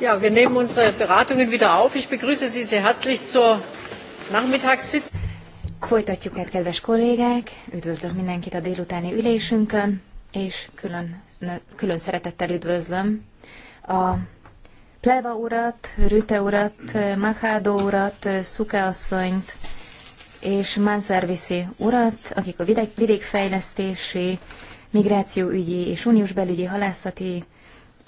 Ja, wir nehmen unsere Beratungen wieder auf. Ich begrüße Sie sehr herzlich zur Nachmittagssitzung. Folytatjuk hát, kedves kollégák! Üdvözlök mindenkit a délutáni ülésünkön, és külön, külön szeretettel üdvözlöm a Pleva urat, Rüte urat, Machado urat, Szuke asszonyt és Manservisi urat, akik a vidék, vidékfejlesztési, migrációügyi és uniós belügyi halászati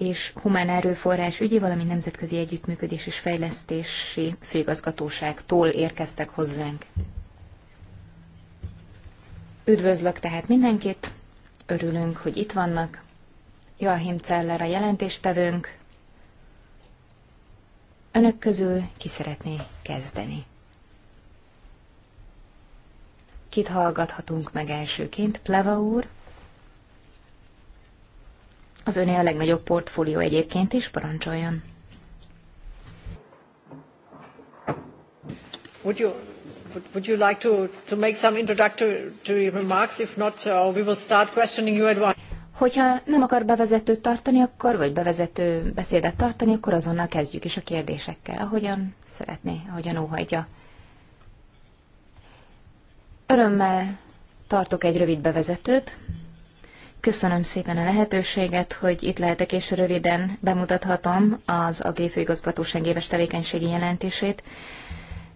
és Humán Erőforrás ügyi, valamint Nemzetközi Együttműködés és Fejlesztési Főigazgatóságtól érkeztek hozzánk. Üdvözlök tehát mindenkit, örülünk, hogy itt vannak. Joachim Celler a jelentéstevőnk. Önök közül ki szeretné kezdeni? Kit hallgathatunk meg elsőként? Pleva úr? Az öné a legnagyobb portfólió egyébként is, parancsoljon. Would you, would, would you like to, to make some introductory remarks? If not, uh, we will start questioning you at once. Hogyha nem akar bevezetőt tartani, akkor, vagy bevezető beszédet tartani, akkor azonnal kezdjük is a kérdésekkel, ahogyan szeretné, ahogyan óhajtja. Örömmel tartok egy rövid bevezetőt, Köszönöm szépen a lehetőséget, hogy itt lehetek és röviden bemutathatom az AG főigazgatóság éves tevékenységi jelentését,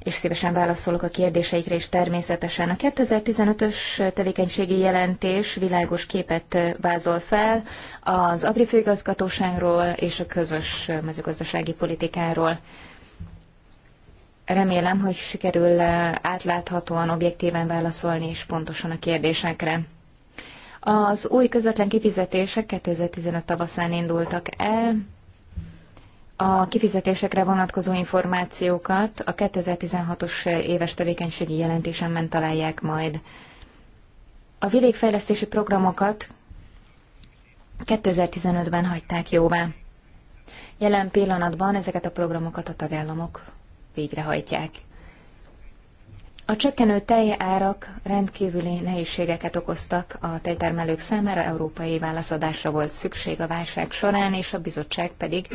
és szívesen válaszolok a kérdéseikre is természetesen. A 2015-ös tevékenységi jelentés világos képet vázol fel az Agri főigazgatóságról és a közös mezőgazdasági politikáról. Remélem, hogy sikerül átláthatóan, objektíven válaszolni és pontosan a kérdésekre. Az új közvetlen kifizetések 2015 tavaszán indultak el. A kifizetésekre vonatkozó információkat a 2016-os éves tevékenységi jelentésemben találják majd. A vidékfejlesztési programokat 2015-ben hagyták jóvá. Jelen pillanatban ezeket a programokat a tagállamok végrehajtják. A csökkenő tejárak rendkívüli nehézségeket okoztak a tejtermelők számára, európai válaszadásra volt szükség a válság során, és a bizottság pedig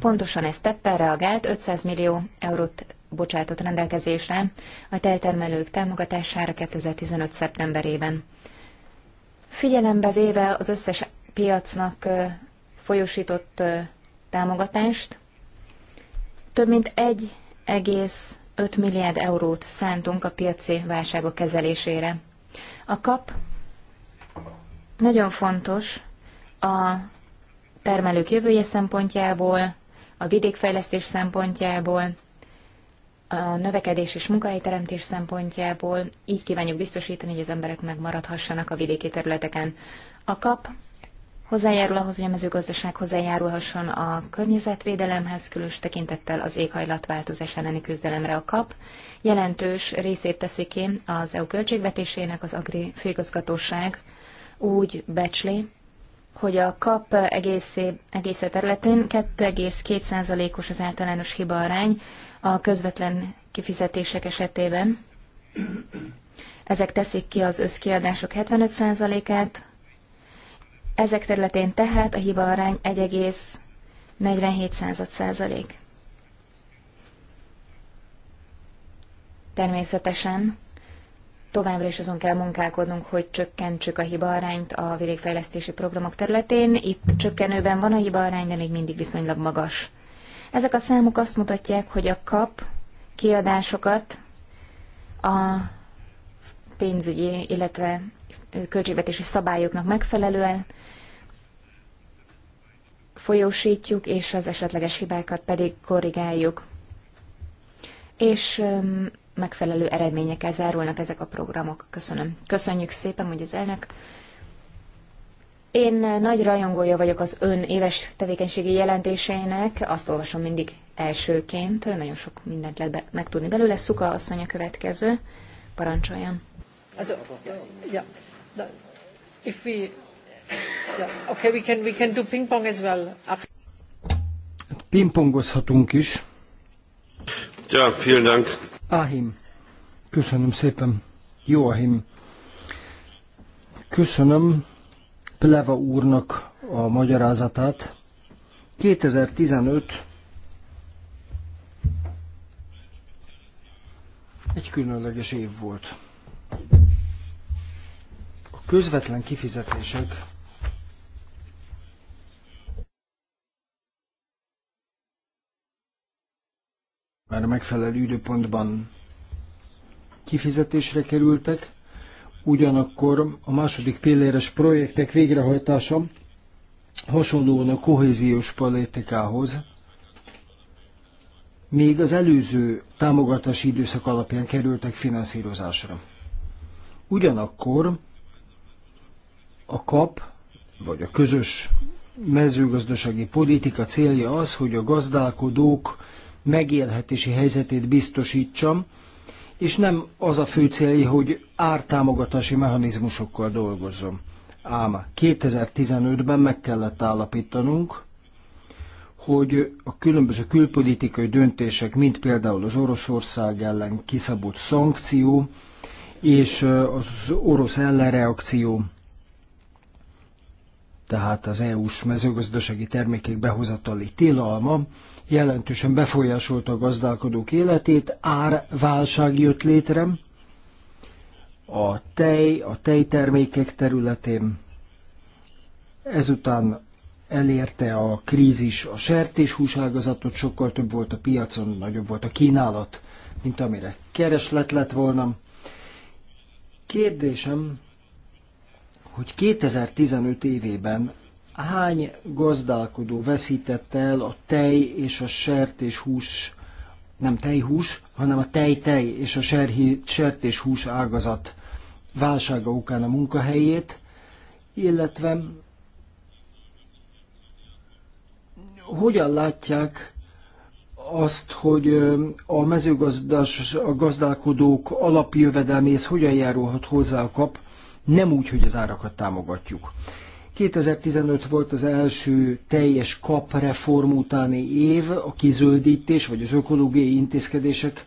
pontosan ezt tette, reagált, 500 millió eurót bocsátott rendelkezésre a tejtermelők támogatására 2015. szeptemberében. Figyelembe véve az összes piacnak folyosított támogatást, több mint egy egész 5 milliárd eurót szántunk a piaci válságok kezelésére. A kap nagyon fontos a termelők jövője szempontjából, a vidékfejlesztés szempontjából, a növekedés és munkahelyteremtés szempontjából így kívánjuk biztosítani, hogy az emberek megmaradhassanak a vidéki területeken. A kap hozzájárul ahhoz, hogy a mezőgazdaság hozzájárulhasson a környezetvédelemhez, különös tekintettel az éghajlatváltozás elleni küzdelemre a kap. Jelentős részét teszi ki az EU költségvetésének az Agri Főigazgatóság úgy becsli, hogy a kap egészé, egész területén 2,2%-os az általános hiba arány a közvetlen kifizetések esetében. Ezek teszik ki az összkiadások 75%-át, ezek területén tehát a hiba arány 1,47 százalék. Természetesen továbbra is azon kell munkálkodnunk, hogy csökkentsük a arányt a vidékfejlesztési programok területén. Itt csökkenőben van a arány, de még mindig viszonylag magas. Ezek a számok azt mutatják, hogy a kap kiadásokat a pénzügyi, illetve költségvetési szabályoknak megfelelően folyósítjuk, és az esetleges hibákat pedig korrigáljuk. És megfelelő eredményekkel zárulnak ezek a programok. Köszönöm. Köszönjük szépen, hogy az elnök. Én nagy rajongója vagyok az ön éves tevékenységi jelentésének, azt olvasom mindig elsőként, nagyon sok mindent lehet be, megtudni belőle. Szuka asszony a következő, parancsoljon. Also, ja, ja. If we Yeah. Okay, we can, we can do ping pong as well. Pingpongozhatunk is. Ja, vielen Dank. Ahim. Köszönöm szépen. Jó, Ahim. Köszönöm Pleva úrnak a magyarázatát. 2015 egy különleges év volt. A közvetlen kifizetések már a megfelelő időpontban kifizetésre kerültek, ugyanakkor a második pilléres projektek végrehajtása hasonlóan a kohéziós politikához, még az előző támogatási időszak alapján kerültek finanszírozásra. Ugyanakkor a kap, vagy a közös mezőgazdasági politika célja az, hogy a gazdálkodók megélhetési helyzetét biztosítsam, és nem az a fő célja, hogy ártámogatási mechanizmusokkal dolgozzon. Ám 2015-ben meg kellett állapítanunk, hogy a különböző külpolitikai döntések, mint például az Oroszország ellen kiszabott szankció és az orosz ellenreakció tehát az EU-s mezőgazdasági termékek behozatali tilalma jelentősen befolyásolta a gazdálkodók életét, árválság jött létre a tej, a tejtermékek területén, ezután elérte a krízis a sertéshús ágazatot, sokkal több volt a piacon, nagyobb volt a kínálat, mint amire kereslet lett volna. Kérdésem, hogy 2015 évében hány gazdálkodó veszített el a tej és a hús, nem tejhús, hanem a tej-tej és a serhi, hús ágazat válsága okán a munkahelyét, illetve hogyan látják azt, hogy a mezőgazdás a gazdálkodók alapjövedelméhez hogyan járulhat hozzá a kap, nem úgy, hogy az árakat támogatjuk. 2015 volt az első teljes kapreform utáni év, a kizöldítés vagy az ökológiai intézkedések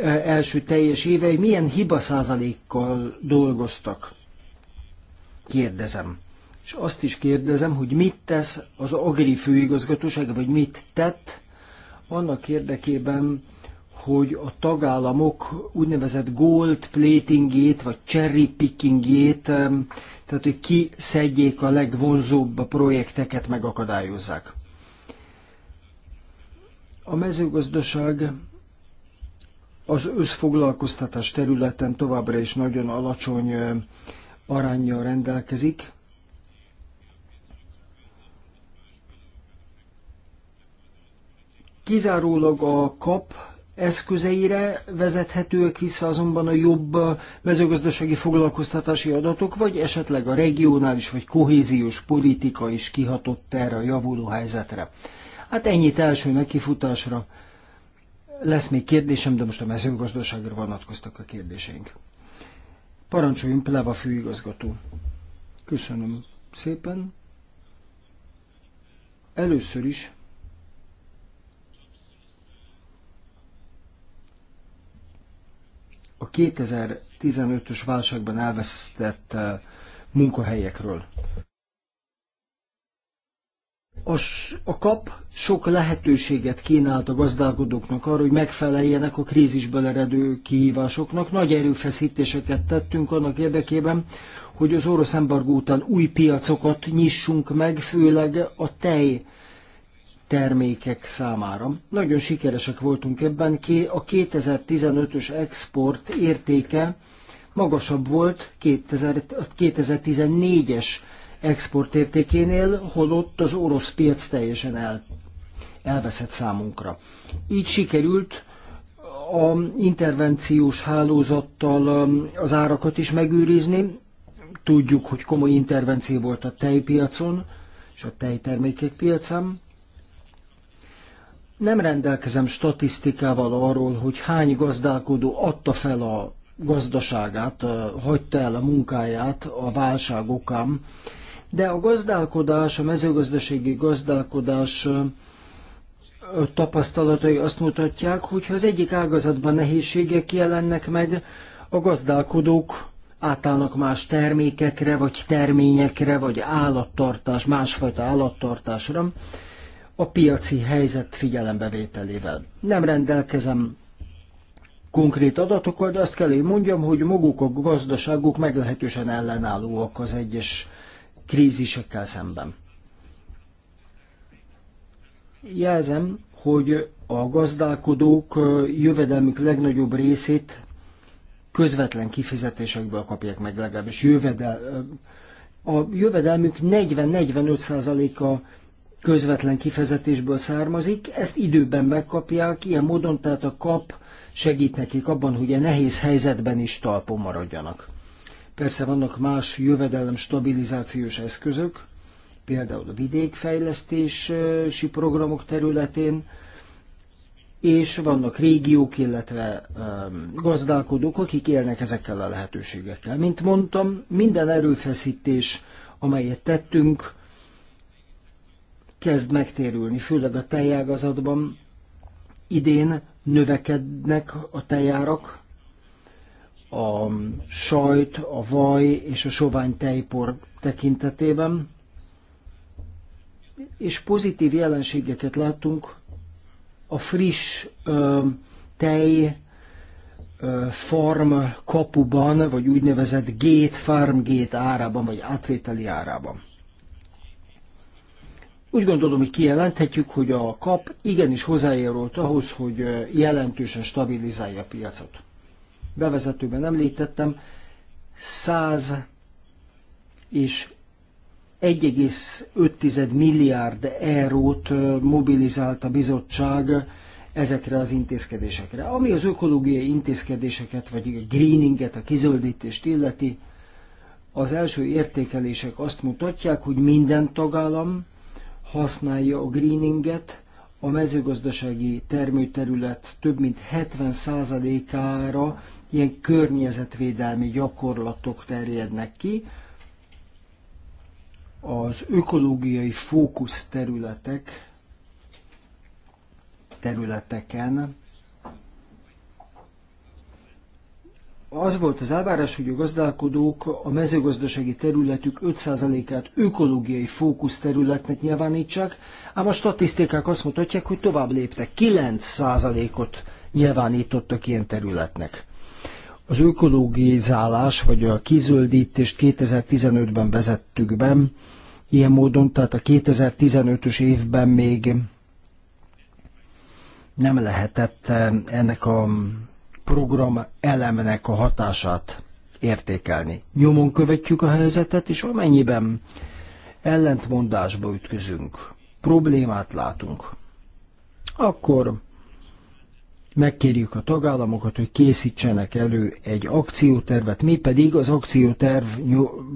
e, első teljes évei milyen hiba százalékkal dolgoztak? Kérdezem. És azt is kérdezem, hogy mit tesz az Agri főigazgatóság, vagy mit tett annak érdekében, hogy a tagállamok úgynevezett gold platingét, vagy cherry pickingét, tehát hogy ki szedjék a legvonzóbb projekteket, megakadályozzák. A mezőgazdaság az összfoglalkoztatás területen továbbra is nagyon alacsony arányjal rendelkezik, kizárólag a kap eszközeire vezethetőek vissza azonban a jobb mezőgazdasági foglalkoztatási adatok, vagy esetleg a regionális vagy kohéziós politika is kihatott erre a javuló helyzetre. Hát ennyit első nekifutásra. Lesz még kérdésem, de most a mezőgazdaságra vonatkoztak a kérdéseink. Parancsoljunk, Pleva főigazgató. Köszönöm szépen. Először is a 2015-ös válságban elvesztett eh, munkahelyekről. A, kap sok lehetőséget kínált a gazdálkodóknak arra, hogy megfeleljenek a krízisből eredő kihívásoknak. Nagy erőfeszítéseket tettünk annak érdekében, hogy az orosz embargó után új piacokat nyissunk meg, főleg a tej termékek számára. Nagyon sikeresek voltunk ebben, a 2015-ös export értéke magasabb volt 2014-es export értékénél, holott az orosz piac teljesen el, elveszett számunkra. Így sikerült a intervenciós hálózattal um, az árakat is megőrizni. Tudjuk, hogy komoly intervenció volt a tejpiacon és a tejtermékek piacán. Nem rendelkezem statisztikával arról, hogy hány gazdálkodó adta fel a gazdaságát, hagyta el a munkáját a válság okán, de a gazdálkodás, a mezőgazdasági gazdálkodás tapasztalatai azt mutatják, hogy ha az egyik ágazatban nehézségek jelennek meg, a gazdálkodók átállnak más termékekre, vagy terményekre, vagy állattartás, másfajta állattartásra, a piaci helyzet figyelembevételével. Nem rendelkezem konkrét adatokkal, de azt kell, hogy mondjam, hogy maguk a gazdaságok meglehetősen ellenállóak az egyes krízisekkel szemben. Jelzem, hogy a gazdálkodók jövedelmük legnagyobb részét közvetlen kifizetésekből kapják meg legalábbis jövedel. A jövedelmük 40-45%-a közvetlen kifezetésből származik, ezt időben megkapják, ilyen módon tehát a kap segít nekik abban, hogy a nehéz helyzetben is talpon maradjanak. Persze vannak más jövedelem stabilizációs eszközök, például a vidékfejlesztési programok területén, és vannak régiók, illetve gazdálkodók, akik élnek ezekkel a lehetőségekkel. Mint mondtam, minden erőfeszítés, amelyet tettünk, kezd megtérülni, főleg a tejágazatban. Idén növekednek a tejárak, a sajt, a vaj és a sovány tejpor tekintetében, és pozitív jelenségeket látunk a friss ö, tej ö, farm kapuban, vagy úgynevezett gate, farm gate árában, vagy átvételi árában. Úgy gondolom, hogy kijelenthetjük, hogy a kap igenis hozzájárult ahhoz, hogy jelentősen stabilizálja a piacot. Bevezetőben említettem, 100 és 1,5 milliárd eurót mobilizált a bizottság ezekre az intézkedésekre. Ami az ökológiai intézkedéseket, vagy a greeninget, a kizöldítést illeti, az első értékelések azt mutatják, hogy minden tagállam használja a greeninget, a mezőgazdasági termőterület több mint 70%-ára ilyen környezetvédelmi gyakorlatok terjednek ki. Az ökológiai fókusz területek területeken az volt az elvárás, hogy a gazdálkodók a mezőgazdasági területük 5%-át ökológiai fókusz területnek nyilvánítsák, ám a statisztikák azt mutatják, hogy tovább léptek, 9%-ot nyilvánítottak ilyen területnek. Az ökológizálás vagy a kizöldítést 2015-ben vezettük be, ilyen módon, tehát a 2015-ös évben még nem lehetett ennek a program elemnek a hatását értékelni. Nyomon követjük a helyzetet, és amennyiben ellentmondásba ütközünk, problémát látunk, akkor megkérjük a tagállamokat, hogy készítsenek elő egy akciótervet, mi pedig az akcióterv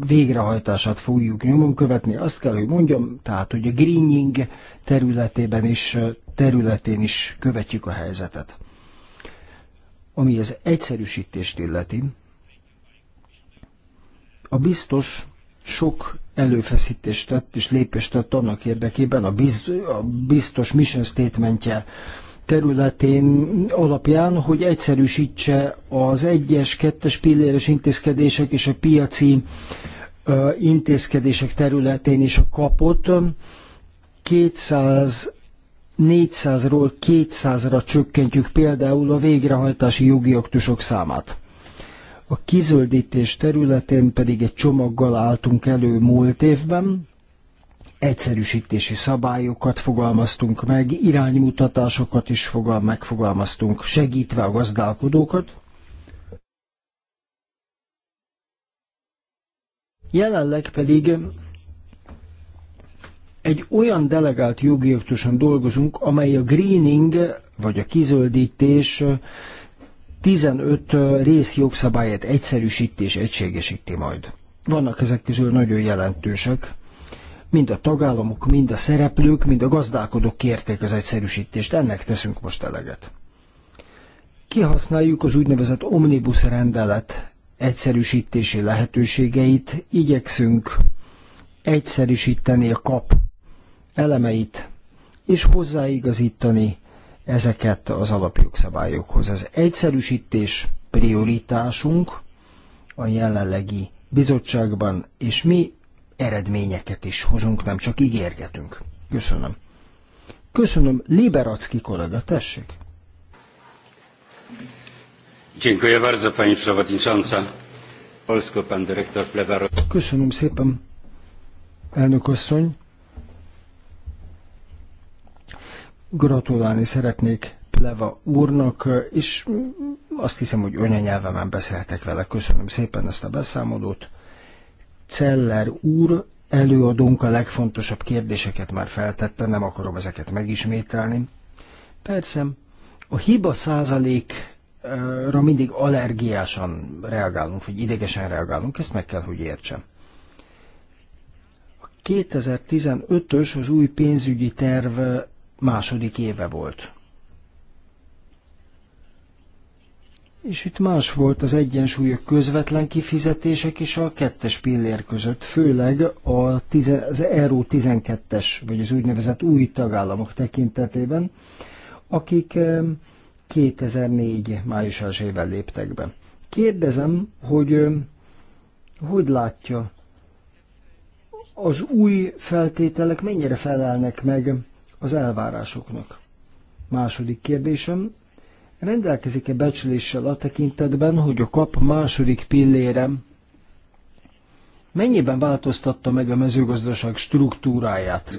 végrehajtását fogjuk nyomon követni. Azt kell, hogy mondjam, tehát, hogy a greening területében is, területén is követjük a helyzetet. Ami az egyszerűsítést illeti, a biztos sok előfeszítést tett és lépést tett annak érdekében a, biz, a biztos mission statementje területén alapján, hogy egyszerűsítse az egyes, kettes pilléres intézkedések és a piaci intézkedések területén is a kapot. 200 400-ról 200-ra csökkentjük például a végrehajtási jogi aktusok számát. A kizöldítés területén pedig egy csomaggal álltunk elő múlt évben, egyszerűsítési szabályokat fogalmaztunk meg, iránymutatásokat is fogal, megfogalmaztunk, segítve a gazdálkodókat. Jelenleg pedig egy olyan delegált jogi dolgozunk, amely a greening, vagy a kizöldítés 15 rész jogszabályát egyszerűsíti és egységesíti majd. Vannak ezek közül nagyon jelentősek. Mind a tagállamok, mind a szereplők, mind a gazdálkodók kérték az egyszerűsítést, ennek teszünk most eleget. Kihasználjuk az úgynevezett omnibus rendelet egyszerűsítési lehetőségeit, igyekszünk egyszerűsíteni a kap elemeit, és hozzáigazítani ezeket az alapjogszabályokhoz. Az egyszerűsítés prioritásunk a jelenlegi bizottságban, és mi eredményeket is hozunk, nem csak ígérgetünk. Köszönöm. Köszönöm, Liberacki kollega, tessék. Dziękuję bardzo, pani przewodnicząca. Polsko, pan dyrektor Köszönöm szépen, elnök asszony. Gratulálni szeretnék Pleva úrnak, és azt hiszem, hogy anyanyelvemen beszélhetek vele. Köszönöm szépen ezt a beszámolót. Celler úr előadónk a legfontosabb kérdéseket már feltette, nem akarom ezeket megismételni. Persze, a hiba százalékra mindig allergiásan reagálunk, vagy idegesen reagálunk, ezt meg kell, hogy értsem. A 2015-ös az új pénzügyi terv második éve volt. És itt más volt az egyensúly a közvetlen kifizetések és a kettes pillér között, főleg a tize, az Euró 12-es, vagy az úgynevezett új tagállamok tekintetében, akik 2004. május 1 léptek be. Kérdezem, hogy hogy látja, az új feltételek mennyire felelnek meg az elvárásoknak? Második kérdésem, rendelkezik-e becsléssel a tekintetben, hogy a kap második pillére mennyiben változtatta meg a mezőgazdaság struktúráját?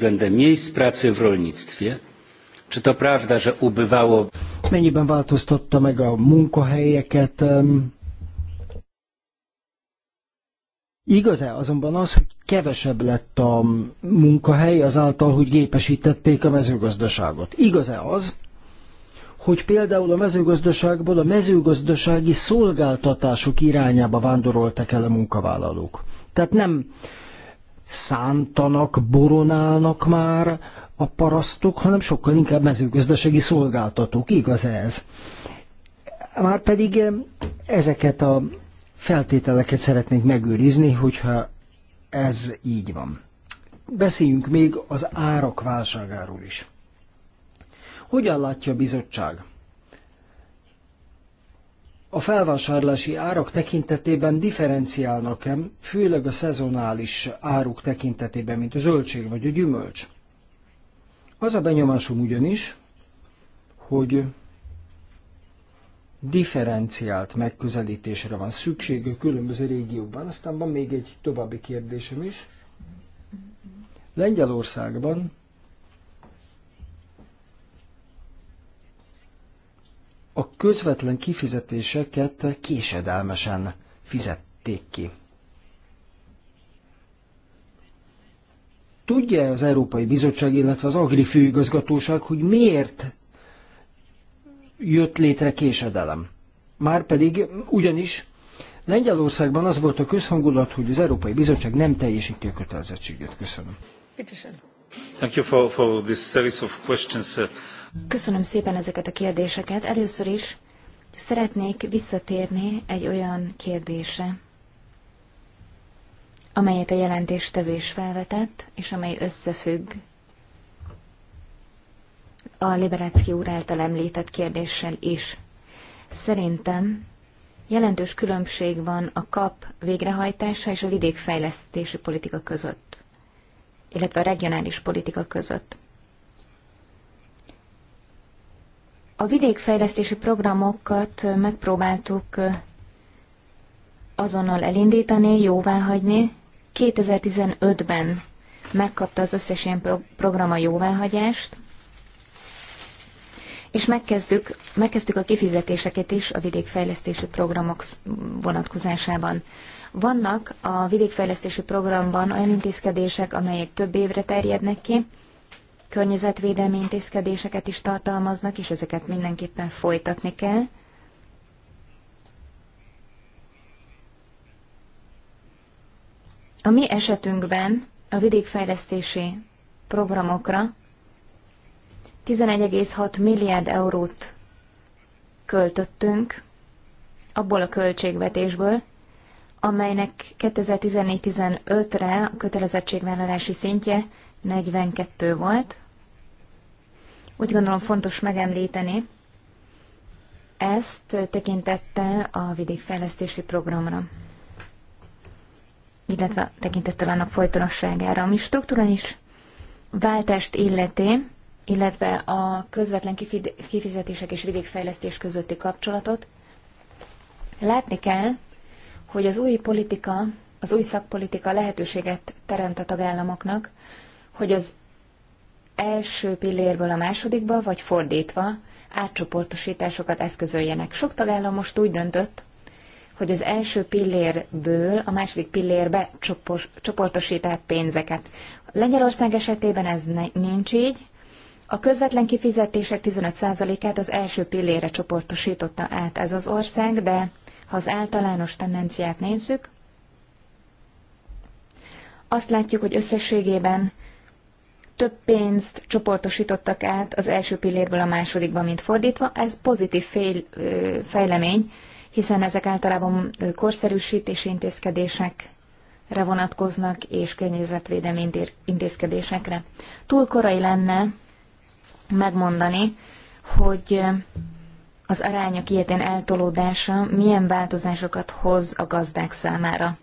Mennyiben változtatta meg a munkahelyeket, Igaz-e azonban az, hogy kevesebb lett a munkahely azáltal, hogy gépesítették a mezőgazdaságot? Igaz-e az, hogy például a mezőgazdaságból a mezőgazdasági szolgáltatások irányába vándoroltak el a munkavállalók? Tehát nem szántanak, boronálnak már a parasztok, hanem sokkal inkább mezőgazdasági szolgáltatók. Igaz -e ez? Már pedig eh, ezeket a feltételeket szeretnénk megőrizni, hogyha ez így van. Beszéljünk még az árak válságáról is. Hogyan látja a bizottság? A felvásárlási árak tekintetében differenciálnak-e, főleg a szezonális áruk tekintetében, mint a zöldség vagy a gyümölcs? Az a benyomásom ugyanis, hogy differenciált megközelítésre van szükség a különböző régiókban. Aztán van még egy további kérdésem is. Lengyelországban a közvetlen kifizetéseket késedelmesen fizették ki. Tudja az Európai Bizottság, illetve az Agri Főigazgatóság, hogy miért jött létre késedelem. Márpedig ugyanis Lengyelországban az volt a közhangulat, hogy az Európai Bizottság nem teljesíti a kötelezettségét. Köszönöm. Thank you for, for this series of questions. Köszönöm szépen ezeket a kérdéseket. Először is szeretnék visszatérni egy olyan kérdésre, amelyet a jelentéstevés felvetett, és amely összefügg a Liberáció úr által említett kérdéssel is. Szerintem jelentős különbség van a kap végrehajtása és a vidékfejlesztési politika között, illetve a regionális politika között. A vidékfejlesztési programokat megpróbáltuk azonnal elindítani, jóvá hagyni. 2015-ben megkapta az összes ilyen programa jóváhagyást, és megkezdtük, megkezdtük a kifizetéseket is a vidékfejlesztési programok vonatkozásában. Vannak a vidékfejlesztési programban olyan intézkedések, amelyek több évre terjednek ki, környezetvédelmi intézkedéseket is tartalmaznak, és ezeket mindenképpen folytatni kell. A mi esetünkben a vidékfejlesztési programokra 11,6 milliárd eurót költöttünk abból a költségvetésből, amelynek 2014-15-re a kötelezettségvállalási szintje 42 volt. Úgy gondolom fontos megemlíteni ezt tekintettel a vidékfejlesztési programra, illetve tekintettel annak folytonosságára, ami is váltást illeti, illetve a közvetlen kifizetések és vidékfejlesztés közötti kapcsolatot. Látni kell, hogy az új politika, az új szakpolitika lehetőséget teremt a tagállamoknak, hogy az első pillérből a másodikba, vagy fordítva átcsoportosításokat eszközöljenek. Sok tagállam most úgy döntött, hogy az első pillérből a második pillérbe csopor, pénzeket. Lengyelország esetében ez ne, nincs így, a közvetlen kifizetések 15%-át az első pillére csoportosította át ez az ország, de ha az általános tendenciát nézzük, azt látjuk, hogy összességében több pénzt csoportosítottak át az első pillérből a másodikba, mint fordítva. Ez pozitív fél, fejlemény, hiszen ezek általában korszerűsítési intézkedésekre vonatkoznak, és környezetvédelmi intézkedésekre. Túl korai lenne megmondani, hogy az arányok ilyetén eltolódása milyen változásokat hoz a gazdák számára.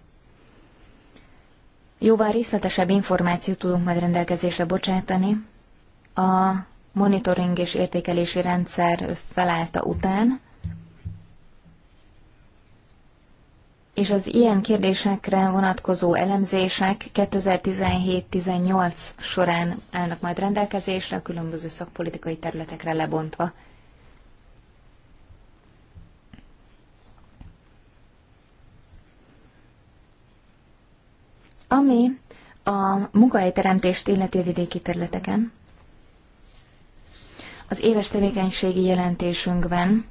Jóval részletesebb információt tudunk majd rendelkezésre bocsátani a monitoring és értékelési rendszer felállta után, és az ilyen kérdésekre vonatkozó elemzések 2017-18 során állnak majd rendelkezésre, a különböző szakpolitikai területekre lebontva. Ami a munkahelyteremtést illeti vidéki területeken, az éves tevékenységi jelentésünkben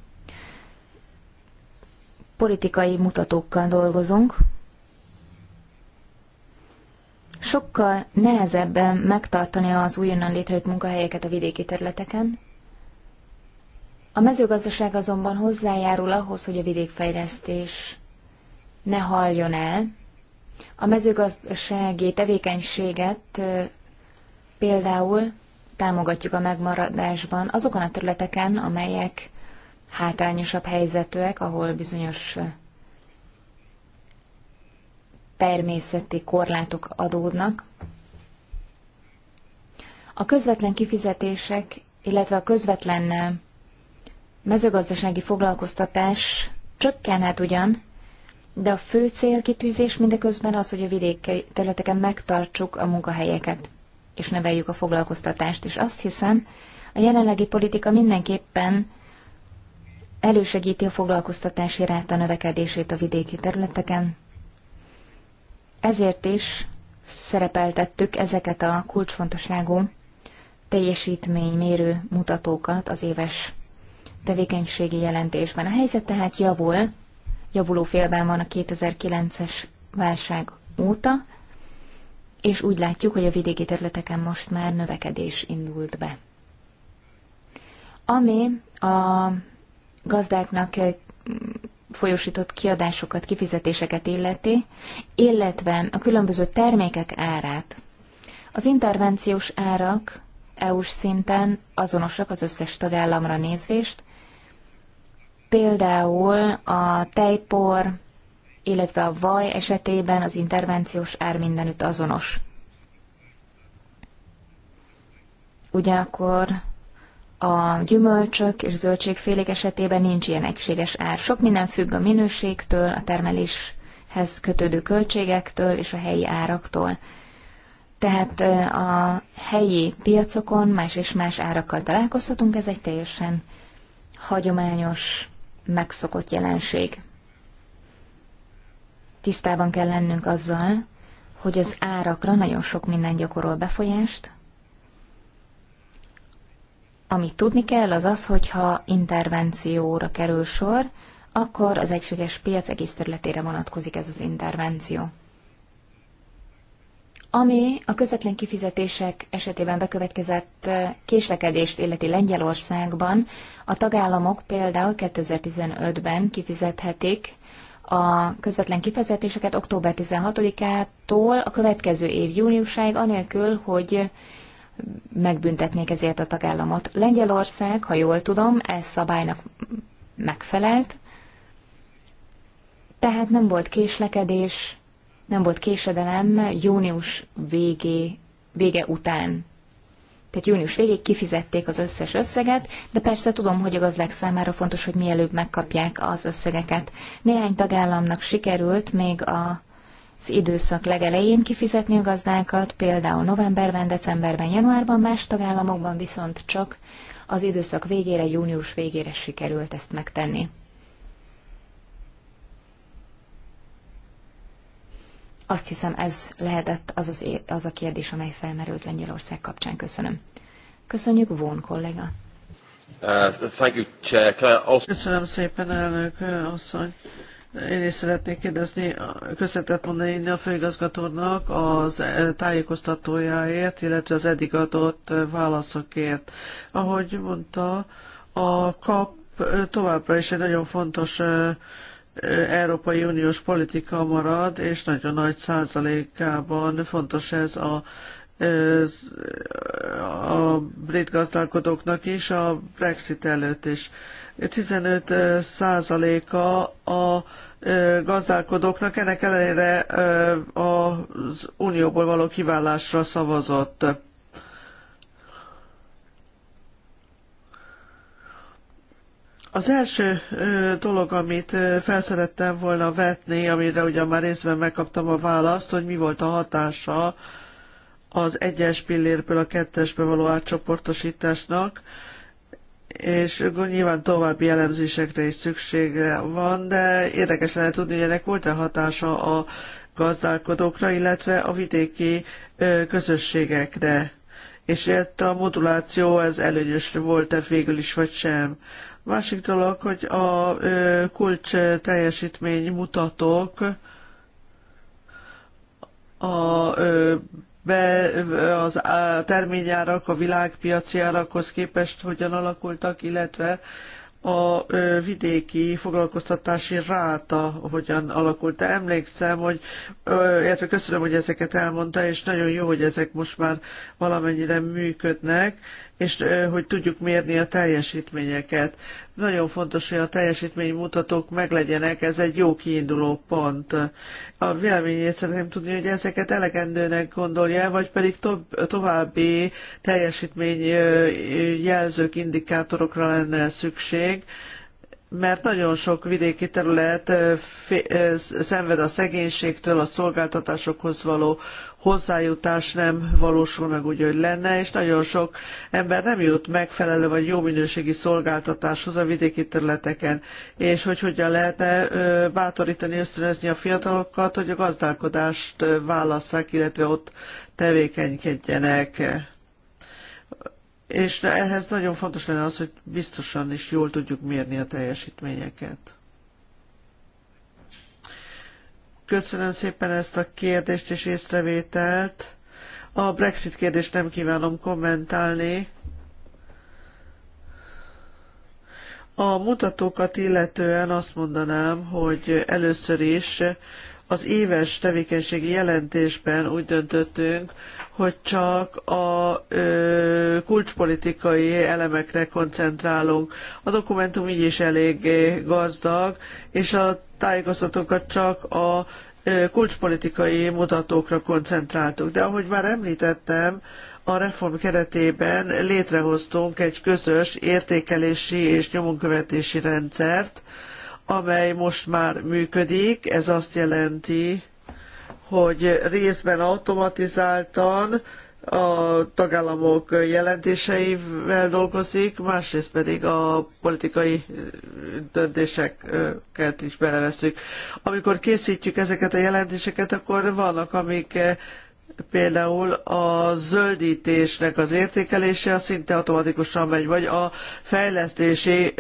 politikai mutatókkal dolgozunk. Sokkal nehezebben megtartani az újonnan létrejött munkahelyeket a vidéki területeken. A mezőgazdaság azonban hozzájárul ahhoz, hogy a vidékfejlesztés ne haljon el. A mezőgazdasági tevékenységet például támogatjuk a megmaradásban azokon a területeken, amelyek hátrányosabb helyzetűek, ahol bizonyos természeti korlátok adódnak. A közvetlen kifizetések, illetve a közvetlen mezőgazdasági foglalkoztatás csökkenhet ugyan, de a fő célkitűzés mindeközben az, hogy a vidéki területeken megtartsuk a munkahelyeket, és neveljük a foglalkoztatást. És azt hiszem, a jelenlegi politika mindenképpen elősegíti a foglalkoztatási ráta növekedését a vidéki területeken. Ezért is szerepeltettük ezeket a kulcsfontosságú teljesítménymérő mutatókat az éves tevékenységi jelentésben. A helyzet tehát javul, javuló félben van a 2009-es válság óta, és úgy látjuk, hogy a vidéki területeken most már növekedés indult be. Ami a gazdáknak eh, folyósított kiadásokat, kifizetéseket illeti, illetve a különböző termékek árát. Az intervenciós árak EU-s szinten azonosak az összes tagállamra nézvést, például a tejpor, illetve a vaj esetében az intervenciós ár mindenütt azonos. Ugyanakkor a gyümölcsök és zöldségfélék esetében nincs ilyen egységes ár. Sok minden függ a minőségtől, a termeléshez kötődő költségektől és a helyi áraktól. Tehát a helyi piacokon más és más árakkal találkozhatunk, ez egy teljesen hagyományos, megszokott jelenség. Tisztában kell lennünk azzal, hogy az árakra nagyon sok minden gyakorol befolyást, amit tudni kell, az az, hogyha intervencióra kerül sor, akkor az egységes piac egész területére vonatkozik ez az intervenció. Ami a közvetlen kifizetések esetében bekövetkezett eh, késlekedést illeti Lengyelországban, a tagállamok például 2015-ben kifizethetik a közvetlen kifizetéseket október 16-ától a következő év júniusáig, anélkül, hogy megbüntetnék ezért a tagállamot. Lengyelország, ha jól tudom, ez szabálynak megfelelt, tehát nem volt késlekedés, nem volt késedelem június végé, vége után. Tehát június végéig kifizették az összes összeget, de persze tudom, hogy a gazdák számára fontos, hogy mielőbb megkapják az összegeket. Néhány tagállamnak sikerült még a az időszak legelején kifizetni a gazdákat, például novemberben, decemberben, januárban, más tagállamokban viszont csak az időszak végére, június végére sikerült ezt megtenni. Azt hiszem ez lehetett az, az, az a kérdés, amely felmerült Lengyelország kapcsán. Köszönöm. Köszönjük, Vón kollega. Uh, thank you, Chair. Can I also... Köszönöm szépen, elnök uh, asszony. Uh, én is szeretnék kérdezni, köszönetet mondani a főigazgatónak az eh, tájékoztatójáért, illetve az eddig adott eh, válaszokért. Ahogy mondta, a kap eh, továbbra is egy nagyon fontos Európai Uniós politika marad, és nagyon nagy százalékában fontos ez a a brit gazdálkodóknak is, a Brexit előtt is. 15 százaléka a gazdálkodóknak, ennek ellenére az unióból való kiválásra szavazott. Az első dolog, amit felszerettem volna vetni, amire ugyan már részben megkaptam a választ, hogy mi volt a hatása az egyes pillérből a kettesbe való átcsoportosításnak, és nyilván további elemzésekre is szüksége van, de érdekes lehet tudni, hogy ennek volt-e hatása a gazdálkodókra, illetve a vidéki közösségekre. És ezt a moduláció ez előnyös volt-e végül is, vagy sem. Másik dolog, hogy a kulcs teljesítmény mutatók a be az terményárak a világpiaci árakhoz képest hogyan alakultak, illetve a vidéki foglalkoztatási ráta hogyan alakult. Emlékszem, hogy, illetve köszönöm, hogy ezeket elmondta, és nagyon jó, hogy ezek most már valamennyire működnek és hogy tudjuk mérni a teljesítményeket. Nagyon fontos, hogy a teljesítménymutatók meglegyenek, ez egy jó kiinduló pont. A véleményét szeretném tudni, hogy ezeket elegendőnek gondolja, vagy pedig to- további teljesítményjelzők, indikátorokra lenne szükség, mert nagyon sok vidéki terület szenved a szegénységtől, a szolgáltatásokhoz való hozzájutás nem valósul meg úgy, hogy lenne, és nagyon sok ember nem jut megfelelő vagy jó minőségi szolgáltatáshoz a vidéki területeken, és hogy hogyan lehetne bátorítani, ösztönözni a fiatalokat, hogy a gazdálkodást válasszák, illetve ott tevékenykedjenek. És ehhez nagyon fontos lenne az, hogy biztosan és jól tudjuk mérni a teljesítményeket. Köszönöm szépen ezt a kérdést és észrevételt. A Brexit kérdést nem kívánom kommentálni. A mutatókat illetően azt mondanám, hogy először is az éves tevékenységi jelentésben úgy döntöttünk, hogy csak a ö, kulcspolitikai elemekre koncentrálunk. A dokumentum így is elég gazdag, és a tájékoztatókat csak a kulcspolitikai mutatókra koncentráltuk. De ahogy már említettem, a reform keretében létrehoztunk egy közös értékelési és nyomonkövetési rendszert, amely most már működik. Ez azt jelenti, hogy részben automatizáltan, a tagállamok jelentéseivel dolgozik, másrészt pedig a politikai döntéseket is beleveszünk. Amikor készítjük ezeket a jelentéseket, akkor vannak, amik például a zöldítésnek az értékelése az szinte automatikusan megy, vagy a fejlesztési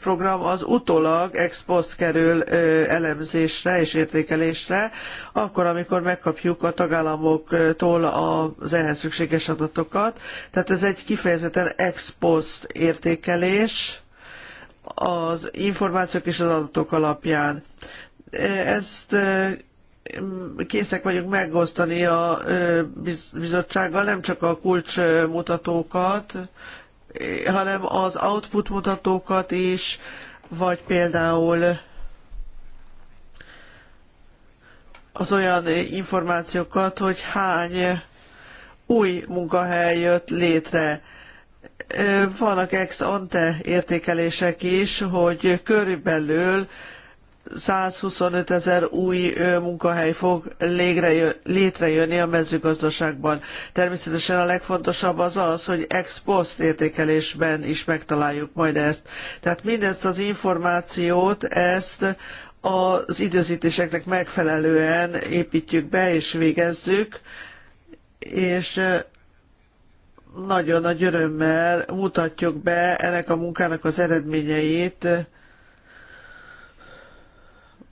program az utólag ex post kerül elemzésre és értékelésre, akkor, amikor megkapjuk a tagállamoktól az ehhez szükséges adatokat. Tehát ez egy kifejezetten ex post értékelés az információk és az adatok alapján. Ezt készek vagyunk megosztani a bizottsággal nem csak a kulcsmutatókat, hanem az output mutatókat is, vagy például az olyan információkat, hogy hány új munkahely jött létre. Vannak ex ante értékelések is, hogy körülbelül 125 ezer új munkahely fog létrejönni a mezőgazdaságban. Természetesen a legfontosabb az az, hogy ex post értékelésben is megtaláljuk majd ezt. Tehát mindezt az információt, ezt az időzítéseknek megfelelően építjük be és végezzük, és nagyon nagy örömmel mutatjuk be ennek a munkának az eredményeit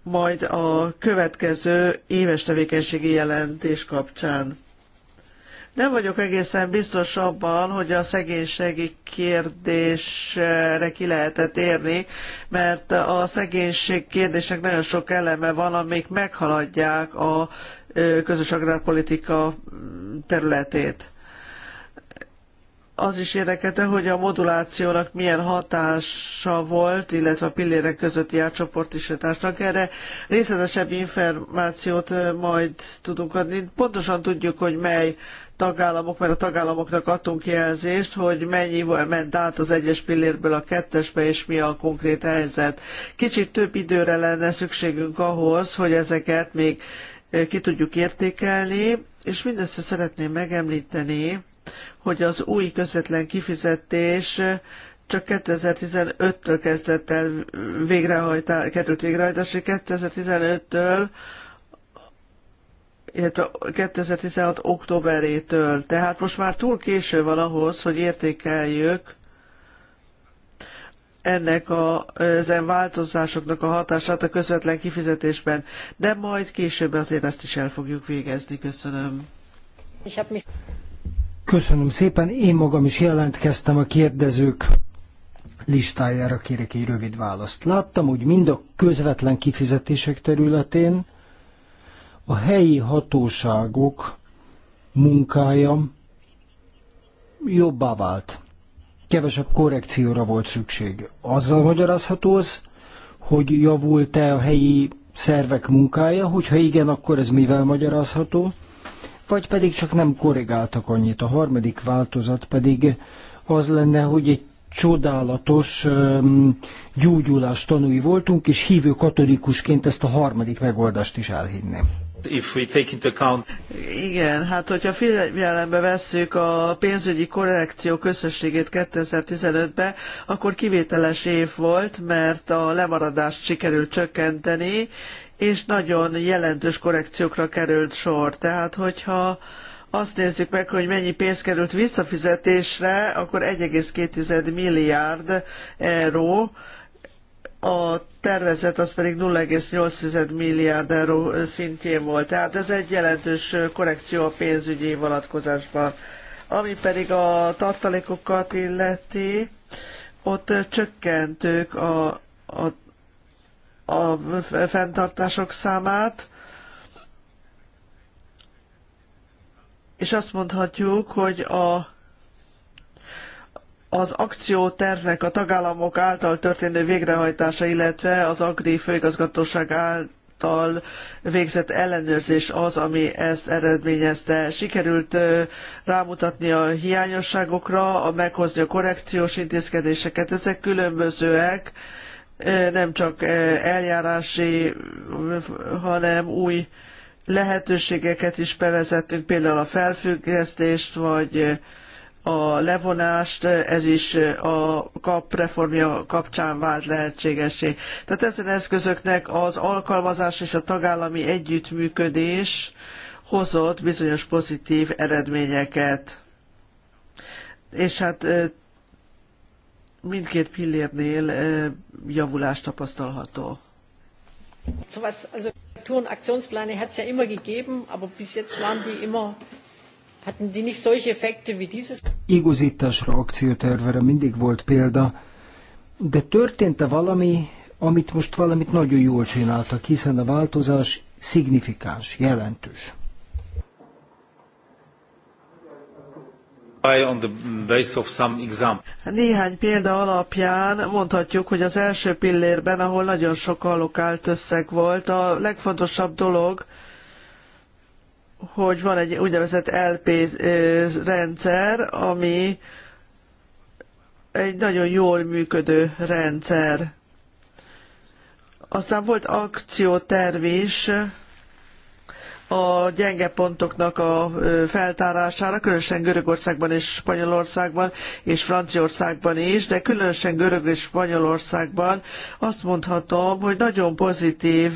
majd a következő éves tevékenységi jelentés kapcsán. Nem vagyok egészen biztos abban, hogy a szegénységi kérdésre ki lehetett érni, mert a szegénység kérdésnek nagyon sok eleme van, amik meghaladják a közös agrárpolitika területét az is érdekelte, hogy a modulációnak milyen hatása volt, illetve a pillérek közötti átcsoportisításnak. Erre részletesebb információt majd tudunk adni. Pontosan tudjuk, hogy mely tagállamok, mert a tagállamoknak adtunk jelzést, hogy mennyi ment át az egyes pillérből a kettesbe, és mi a konkrét helyzet. Kicsit több időre lenne szükségünk ahhoz, hogy ezeket még ki tudjuk értékelni, és mindezt szeretném megemlíteni, hogy az új közvetlen kifizetés csak 2015-től kezdett el végrehajtá, került végrehajtásra, 2015-től illetve 2016. októberétől. Tehát most már túl késő van ahhoz, hogy értékeljük ennek a, ezen változásoknak a hatását a közvetlen kifizetésben, de majd később azért ezt is el fogjuk végezni. Köszönöm. Köszönöm szépen, én magam is jelentkeztem a kérdezők listájára kérek egy rövid választ. Láttam, hogy mind a közvetlen kifizetések területén a helyi hatóságok munkája jobbá vált. Kevesebb korrekcióra volt szükség. Azzal magyarázható az, hogy javult-e a helyi szervek munkája, hogyha igen, akkor ez mivel magyarázható? vagy pedig csak nem korrigáltak annyit. A harmadik változat pedig az lenne, hogy egy csodálatos um, gyógyulás tanúi voltunk, és hívő katolikusként ezt a harmadik megoldást is elhinném. If we take into account... Igen, hát hogyha figyelembe vesszük a pénzügyi korrekció összességét 2015-ben, akkor kivételes év volt, mert a lemaradást sikerült csökkenteni, és nagyon jelentős korrekciókra került sor. Tehát, hogyha azt nézzük meg, hogy mennyi pénz került visszafizetésre, akkor 1,2 milliárd euró, a tervezet az pedig 0,8 milliárd euró szintjén volt. Tehát ez egy jelentős korrekció a pénzügyi vonatkozásban. Ami pedig a tartalékokat illeti, ott csökkentők a, a a fenntartások számát, és azt mondhatjuk, hogy a az akciótervnek a tagállamok által történő végrehajtása, illetve az Agri főigazgatóság által végzett ellenőrzés az, ami ezt eredményezte. Sikerült rámutatni a hiányosságokra, a meghozni a korrekciós intézkedéseket, ezek különbözőek, nem csak eljárási, hanem új lehetőségeket is bevezettünk, például a felfüggesztést, vagy a levonást, ez is a kap reformja kapcsán vált lehetségesé. Tehát ezen eszközöknek az alkalmazás és a tagállami együttműködés hozott bizonyos pozitív eredményeket. És hát mindkét pillérnél javulás tapasztalható. Igazításra, akciótervere mindig volt példa, de történt-e valami, amit most valamit nagyon jól csináltak, hiszen a változás szignifikáns, jelentős. Néhány példa alapján mondhatjuk, hogy az első pillérben, ahol nagyon sok allokált összeg volt, a legfontosabb dolog, hogy van egy úgynevezett LP rendszer, ami egy nagyon jól működő rendszer. Aztán volt akcióterv is, a gyenge pontoknak a feltárására, különösen Görögországban és Spanyolországban és Franciaországban is, de különösen Görög és Spanyolországban azt mondhatom, hogy nagyon pozitív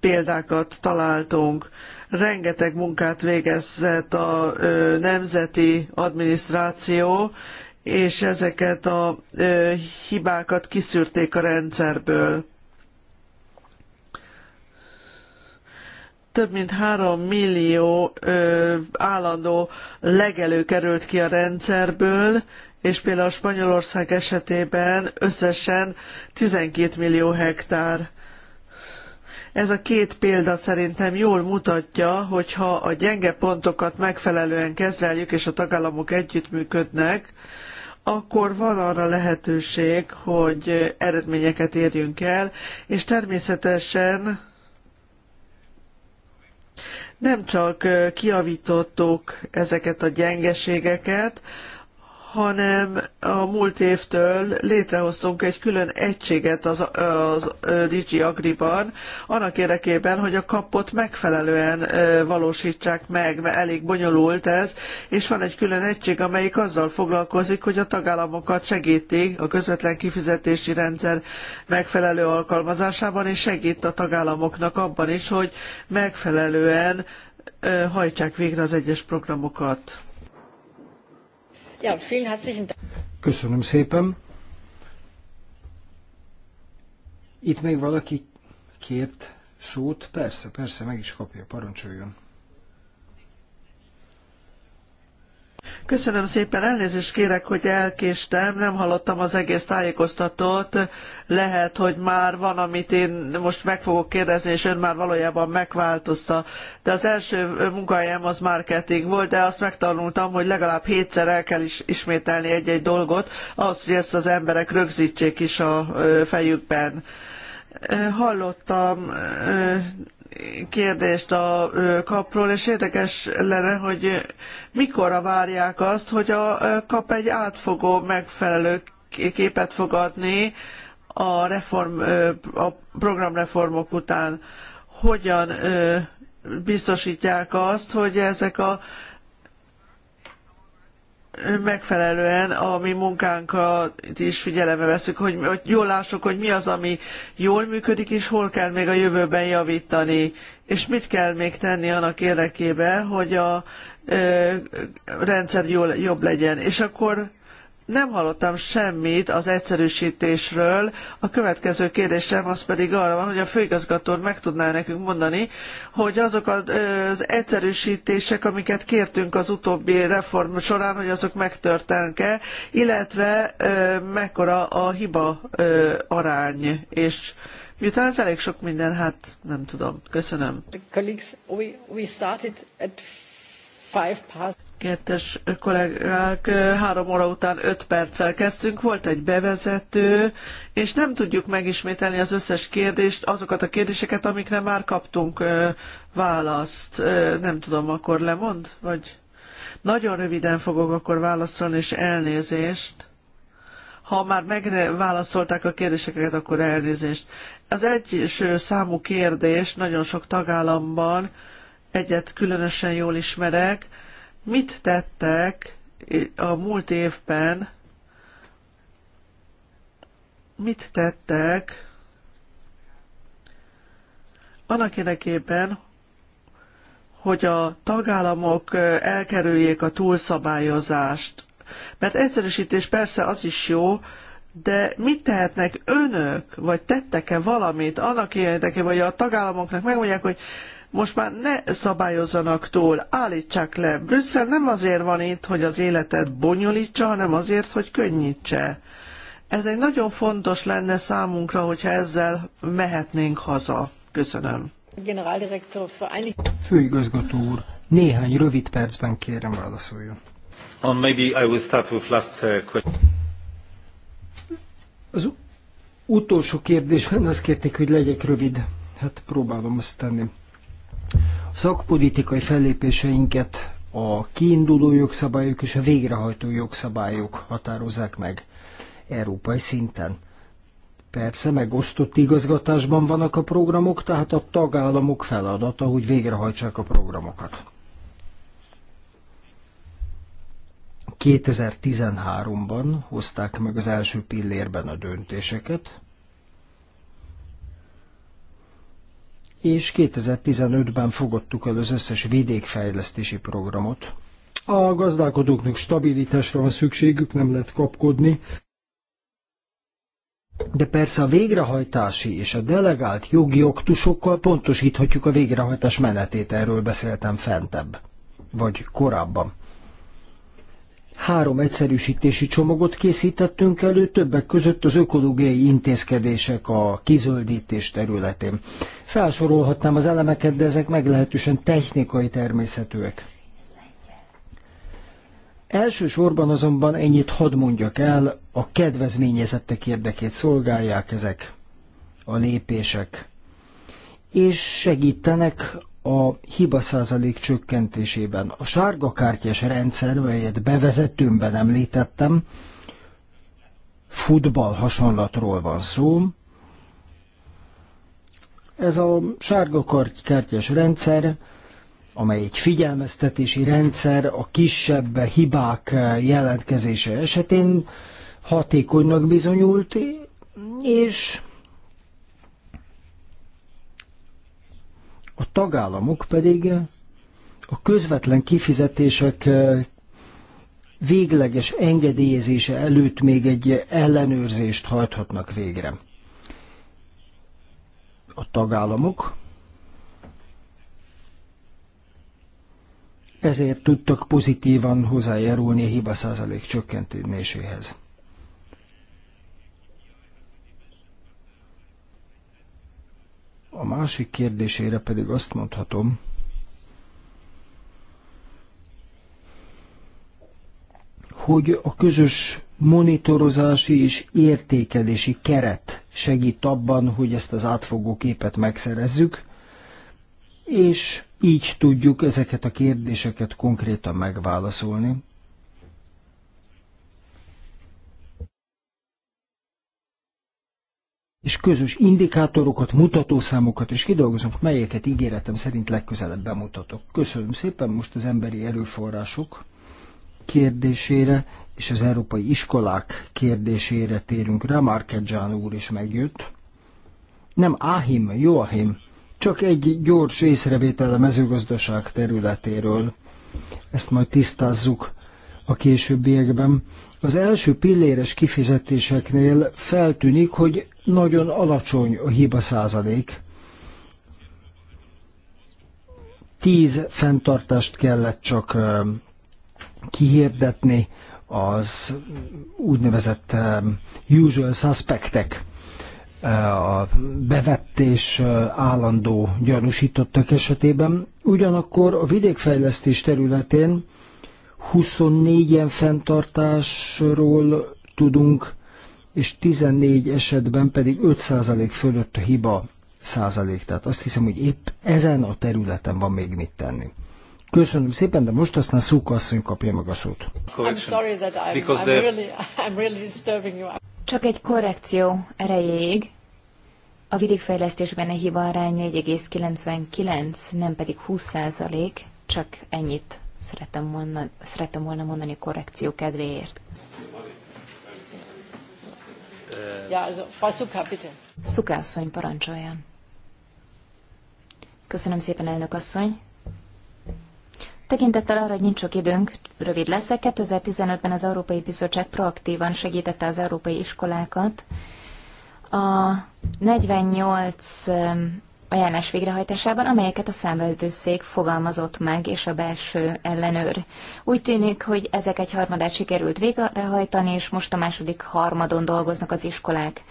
példákat találtunk rengeteg munkát végezett a nemzeti adminisztráció, és ezeket a hibákat kiszűrték a rendszerből. több mint három millió ö, állandó legelő került ki a rendszerből, és például Spanyolország esetében összesen 12 millió hektár. Ez a két példa szerintem jól mutatja, hogy ha a gyenge pontokat megfelelően kezeljük, és a tagállamok együttműködnek, akkor van arra lehetőség, hogy eredményeket érjünk el, és természetesen nem csak kiavítottuk ezeket a gyengeségeket, hanem a múlt évtől létrehoztunk egy külön egységet az, az, az DG Agriban, annak érdekében, hogy a kapot megfelelően valósítsák meg, mert elég bonyolult ez, és van egy külön egység, amelyik azzal foglalkozik, hogy a tagállamokat segíti a közvetlen kifizetési rendszer megfelelő alkalmazásában, és segít a tagállamoknak abban is, hogy megfelelően hajtsák végre az egyes programokat. Ja, vielen herzlichen Dank. Köszönöm szépen. Itt még valaki kért szót? Persze, persze, meg is kapja, parancsoljon. Köszönöm szépen, elnézést kérek, hogy elkéstem, nem hallottam az egész tájékoztatót. Lehet, hogy már van, amit én most meg fogok kérdezni, és ön már valójában megváltozta. De az első munkahelyem az marketing volt, de azt megtanultam, hogy legalább hétszer el kell is ismételni egy-egy dolgot, ahhoz, hogy ezt az emberek rögzítsék is a fejükben hallottam kérdést a kapról, és érdekes lenne, hogy mikorra várják azt, hogy a kap egy átfogó, megfelelő képet fogadni a, reform, a programreformok után. Hogyan biztosítják azt, hogy ezek a megfelelően a mi munkánkat is figyelembe veszük, hogy, hogy jól lássuk, hogy mi az, ami jól működik, és hol kell még a jövőben javítani, és mit kell még tenni annak érdekében, hogy a ö, rendszer jól, jobb legyen. És akkor nem hallottam semmit az egyszerűsítésről. A következő kérdésem az pedig arra van, hogy a főigazgató meg tudná nekünk mondani, hogy azok az egyszerűsítések, amiket kértünk az utóbbi reform során, hogy azok megtörténke, illetve mekkora a hiba arány, és Miután ez elég sok minden, hát nem tudom. Köszönöm. Kettes kollégák, három óra után öt perccel kezdtünk, volt egy bevezető, és nem tudjuk megismételni az összes kérdést, azokat a kérdéseket, amikre már kaptunk választ. Nem tudom, akkor lemond? Vagy nagyon röviden fogok akkor válaszolni, és elnézést. Ha már megválaszolták a kérdéseket, akkor elnézést. Az első számú kérdés nagyon sok tagállamban, egyet különösen jól ismerek, Mit tettek a múlt évben, mit tettek annak érdekében, hogy a tagállamok elkerüljék a túlszabályozást. Mert egyszerűsítés persze az is jó, de mit tehetnek önök, vagy tettek-e valamit annak érdekében, hogy a tagállamoknak megmondják, hogy most már ne szabályozzanak túl, állítsák le. Brüsszel nem azért van itt, hogy az életet bonyolítsa, hanem azért, hogy könnyítse. Ez egy nagyon fontos lenne számunkra, hogyha ezzel mehetnénk haza. Köszönöm. Főigazgató úr, néhány rövid percben kérem válaszoljon. Um, maybe I will start with last uh, question. Az utolsó kérdésben azt kérték, hogy legyek rövid. Hát próbálom azt tenni szakpolitikai fellépéseinket a kiinduló jogszabályok és a végrehajtó jogszabályok határozzák meg európai szinten. Persze, megosztott igazgatásban vannak a programok, tehát a tagállamok feladata, hogy végrehajtsák a programokat. 2013-ban hozták meg az első pillérben a döntéseket, és 2015-ben fogadtuk el az összes vidékfejlesztési programot. A gazdálkodóknak stabilitásra van szükségük, nem lehet kapkodni, de persze a végrehajtási és a delegált jogi oktusokkal pontosíthatjuk a végrehajtás menetét, erről beszéltem fentebb, vagy korábban. Három egyszerűsítési csomagot készítettünk elő, többek között az ökológiai intézkedések a kizöldítés területén. Felsorolhatnám az elemeket, de ezek meglehetősen technikai természetűek. Elsősorban azonban ennyit hadd mondjak el, a kedvezményezettek érdekét szolgálják ezek a lépések, és segítenek a hiba százalék csökkentésében. A sárga kártyás rendszer, melyet bevezetőmben említettem, futball hasonlatról van szó. Ez a sárga kártyás rendszer, amely egy figyelmeztetési rendszer a kisebb hibák jelentkezése esetén hatékonynak bizonyult, és a tagállamok pedig a közvetlen kifizetések eh, végleges engedélyezése előtt még egy ellenőrzést hajthatnak végre. A tagállamok ezért tudtak pozitívan hozzájárulni a hiba százalék csökkentéséhez. A másik kérdésére pedig azt mondhatom, hogy a közös monitorozási és értékelési keret segít abban, hogy ezt az átfogó képet megszerezzük, és így tudjuk ezeket a kérdéseket konkrétan megválaszolni. és közös indikátorokat, mutatószámokat is kidolgozunk, melyeket ígéretem szerint legközelebb bemutatok. Köszönöm szépen most az emberi erőforrások kérdésére és az európai iskolák kérdésére térünk rá. Márkedzsán úr is megjött. Nem Áhim, Joachim, csak egy gyors észrevétel a mezőgazdaság területéről. Ezt majd tisztázzuk a későbbiekben. Az első pilléres kifizetéseknél feltűnik, hogy nagyon alacsony a hiba százalék. Tíz fenntartást kellett csak kihirdetni az úgynevezett usual suspectek a bevett és állandó gyanúsítottak esetében. Ugyanakkor a vidékfejlesztés területén 24 en fenntartásról tudunk, és 14 esetben pedig 5% fölött a hiba százalék. Tehát azt hiszem, hogy épp ezen a területen van még mit tenni. Köszönöm szépen, de most aztán Szóka asszony kapja meg a szót. Csak egy korrekció erejéig. A vidékfejlesztésben a hiba arány 4,99, nem pedig 20 százalék, csak ennyit szeretem, mondani, szeretem volna mondani korrekció kedvéért. Ja, Szuka, Szuka asszony, parancsoljon. Köszönöm szépen, elnök asszony. Tekintettel arra, hogy nincs sok időnk, rövid leszek. 2015-ben az Európai Bizottság proaktívan segítette az európai iskolákat. A 48 ajánlás végrehajtásában, amelyeket a számvevőszék fogalmazott meg, és a belső ellenőr. Úgy tűnik, hogy ezek egy harmadát sikerült végrehajtani, és most a második harmadon dolgoznak az iskolák.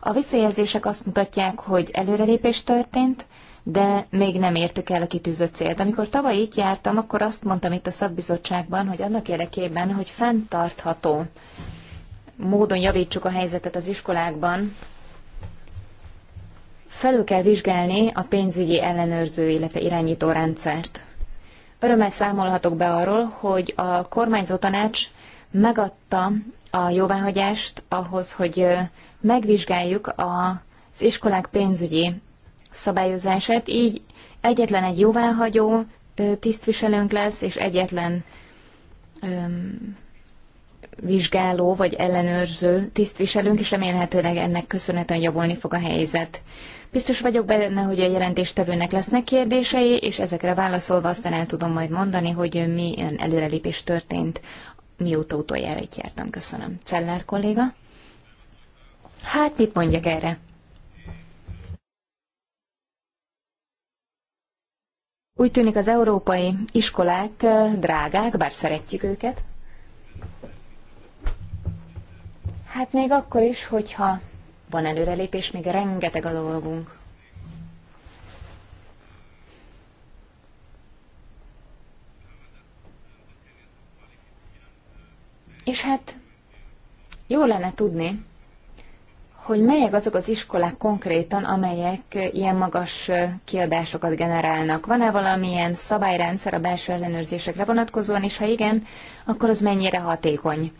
A visszajelzések azt mutatják, hogy előrelépés történt, de még nem értük el a kitűzött célt. Amikor tavaly itt jártam, akkor azt mondtam itt a szakbizottságban, hogy annak érdekében, hogy fenntartható módon javítsuk a helyzetet az iskolákban, Felül kell vizsgálni a pénzügyi ellenőrző, illetve irányító rendszert. Örömmel számolhatok be arról, hogy a kormányzó tanács megadta a jóváhagyást ahhoz, hogy megvizsgáljuk az iskolák pénzügyi szabályozását, így egyetlen egy jóváhagyó tisztviselőnk lesz, és egyetlen öm, vizsgáló vagy ellenőrző tisztviselőnk, és remélhetőleg ennek köszönhetően javulni fog a helyzet. Biztos vagyok benne, hogy a jelentéstevőnek lesznek kérdései, és ezekre válaszolva aztán el tudom majd mondani, hogy milyen előrelépés történt, mióta utoljára itt jártam. Köszönöm. Cellár kolléga? Hát, mit mondjak erre? Úgy tűnik az európai iskolák drágák, bár szeretjük őket. Hát még akkor is, hogyha van előrelépés, még rengeteg a dolgunk. És hát jó lenne tudni, hogy melyek azok az iskolák konkrétan, amelyek ilyen magas kiadásokat generálnak. Van-e valamilyen szabályrendszer a belső ellenőrzésekre vonatkozóan, és ha igen, akkor az mennyire hatékony?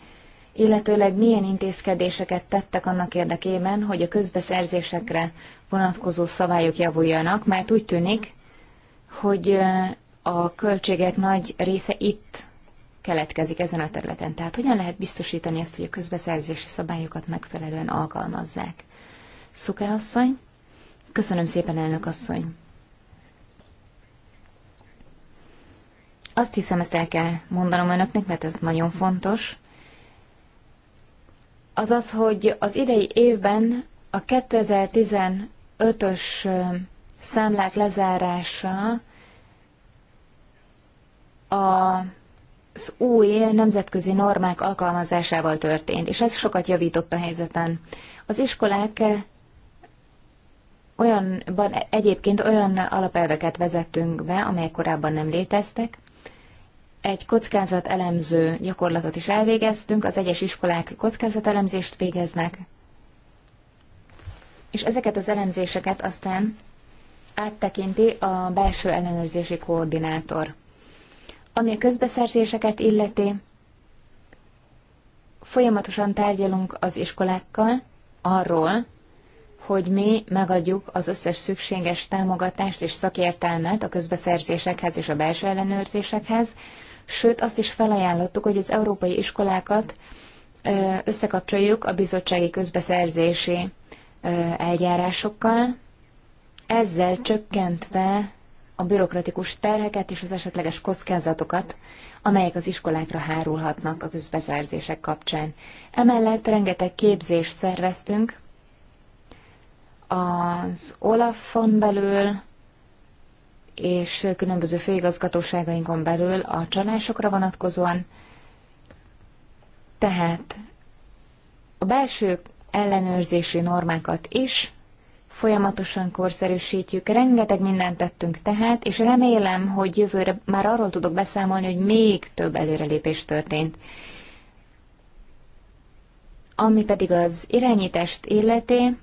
illetőleg milyen intézkedéseket tettek annak érdekében, hogy a közbeszerzésekre vonatkozó szabályok javuljanak, mert úgy tűnik, hogy a költségek nagy része itt keletkezik ezen a területen. Tehát hogyan lehet biztosítani ezt, hogy a közbeszerzési szabályokat megfelelően alkalmazzák? Szuke asszony? Köszönöm szépen, elnök asszony! Azt hiszem, ezt el kell mondanom önöknek, mert ez nagyon fontos azaz, hogy az idei évben a 2015-ös számlák lezárása az új nemzetközi normák alkalmazásával történt, és ez sokat javított a helyzeten. Az iskolák olyanban egyébként olyan alapelveket vezettünk be, amelyek korábban nem léteztek, egy kockázatelemző elemző gyakorlatot is elvégeztünk, az egyes iskolák kockázatelemzést végeznek, és ezeket az elemzéseket aztán áttekinti a belső ellenőrzési koordinátor. Ami a közbeszerzéseket illeti, folyamatosan tárgyalunk az iskolákkal arról, hogy mi megadjuk az összes szükséges támogatást és szakértelmet a közbeszerzésekhez és a belső ellenőrzésekhez, sőt azt is felajánlottuk, hogy az európai iskolákat összekapcsoljuk a bizottsági közbeszerzési eljárásokkal, ezzel csökkentve a bürokratikus terheket és az esetleges kockázatokat, amelyek az iskolákra hárulhatnak a közbeszerzések kapcsán. Emellett rengeteg képzést szerveztünk az Olafon belül, és különböző főigazgatóságainkon belül a csalásokra vonatkozóan. Tehát a belső ellenőrzési normákat is folyamatosan korszerűsítjük. Rengeteg mindent tettünk tehát, és remélem, hogy jövőre már arról tudok beszámolni, hogy még több előrelépés történt. Ami pedig az irányítást illeti,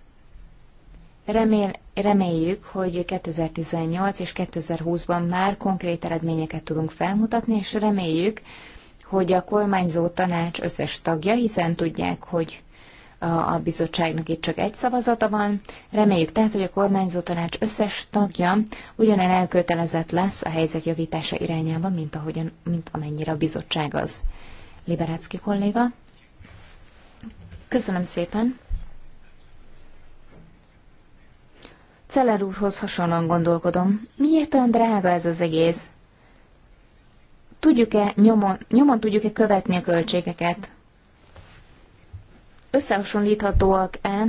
Remél, reméljük, hogy 2018 és 2020-ban már konkrét eredményeket tudunk felmutatni, és reméljük, hogy a kormányzó tanács összes tagja, hiszen tudják, hogy a bizottságnak itt csak egy szavazata van. Reméljük tehát, hogy a kormányzó tanács összes tagja ugyanen elkötelezett lesz a helyzet javítása irányában, mint, ahogyan, mint amennyire a bizottság az. Liberácki kolléga. Köszönöm szépen. Celer úrhoz hasonlóan gondolkodom. Miért olyan drága ez az egész? Tudjuk-e nyomon, nyomon tudjuk-e követni a költségeket? Összehasonlíthatóak-e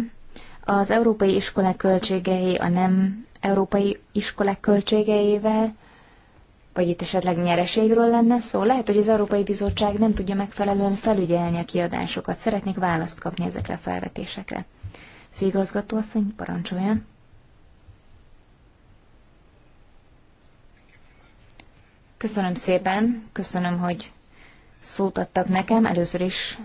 az európai iskolák költségei a nem európai iskolák költségeivel? Vagy itt esetleg nyereségről lenne szó? Lehet, hogy az Európai Bizottság nem tudja megfelelően felügyelni a kiadásokat. Szeretnék választ kapni ezekre a felvetésekre. Főigazgató asszony, parancsoljon! Köszönöm szépen, köszönöm, hogy szót adtak nekem. Először is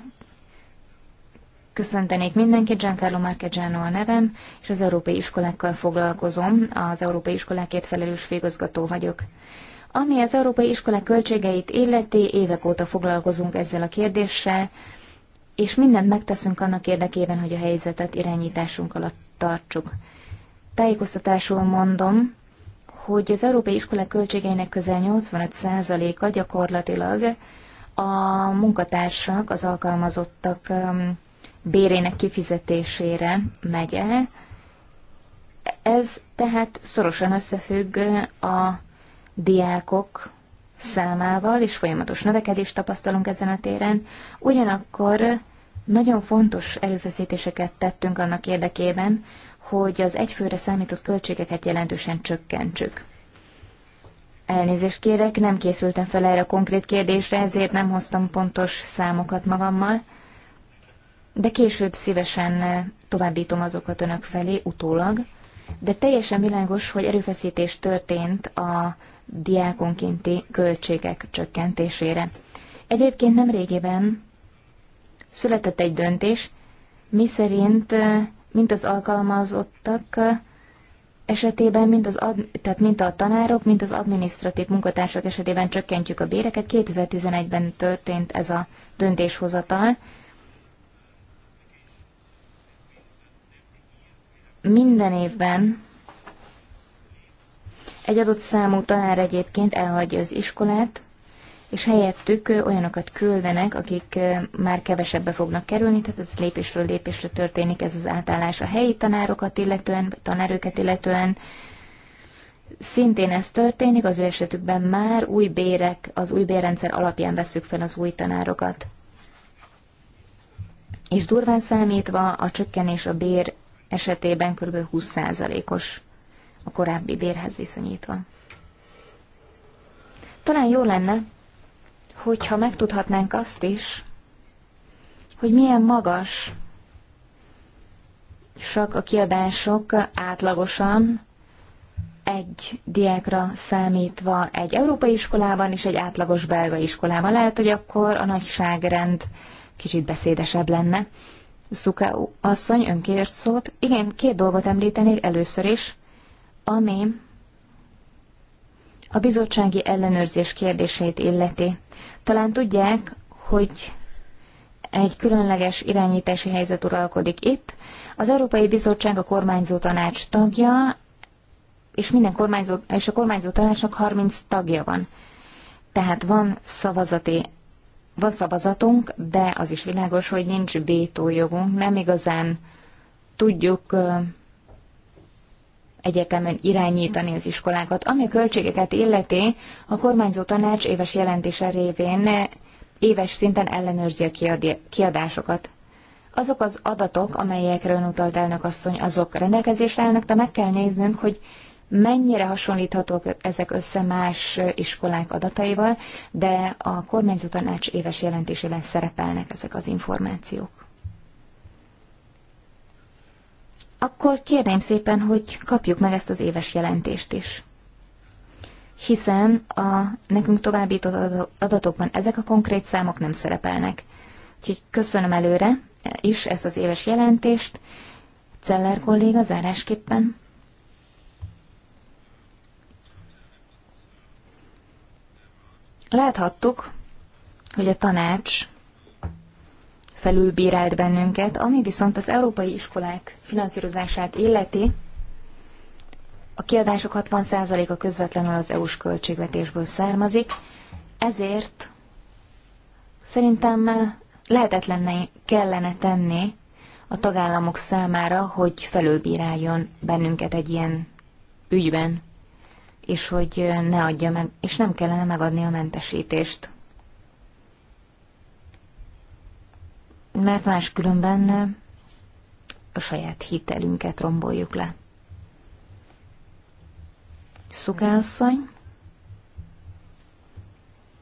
köszöntenék mindenkit, Giancarlo Marchegiano a nevem, és az európai iskolákkal foglalkozom, az európai iskolákért felelős főigazgató vagyok. Ami az európai iskolák költségeit illeti, évek óta foglalkozunk ezzel a kérdéssel, és mindent megteszünk annak érdekében, hogy a helyzetet irányításunk alatt tartsuk. Tájékoztatásul mondom, hogy az európai iskolák költségeinek közel 85%-a gyakorlatilag a munkatársak, az alkalmazottak um, bérének kifizetésére megy el. Ez tehát szorosan összefügg a diákok számával, és folyamatos növekedést tapasztalunk ezen a téren. Ugyanakkor nagyon fontos erőfeszítéseket tettünk annak érdekében, hogy az egyfőre számított költségeket jelentősen csökkentsük. Elnézést kérek, nem készültem fel erre a konkrét kérdésre, ezért nem hoztam pontos számokat magammal, de később szívesen eh, továbbítom azokat önök felé utólag, de teljesen világos, hogy erőfeszítés történt a diákonkénti költségek csökkentésére. Egyébként nem régiben született egy döntés, miszerint eh, mint az alkalmazottak esetében, mint az ad, tehát mint a tanárok, mint az adminisztratív munkatársak esetében csökkentjük a béreket. 2011-ben történt ez a döntéshozatal. Minden évben egy adott számú tanár egyébként elhagyja az iskolát, és helyettük olyanokat küldenek, akik már kevesebbe fognak kerülni, tehát ez lépésről lépésre történik ez az átállás a helyi tanárokat illetően, tanárőket illetően. Szintén ez történik, az ő esetükben már új bérek, az új bérrendszer alapján veszük fel az új tanárokat. És durván számítva a csökkenés a bér esetében kb. 20%-os a korábbi bérhez viszonyítva. Talán jó lenne, hogyha megtudhatnánk azt is, hogy milyen magas sok a kiadások átlagosan egy diákra számítva egy európai iskolában és egy átlagos belga iskolában. Lehet, hogy akkor a nagyságrend kicsit beszédesebb lenne. Szuka asszony önkért szót. Igen, két dolgot említenék először is, ami a bizottsági ellenőrzés kérdését illeti. Talán tudják, hogy egy különleges irányítási helyzet uralkodik itt. Az Európai Bizottság a kormányzó tanács tagja, és minden kormányzó, és a kormányzó tanácsnak 30 tagja van. Tehát van szavazati van szavazatunk, de az is világos, hogy nincs bétójogunk, nem igazán tudjuk egyetemen irányítani az iskolákat. Ami a költségeket illeti, a kormányzó tanács éves jelentése révén éves szinten ellenőrzi a kiadásokat. Azok az adatok, amelyekről utalt elnök asszony, azok rendelkezésre állnak, de meg kell néznünk, hogy mennyire hasonlíthatók ezek össze más iskolák adataival, de a kormányzó tanács éves jelentésében szerepelnek ezek az információk. akkor kérném szépen, hogy kapjuk meg ezt az éves jelentést is. Hiszen a nekünk továbbított adatokban ezek a konkrét számok nem szerepelnek. Úgyhogy köszönöm előre is ezt az éves jelentést. Celler kolléga zárásképpen. Láthattuk, hogy a tanács felülbírált bennünket, ami viszont az európai iskolák finanszírozását illeti, a kiadások 60%-a közvetlenül az EU-s költségvetésből származik, ezért szerintem lehetetlenné kellene tenni a tagállamok számára, hogy felülbíráljon bennünket egy ilyen ügyben, és hogy ne adja meg, és nem kellene megadni a mentesítést. mert máskülönben a saját hitelünket romboljuk le. Szukászony.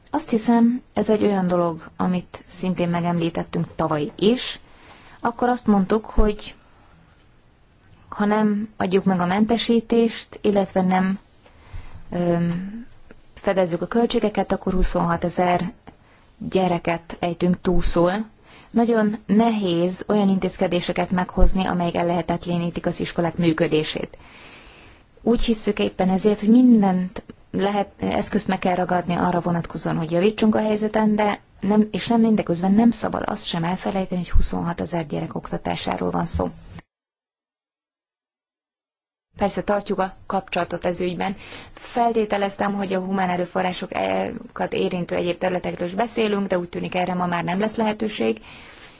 Azt hiszem, ez egy olyan dolog, amit szintén megemlítettünk tavaly is. Akkor azt mondtuk, hogy ha nem adjuk meg a mentesítést, illetve nem öm, fedezzük a költségeket, akkor 26 ezer gyereket ejtünk túlszól nagyon nehéz olyan intézkedéseket meghozni, amelyek ellehetetlenítik az iskolák működését. Úgy hisszük éppen ezért, hogy mindent lehet, eszközt meg kell ragadni arra vonatkozóan, hogy javítsunk a helyzeten, de nem, és nem mindeközben nem szabad azt sem elfelejteni, hogy 26 ezer gyerek oktatásáról van szó. Persze tartjuk a kapcsolatot ez ügyben. Feltételeztem, hogy a humán erőforrásokat e- érintő egyéb területekről is beszélünk, de úgy tűnik erre ma már nem lesz lehetőség.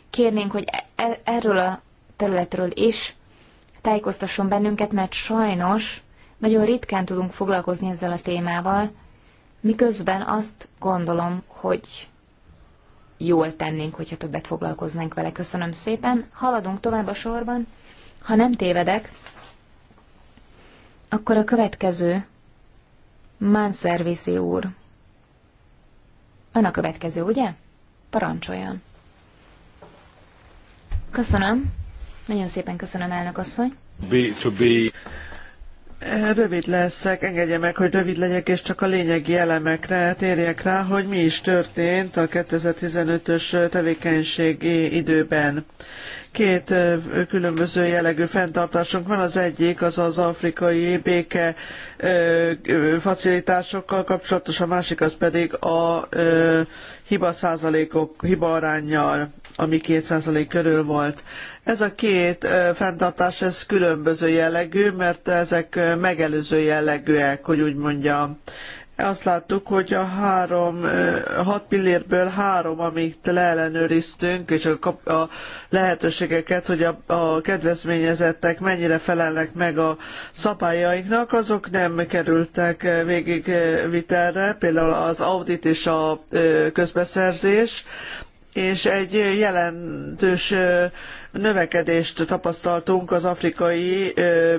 Kérnénk, hogy e- e- erről a területről is tájékoztasson bennünket, mert sajnos nagyon ritkán tudunk foglalkozni ezzel a témával, miközben azt gondolom, hogy jól tennénk, hogyha többet foglalkoznánk vele. Köszönöm szépen. Haladunk tovább a sorban. Ha nem tévedek, akkor a következő. Mánszerviszi úr. Ön a következő, ugye? Parancsoljon. Köszönöm. Nagyon szépen köszönöm, elnök asszony. B to B. Eh, rövid leszek, engedje meg, hogy rövid legyek, és csak a lényegi elemekre térjek rá, hogy mi is történt a 2015-ös tevékenységi időben. Két különböző jellegű fenntartásunk van. Az egyik az az afrikai béke facilitásokkal kapcsolatos, a másik az pedig a hiba százalékok, hiba arányjal, ami két százalék körül volt. Ez a két fenntartás, ez különböző jellegű, mert ezek megelőző jellegűek, hogy úgy mondjam azt láttuk, hogy a három, hat pillérből három, amit leellenőriztünk, és a, a lehetőségeket, hogy a, a kedvezményezettek mennyire felelnek meg a szabályainknak, azok nem kerültek végigvitelre, például az audit és a közbeszerzés, és egy jelentős növekedést tapasztaltunk az afrikai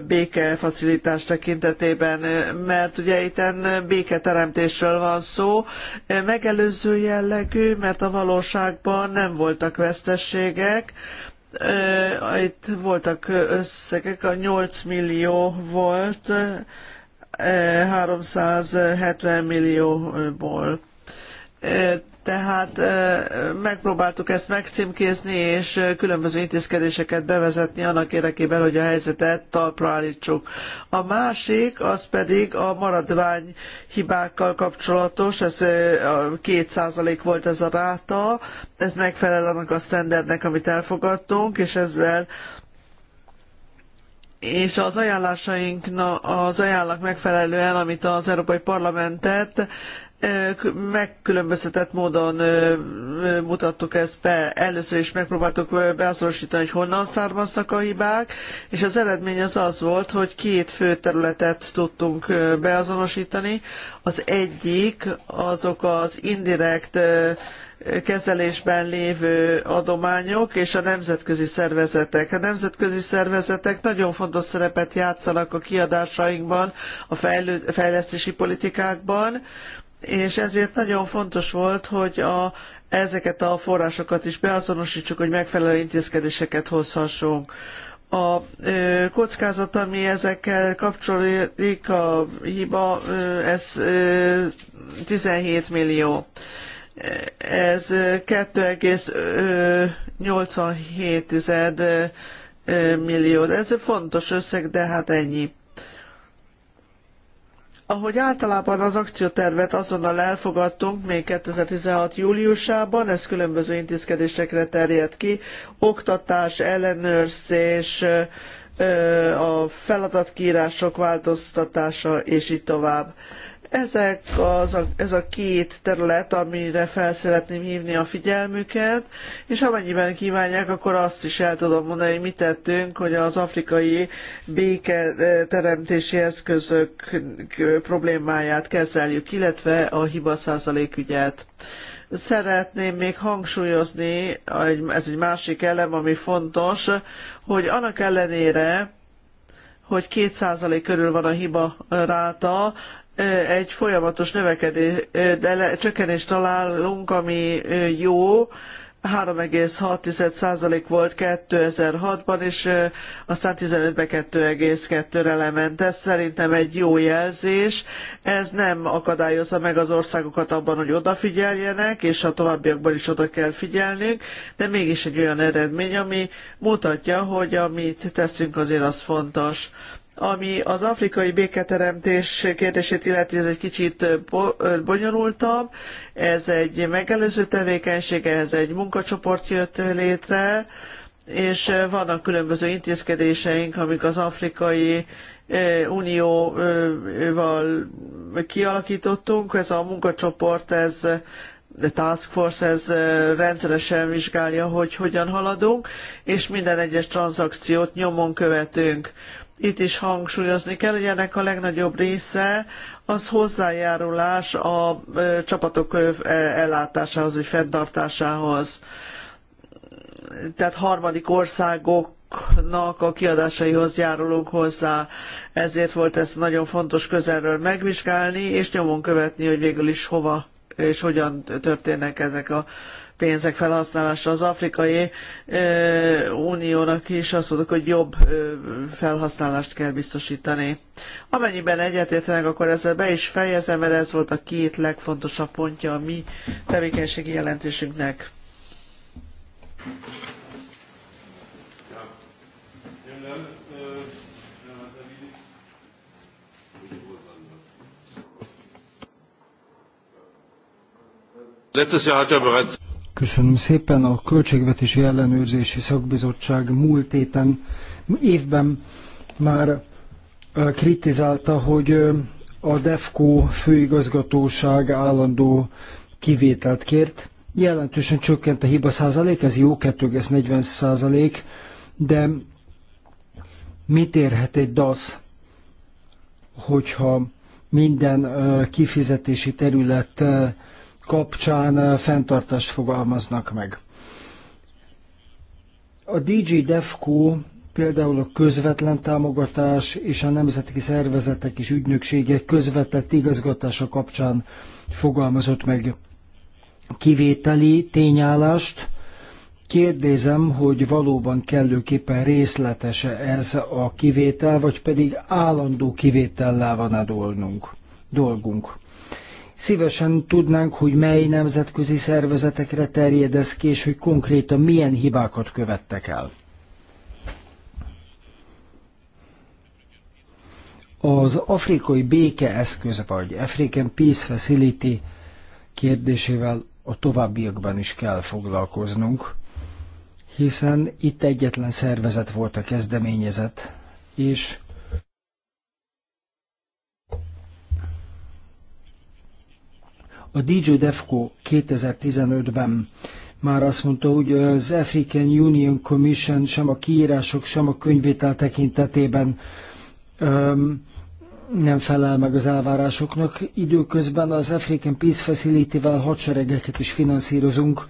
békefacilitás tekintetében, mert ugye itten béketeremtésről van szó, megelőző jellegű, mert a valóságban nem voltak vesztességek, itt voltak összegek, a 8 millió volt, 370 millióból tehát megpróbáltuk ezt megcímkézni, és különböző intézkedéseket bevezetni annak érdekében, hogy a helyzetet talpra állítsuk. A másik, az pedig a maradvány hibákkal kapcsolatos, ez 2%- volt ez a ráta, ez megfelel annak a sztendernek, amit elfogadtunk, és ezzel és az ajánlásainknak, az ajánlak megfelelően, amit az Európai Parlament tett, megkülönböztetett módon mutattuk ezt be. Először is megpróbáltuk beazonosítani, hogy honnan származnak a hibák, és az eredmény az az volt, hogy két fő területet tudtunk beazonosítani. Az egyik azok az indirekt kezelésben lévő adományok és a nemzetközi szervezetek. A nemzetközi szervezetek nagyon fontos szerepet játszanak a kiadásainkban, a fejlesztési politikákban, és ezért nagyon fontos volt, hogy a, ezeket a forrásokat is beazonosítsuk, hogy megfelelő intézkedéseket hozhassunk. A ö, kockázat, ami ezekkel kapcsolódik, a hiba, ez 17 millió. Ez 2,87 millió. Ez fontos összeg, de hát ennyi ahogy általában az akciótervet azonnal elfogadtunk még 2016. júliusában, ez különböző intézkedésekre terjed ki, oktatás, ellenőrzés, a feladatkírások változtatása, és így tovább. Ezek az, a, ez a két terület, amire fel szeretném hívni a figyelmüket, és amennyiben kívánják, akkor azt is el tudom mondani, hogy mit tettünk, hogy az afrikai béke eh, teremtési eszközök eh, problémáját kezeljük, illetve a hiba százalék ügyet. Szeretném még hangsúlyozni, ez egy másik elem, ami fontos, hogy annak ellenére, hogy 2% körül van a hiba ráta, egy folyamatos növekedés, de csökkenést találunk, ami jó, 3,6% volt 2006-ban, és aztán 15-ben 2,2-re lement. Ez szerintem egy jó jelzés. Ez nem akadályozza meg az országokat abban, hogy odafigyeljenek, és a továbbiakban is oda kell figyelnünk, de mégis egy olyan eredmény, ami mutatja, hogy amit teszünk azért az fontos. Ami az afrikai béketeremtés kérdését illeti, ez egy kicsit bonyolultabb. Ez egy megelőző tevékenység, ehhez egy munkacsoport jött létre, és vannak különböző intézkedéseink, amik az afrikai unióval kialakítottunk. Ez a munkacsoport, ez a Task Force ez rendszeresen vizsgálja, hogy hogyan haladunk, és minden egyes tranzakciót nyomon követünk itt is hangsúlyozni kell, hogy ennek a legnagyobb része az hozzájárulás a csapatok e, ellátásához, vagy fenntartásához. Tehát harmadik országok a kiadásaihoz járulunk hozzá. Ezért volt ezt nagyon fontos közelről megvizsgálni, és nyomon követni, hogy végül is hova és hogyan történnek ezek a pénzek felhasználása. Az Afrikai Uniónak is azt mondok, hogy jobb felhasználást kell biztosítani. Amennyiben egyetértenek, akkor ezzel be is fejezem, mert ez volt a két legfontosabb pontja a mi tevékenységi jelentésünknek. Letztes Jahr hat er bereits Köszönöm szépen. A Költségvetési Ellenőrzési Szakbizottság múlt éten, évben már kritizálta, hogy a DEFCO főigazgatóság állandó kivételt kért. Jelentősen csökkent a hiba százalék, ez jó, 2,40 százalék, de mit érhet egy DASZ, hogyha minden kifizetési terület kapcsán eh, fenntartást fogalmaznak meg. A DJ DEFCO például a közvetlen támogatás és a nemzeti szervezetek és ügynökségek közvetett igazgatása kapcsán fogalmazott meg kivételi tényállást. Kérdezem, hogy valóban kellőképpen részletese ez a kivétel, vagy pedig állandó kivétellel van a dolgunk. dolgunk. Szívesen tudnánk, hogy mely nemzetközi szervezetekre terjed ez ki, és hogy konkrétan milyen hibákat követtek el. Az afrikai békeeszköz vagy African Peace Facility kérdésével a továbbiakban is kell foglalkoznunk, hiszen itt egyetlen szervezet volt a kezdeményezet, és A DJ DEFCO 2015-ben már azt mondta, hogy az African Union Commission sem a kiírások, sem a könyvétel tekintetében um, nem felel meg az elvárásoknak. Időközben az African Peace Facility-vel hadseregeket is finanszírozunk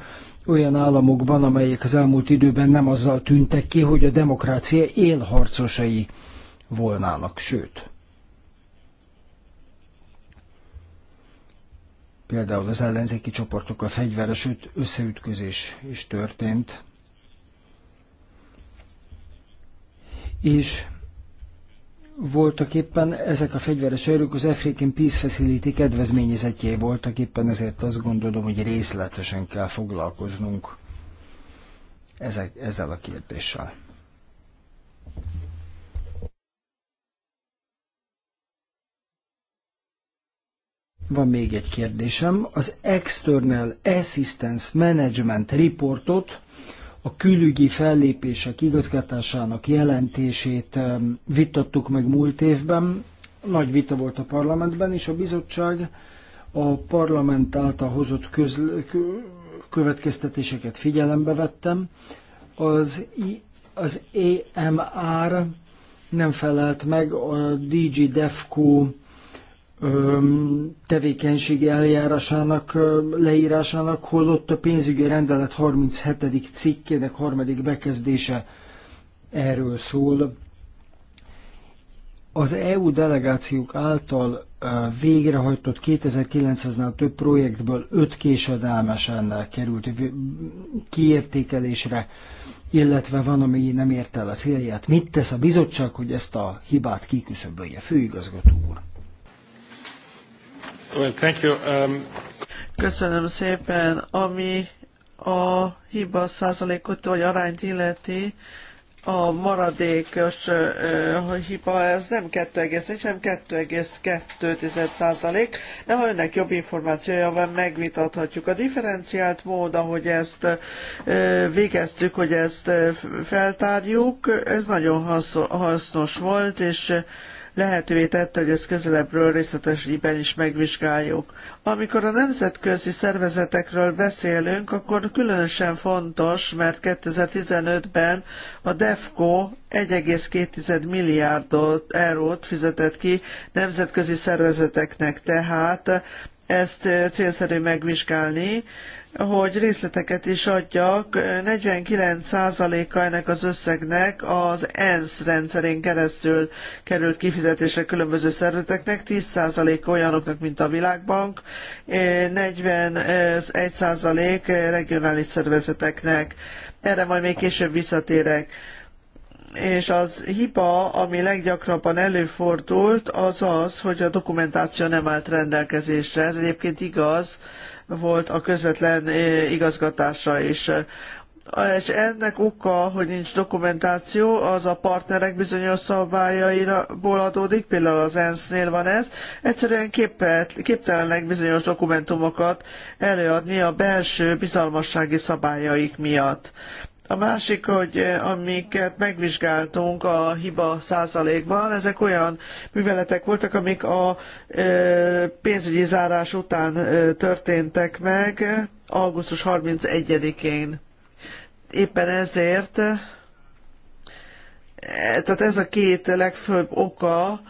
olyan államokban, amelyek az elmúlt időben nem azzal tűntek ki, hogy a demokrácia élharcosai volnának, sőt. Például az ellenzéki csoportokkal fegyveres összeütközés is történt. És voltak éppen ezek a fegyveres erők az African Peace Facility kedvezményezetjé voltak éppen, ezért azt gondolom, hogy részletesen kell foglalkoznunk ezek, ezzel a kérdéssel. Van még egy kérdésem. Az External Assistance Management Reportot, a külügyi fellépések igazgatásának jelentését um, vitattuk meg múlt évben. Nagy vita volt a parlamentben, és a bizottság a parlament által hozott közl- következtetéseket figyelembe vettem. Az, I- az EMR nem felelt meg a DG DEFCO tevékenységi eljárásának leírásának, holott a pénzügyi rendelet 37. cikkének harmadik bekezdése erről szól. Az EU delegációk által végrehajtott 2900-nál több projektből öt késedelmesen került kiértékelésre, illetve van, ami nem ért el a célját. Mit tesz a bizottság, hogy ezt a hibát kiküszöbölje? Főigazgató úr. Um, Köszönöm szépen. Ami a hiba százalékot vagy arányt illeti, a maradékos hiba, ez nem 2,1, hanem 2,2 százalék, de ha önnek jobb információja van, megvitathatjuk. A differenciált mód, ahogy ezt végeztük, hogy ezt feltárjuk, ez nagyon hasznos volt, és lehetővé tette, hogy ezt közelebbről részletesebben is megvizsgáljuk. Amikor a nemzetközi szervezetekről beszélünk, akkor különösen fontos, mert 2015-ben a DEFCO 1,2 milliárd eurót fizetett ki nemzetközi szervezeteknek, tehát ezt célszerű megvizsgálni, hogy részleteket is adjak, 49%-a ennek az összegnek az ENSZ rendszerén keresztül került kifizetésre különböző szervezeteknek, 10% olyanoknak, mint a Világbank, 41% regionális szervezeteknek. Erre majd még később visszatérek és az hiba, ami leggyakrabban előfordult, az az, hogy a dokumentáció nem állt rendelkezésre. Ez egyébként igaz volt a közvetlen igazgatása is. És ennek oka, hogy nincs dokumentáció, az a partnerek bizonyos szabályaiból adódik, például az ENSZ-nél van ez, egyszerűen képet, képtelenek bizonyos dokumentumokat előadni a belső bizalmassági szabályaik miatt. A másik, hogy eh, amiket megvizsgáltunk a hiba százalékban, ezek olyan műveletek voltak, amik a eh, pénzügyi zárás után eh, történtek meg, augusztus 31-én. Éppen ezért, tehát ez a két legfőbb oka,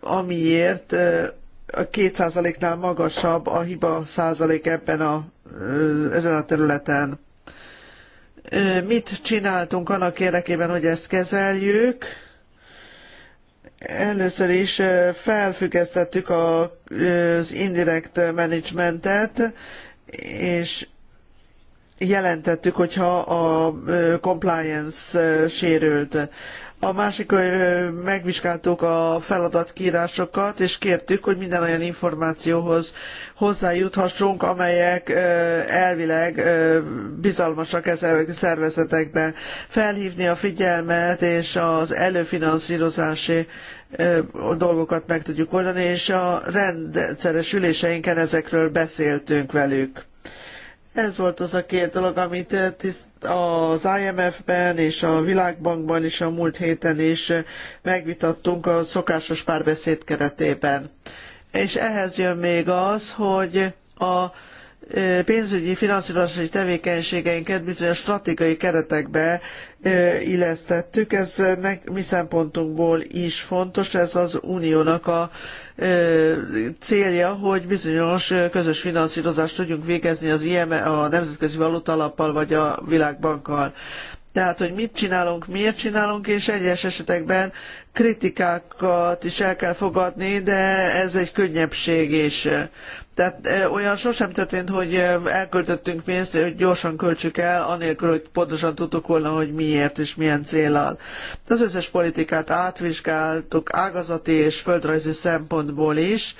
amiért a két százaléknál magasabb a hiba százalék ebben a, ezen a területen mit csináltunk annak érdekében, hogy ezt kezeljük. Először is felfüggesztettük az indirekt menedzsmentet, és jelentettük, hogyha a compliance sérült. A másik, hogy megvizsgáltuk a feladatkírásokat, és kértük, hogy minden olyan információhoz hozzájuthassunk, amelyek elvileg bizalmasak ezek szervezetekben. Felhívni a figyelmet és az előfinanszírozási dolgokat meg tudjuk oldani, és a rendszeres üléseinken ezekről beszéltünk velük. Ez volt az a két dolog, amit az IMF-ben és a Világbankban is a múlt héten is megvitattunk a szokásos párbeszéd keretében. És ehhez jön még az, hogy a pénzügyi finanszírozási tevékenységeinket bizonyos stratégiai keretekbe illesztettük. Ez mi szempontunkból is fontos, ez az uniónak a célja, hogy bizonyos közös finanszírozást tudjunk végezni az IM, e, a Nemzetközi Valutalappal vagy a Világbankkal. Tehát, hogy mit csinálunk, miért csinálunk, és egyes esetekben kritikákat is el kell fogadni, de ez egy könnyebbség is. Tehát olyan sosem történt, hogy elköltöttünk pénzt, hogy gyorsan költsük el, anélkül, hogy pontosan tudtuk volna, hogy miért és milyen célal. Az összes politikát átvizsgáltuk ágazati és földrajzi szempontból is,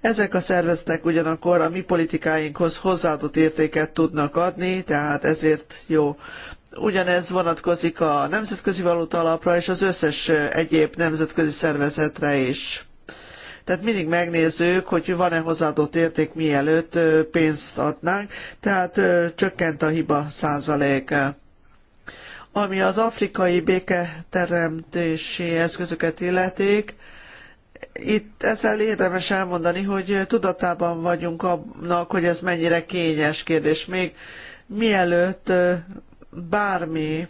ezek a szervezetek ugyanakkor a mi politikáinkhoz hozzáadott értéket tudnak adni, tehát ezért jó. Ugyanez vonatkozik a Nemzetközi Valuta Alapra és az összes egyéb nemzetközi szervezetre is. Tehát mindig megnézzük, hogy van-e hozzáadott érték, mielőtt pénzt adnánk, tehát csökkent a hiba százaléka ami az afrikai béketeremtési eszközöket illetik. Itt ezzel érdemes elmondani, hogy tudatában vagyunk annak, hogy ez mennyire kényes kérdés. Még mielőtt bármi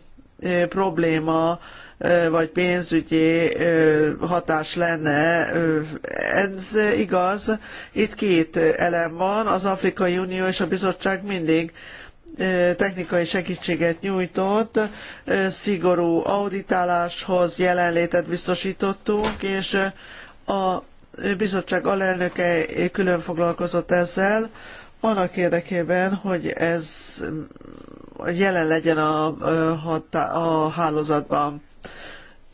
probléma vagy pénzügyi hatás lenne. Ez igaz. Itt két elem van, az Afrikai Unió és a bizottság mindig technikai segítséget nyújtott, szigorú auditáláshoz jelenlétet biztosítottunk, és a bizottság alelnöke külön foglalkozott ezzel, annak érdekében, hogy ez jelen legyen a, a, a hálózatban.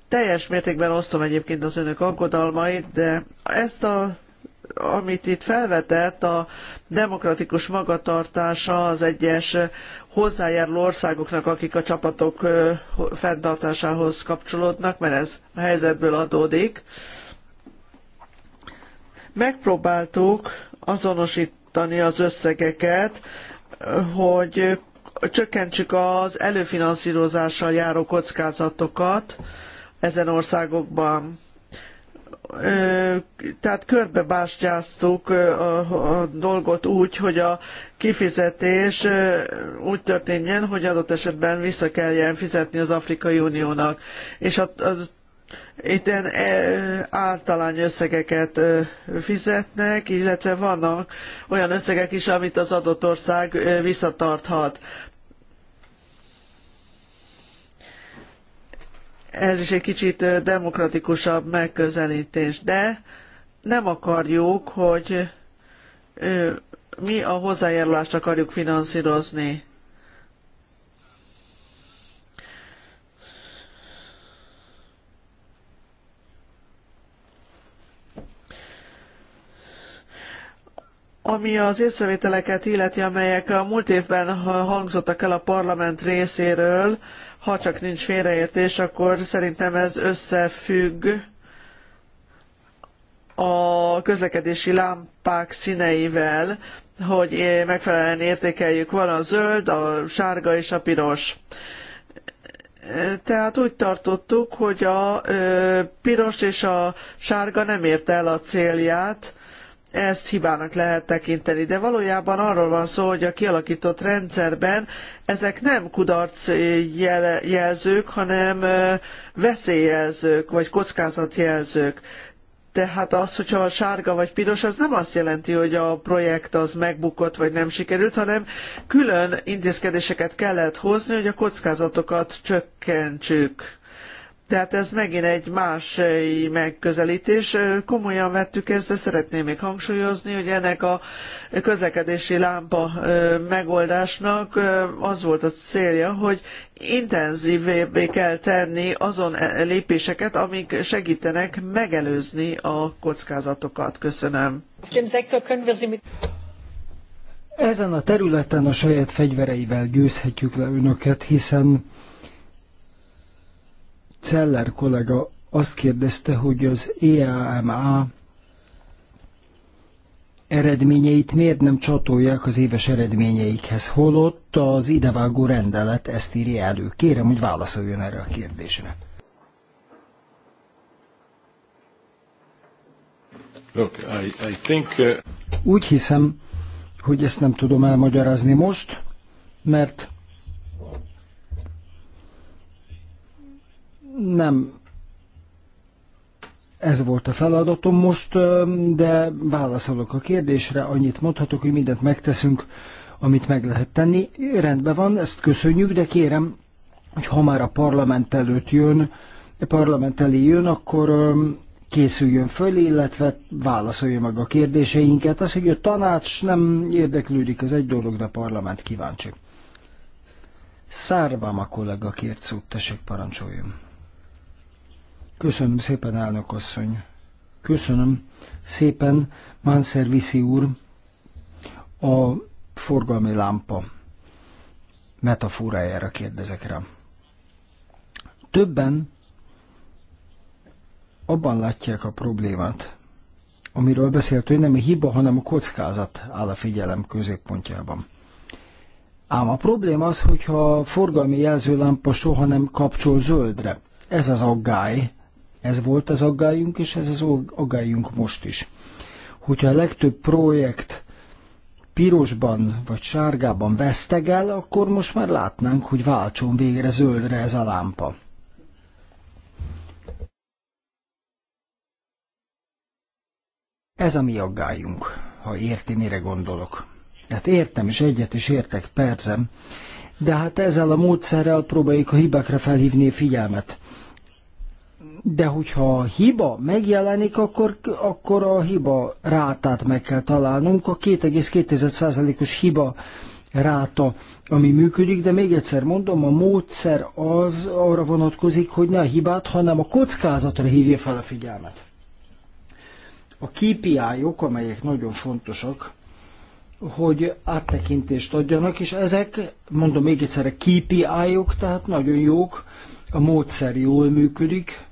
Teljes mértékben osztom egyébként az önök aggodalmait, de ezt a amit itt felvetett, a demokratikus magatartása az egyes hozzájáruló országoknak, akik a csapatok fenntartásához kapcsolódnak, mert ez a helyzetből adódik. Megpróbáltuk azonosítani az összegeket, hogy csökkentsük az előfinanszírozással járó kockázatokat ezen országokban tehát körbebástyáztuk a dolgot úgy, hogy a kifizetés úgy történjen, hogy adott esetben vissza kelljen fizetni az Afrikai Uniónak. És a, a, itt általány összegeket fizetnek, illetve vannak olyan összegek is, amit az adott ország visszatarthat. Ez is egy kicsit demokratikusabb megközelítés, de nem akarjuk, hogy mi a hozzájárulást akarjuk finanszírozni. Ami az észrevételeket illeti, amelyek a múlt évben hangzottak el a parlament részéről, ha csak nincs félreértés, akkor szerintem ez összefügg a közlekedési lámpák színeivel, hogy megfelelően értékeljük, van a zöld, a sárga és a piros. Tehát úgy tartottuk, hogy a piros és a sárga nem érte el a célját, ezt hibának lehet tekinteni. De valójában arról van szó, hogy a kialakított rendszerben ezek nem kudarc eh, jelzők, hanem eh, veszélyjelzők, vagy kockázatjelzők. Tehát az, hogyha a sárga vagy piros, az nem azt jelenti, hogy a projekt az megbukott vagy nem sikerült, hanem külön intézkedéseket kellett hozni, hogy a kockázatokat csökkentsük. Tehát ez megint egy más eh, megközelítés. Eh, komolyan vettük ezt, de szeretném még hangsúlyozni, hogy ennek a közlekedési lámpa eh, megoldásnak az volt a célja, hogy intenzívébbé kell tenni azon lépéseket, amik segítenek megelőzni a kockázatokat. Köszönöm. Ezen a területen a saját fegyvereivel győzhetjük le önöket, hiszen Celler kollega azt kérdezte, hogy az EAMA eredményeit miért nem csatolják az éves eredményeikhez, holott az idevágó rendelet ezt írja elő. Kérem, hogy válaszoljon erre a kérdésre. Look, I, I think, uh... Úgy hiszem, hogy ezt nem tudom elmagyarázni most, mert nem ez volt a feladatom most, de válaszolok a kérdésre, annyit mondhatok, hogy mindent megteszünk, amit meg lehet tenni. Rendben van, ezt köszönjük, de kérem, hogy ha már a parlament előtt jön, a parlament elé jön, akkor készüljön föl, illetve válaszolja meg a kérdéseinket. Az, hogy a tanács nem érdeklődik, az egy dolog, de a parlament kíváncsi. Szárvám a kollega kért szót, tessék parancsoljon. Köszönöm szépen, elnök asszony. Köszönöm szépen, Manszer Viszi úr, a forgalmi lámpa metaforájára kérdezek rá. Többen abban látják a problémát, amiről beszélt, hogy nem a hiba, hanem a kockázat áll a figyelem középpontjában. Ám a probléma az, hogyha a forgalmi jelzőlámpa soha nem kapcsol zöldre. Ez az aggály, ez volt az aggályunk, és ez az aggályunk most is. Hogyha a legtöbb projekt pirosban vagy sárgában vesztegel, akkor most már látnánk, hogy váltson végre zöldre ez a lámpa. Ez a mi aggályunk, ha érti, mire gondolok. Hát értem, és egyet is értek, percem, de hát ezzel a módszerrel próbáljuk a hibákra felhívni a figyelmet de hogyha a hiba megjelenik, akkor, akkor a hiba rátát meg kell találnunk, a 2,2%-os hiba ráta, ami működik, de még egyszer mondom, a módszer az arra vonatkozik, hogy ne a hibát, hanem a kockázatra hívja fel a figyelmet. A KPI-ok, amelyek nagyon fontosak, hogy áttekintést adjanak, és ezek, mondom még egyszer, a kpi -ok, tehát nagyon jók, a módszer jól működik,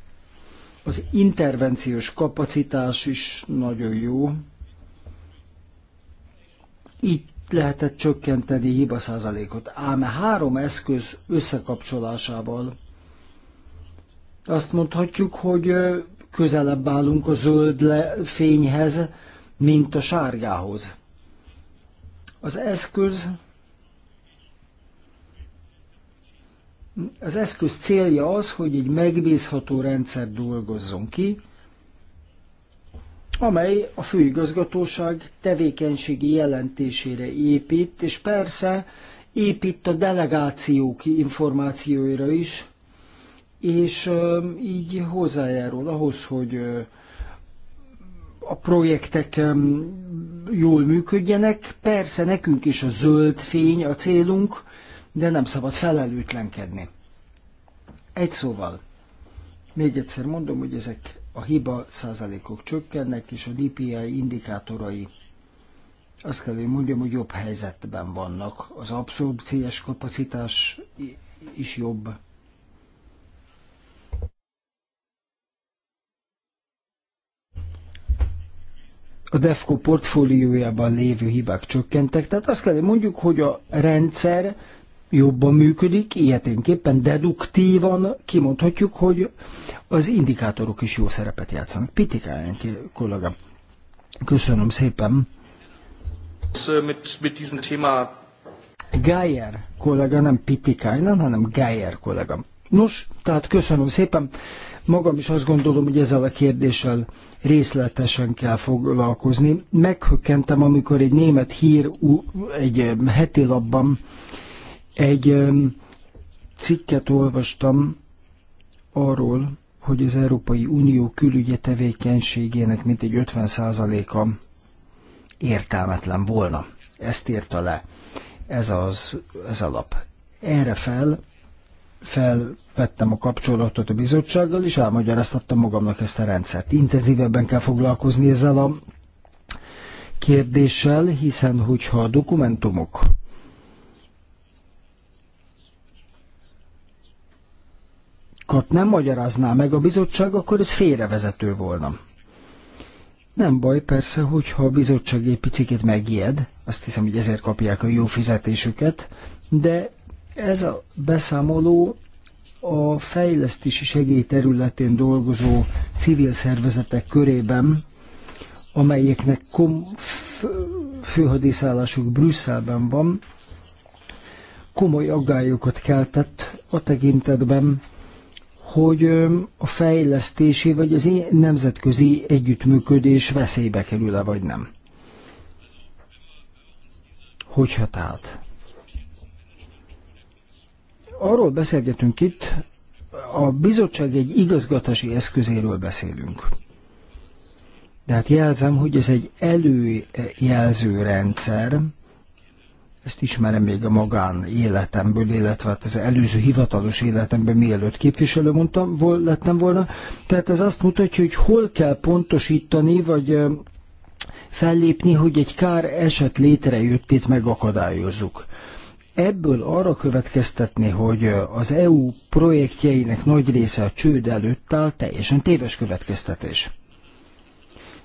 az intervenciós kapacitás is nagyon jó. Így lehetett csökkenteni hiba százalékot. Ám e három eszköz összekapcsolásával azt mondhatjuk, hogy közelebb állunk a zöld fényhez, mint a sárgához. Az eszköz Az eszköz célja az, hogy egy megbízható rendszer dolgozzon ki, amely a főigazgatóság tevékenységi jelentésére épít, és persze épít a delegációk információira is, és így hozzájárul ahhoz, hogy a projektek jól működjenek. Persze nekünk is a zöld fény a célunk, de nem szabad felelőtlenkedni. Egy szóval, még egyszer mondom, hogy ezek a hiba százalékok csökkennek, és a DPI indikátorai azt kell, hogy mondjam, hogy jobb helyzetben vannak. Az abszorpciós kapacitás is jobb. A DEFCO portfóliójában lévő hibák csökkentek, tehát azt kell, hogy mondjuk, hogy a rendszer jobban működik, ilyeténképpen deduktívan kimondhatjuk, hogy az indikátorok is jó szerepet játszanak. Pitikáján kollega. Köszönöm szépen. Äh, mit, mit Geyer kollega, nem Pitikáján, hanem Geyer kollega. Nos, tehát köszönöm szépen. Magam is azt gondolom, hogy ezzel a kérdéssel részletesen kell foglalkozni. Meghökkentem, amikor egy német hír egy heti labban egy cikket olvastam arról, hogy az Európai Unió külügye tevékenységének mintegy 50%-a értelmetlen volna. Ezt írta le ez az ez alap. Erre fel felvettem a kapcsolatot a bizottsággal, és elmagyaráztattam magamnak ezt a rendszert. Intenzívebben kell foglalkozni ezzel a kérdéssel, hiszen hogyha a dokumentumok titkot nem magyarázná meg a bizottság, akkor ez félrevezető volna. Nem baj persze, hogyha a bizottság egy picit megijed, azt hiszem, hogy ezért kapják a jó fizetésüket, de ez a beszámoló a fejlesztési segély területén dolgozó civil szervezetek körében, amelyeknek kom- főhadiszállásuk Brüsszelben van, komoly aggályokat keltett a tekintetben, hogy a fejlesztési vagy az nemzetközi együttműködés veszélybe kerül-e vagy nem. Hogyha tehát arról beszélgetünk itt, a bizottság egy igazgatási eszközéről beszélünk. Tehát jelzem, hogy ez egy előjelző rendszer, ezt ismerem még a magán életemből, illetve hát az előző hivatalos életemben, mielőtt képviselő mondtam, vol, lettem volna. Tehát ez azt mutatja, hogy hol kell pontosítani, vagy fellépni, hogy egy kár eset létrejöttét megakadályozzuk. Ebből arra következtetni, hogy az EU projektjeinek nagy része a csőd előtt áll, teljesen téves következtetés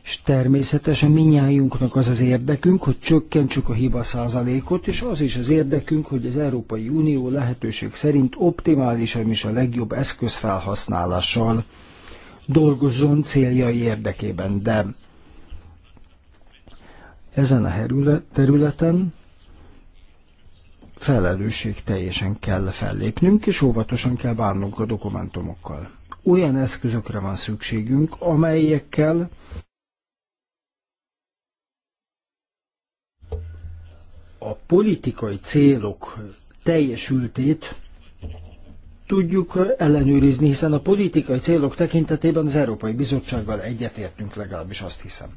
és természetesen minnyájunknak az az érdekünk, hogy csökkentsük a hiba százalékot, és az is az érdekünk, hogy az Európai Unió lehetőség szerint optimálisan és a legjobb eszközfelhasználással dolgozzon céljai érdekében. De ezen a területen felelősség teljesen kell fellépnünk, és óvatosan kell bánnunk a dokumentumokkal. Olyan eszközökre van szükségünk, amelyekkel a politikai célok teljesültét tudjuk ellenőrizni, hiszen a politikai célok tekintetében az Európai Bizottsággal egyetértünk legalábbis azt hiszem.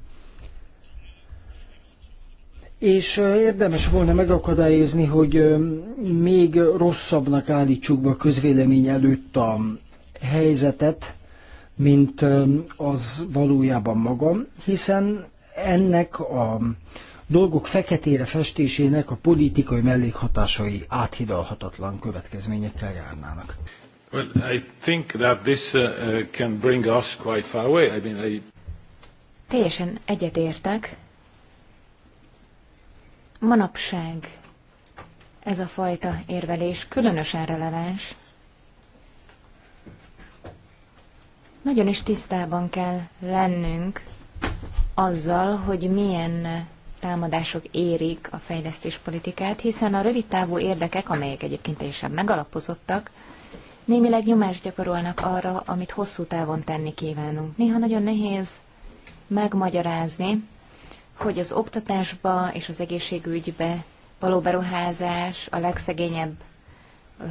És érdemes volna megakadályozni, hogy még rosszabbnak állítsuk be a közvélemény előtt a helyzetet, mint az valójában magam, hiszen ennek a dolgok feketére festésének a politikai mellékhatásai áthidalhatatlan következményekkel járnának. Well, I think that this uh, can bring us quite far away. I mean, I... Teljesen egyetértek. Manapság ez a fajta érvelés különösen releváns. Nagyon is tisztában kell lennünk azzal, hogy milyen támadások érik a fejlesztéspolitikát, hiszen a rövidtávú érdekek, amelyek egyébként teljesen megalapozottak, némileg nyomást gyakorolnak arra, amit hosszú távon tenni kívánunk. Néha nagyon nehéz megmagyarázni, hogy az oktatásba és az egészségügybe való beruházás a legszegényebb ö,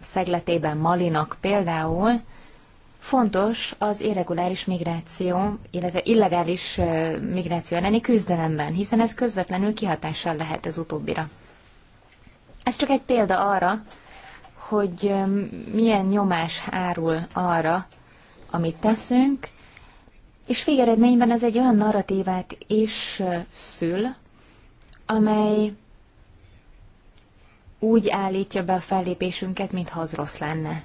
szegletében Malinak például fontos az irreguláris migráció, illetve illegális migráció elleni küzdelemben, hiszen ez közvetlenül kihatással lehet az utóbbira. Ez csak egy példa arra, hogy milyen nyomás árul arra, amit teszünk, és végeredményben ez egy olyan narratívát is szül, amely úgy állítja be a fellépésünket, mintha az rossz lenne.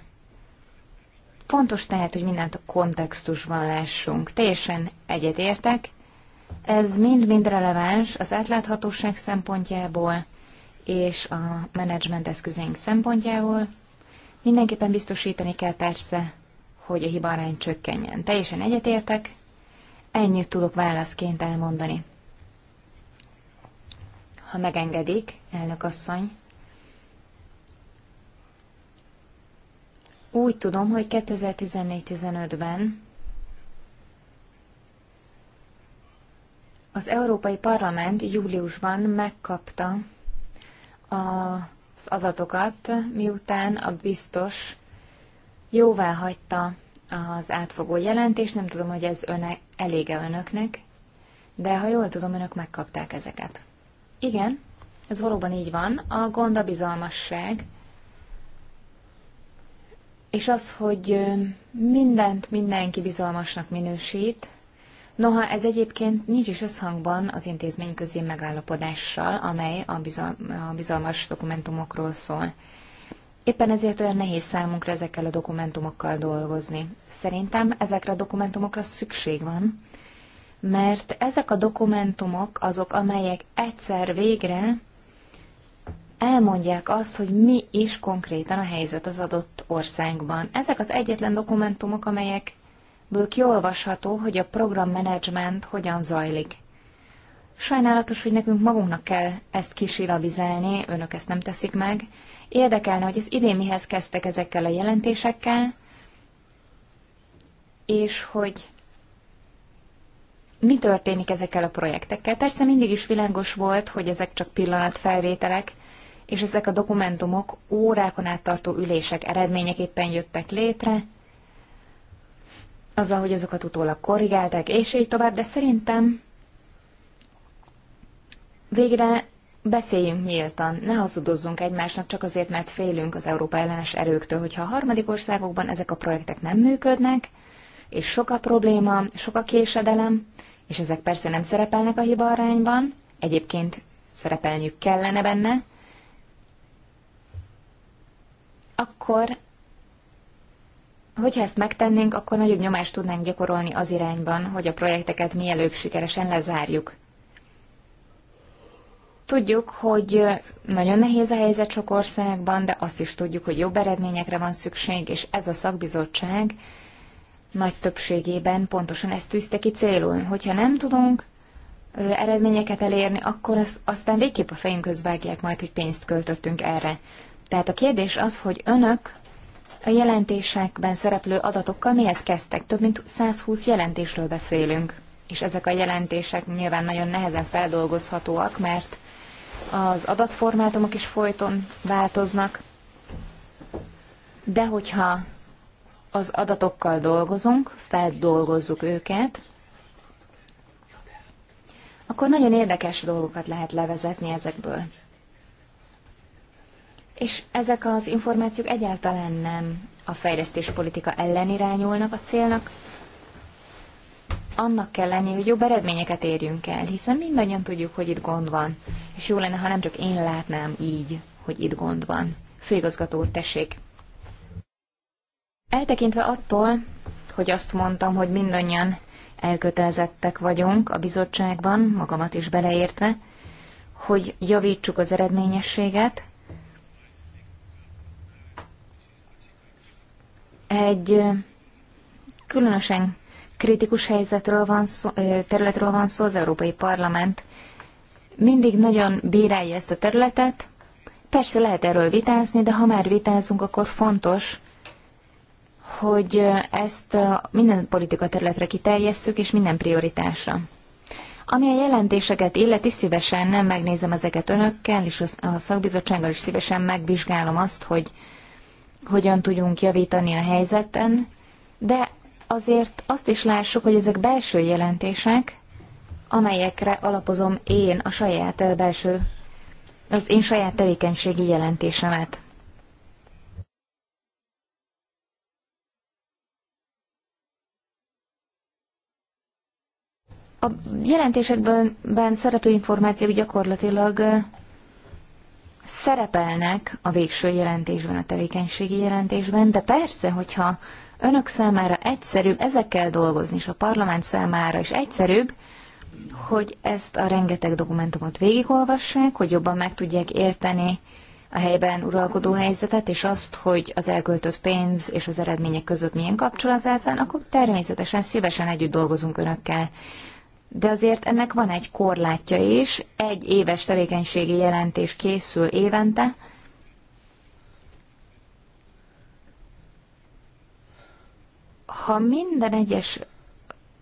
Fontos tehát, hogy mindent a kontextusban lássunk. Teljesen egyetértek. Ez mind-mind releváns az átláthatóság szempontjából és a menedzsment eszközeink szempontjából. Mindenképpen biztosítani kell persze, hogy a arány csökkenjen. Teljesen egyetértek, ennyit tudok válaszként elmondani. Ha megengedik, elnök asszony, Úgy tudom, hogy 2014-15-ben az Európai Parlament júliusban megkapta az adatokat, miután a biztos jóvá hagyta az átfogó jelentést, nem tudom, hogy ez öne, elége önöknek, de ha jól tudom, önök megkapták ezeket. Igen, ez valóban így van. A gond a bizalmasság és az, hogy mindent mindenki bizalmasnak minősít, noha ez egyébként nincs is összhangban az közé megállapodással, amely a, bizal- a bizalmas dokumentumokról szól. Éppen ezért olyan nehéz számunkra ezekkel a dokumentumokkal dolgozni. Szerintem ezekre a dokumentumokra szükség van, mert ezek a dokumentumok azok, amelyek egyszer végre elmondják azt, hogy mi is konkrétan a helyzet az adott országban. Ezek az egyetlen dokumentumok, amelyekből kiolvasható, hogy a programmenedzsment hogyan zajlik. Sajnálatos, hogy nekünk magunknak kell ezt kisilabizálni, önök ezt nem teszik meg. Érdekelne, hogy az idén mihez kezdtek ezekkel a jelentésekkel, és hogy mi történik ezekkel a projektekkel. Persze mindig is világos volt, hogy ezek csak pillanatfelvételek, és ezek a dokumentumok órákon át tartó ülések eredményeképpen jöttek létre, azzal, hogy azokat utólag korrigálták, és így tovább, de szerintem végre beszéljünk nyíltan, ne hazudozzunk egymásnak csak azért, mert félünk az Európa ellenes erőktől, hogyha a harmadik országokban ezek a projektek nem működnek, és sok a probléma, sok a késedelem, és ezek persze nem szerepelnek a hiba arányban, egyébként szerepelniük kellene benne, akkor Hogyha ezt megtennénk, akkor nagyobb nyomást tudnánk gyakorolni az irányban, hogy a projekteket mielőbb sikeresen lezárjuk. Tudjuk, hogy nagyon nehéz a helyzet sok országban, de azt is tudjuk, hogy jobb eredményekre van szükség, és ez a szakbizottság nagy többségében pontosan ezt tűzte ki célul. Hogyha nem tudunk eredményeket elérni, akkor az, aztán végképp a fejünk közvágják majd, hogy pénzt költöttünk erre. Tehát a kérdés az, hogy önök a jelentésekben szereplő adatokkal mihez kezdtek? Több mint 120 jelentésről beszélünk, és ezek a jelentések nyilván nagyon nehezen feldolgozhatóak, mert az adatformátumok is folyton változnak, de hogyha az adatokkal dolgozunk, feldolgozzuk őket, akkor nagyon érdekes dolgokat lehet levezetni ezekből és ezek az információk egyáltalán nem a fejlesztéspolitika ellen irányulnak a célnak, annak kell lenni, hogy jobb eredményeket érjünk el, hiszen mindannyian tudjuk, hogy itt gond van, és jó lenne, ha nem csak én látnám így, hogy itt gond van. Főigazgató úr, tessék! Eltekintve attól, hogy azt mondtam, hogy mindannyian elkötelezettek vagyunk a bizottságban, magamat is beleértve, hogy javítsuk az eredményességet, Egy különösen kritikus helyzetről van szó, területről van szó, az Európai Parlament mindig nagyon bírálja ezt a területet. Persze lehet erről vitázni, de ha már vitázunk, akkor fontos, hogy ezt minden politika területre kiterjesszük, és minden prioritásra. Ami a jelentéseket illeti, szívesen nem megnézem ezeket önökkel, és a szakbizottsággal is szívesen megvizsgálom azt, hogy hogyan tudjunk javítani a helyzeten, de azért azt is lássuk, hogy ezek belső jelentések, amelyekre alapozom én a saját belső, az én saját tevékenységi jelentésemet. A jelentésekben szereplő információk gyakorlatilag szerepelnek a végső jelentésben, a tevékenységi jelentésben, de persze, hogyha önök számára egyszerűbb ezekkel dolgozni, és a parlament számára is egyszerűbb, hogy ezt a rengeteg dokumentumot végigolvassák, hogy jobban meg tudják érteni a helyben uralkodó helyzetet, és azt, hogy az elköltött pénz és az eredmények között milyen kapcsolat áll fenn, akkor természetesen szívesen együtt dolgozunk önökkel de azért ennek van egy korlátja is, egy éves tevékenységi jelentés készül évente, ha minden egyes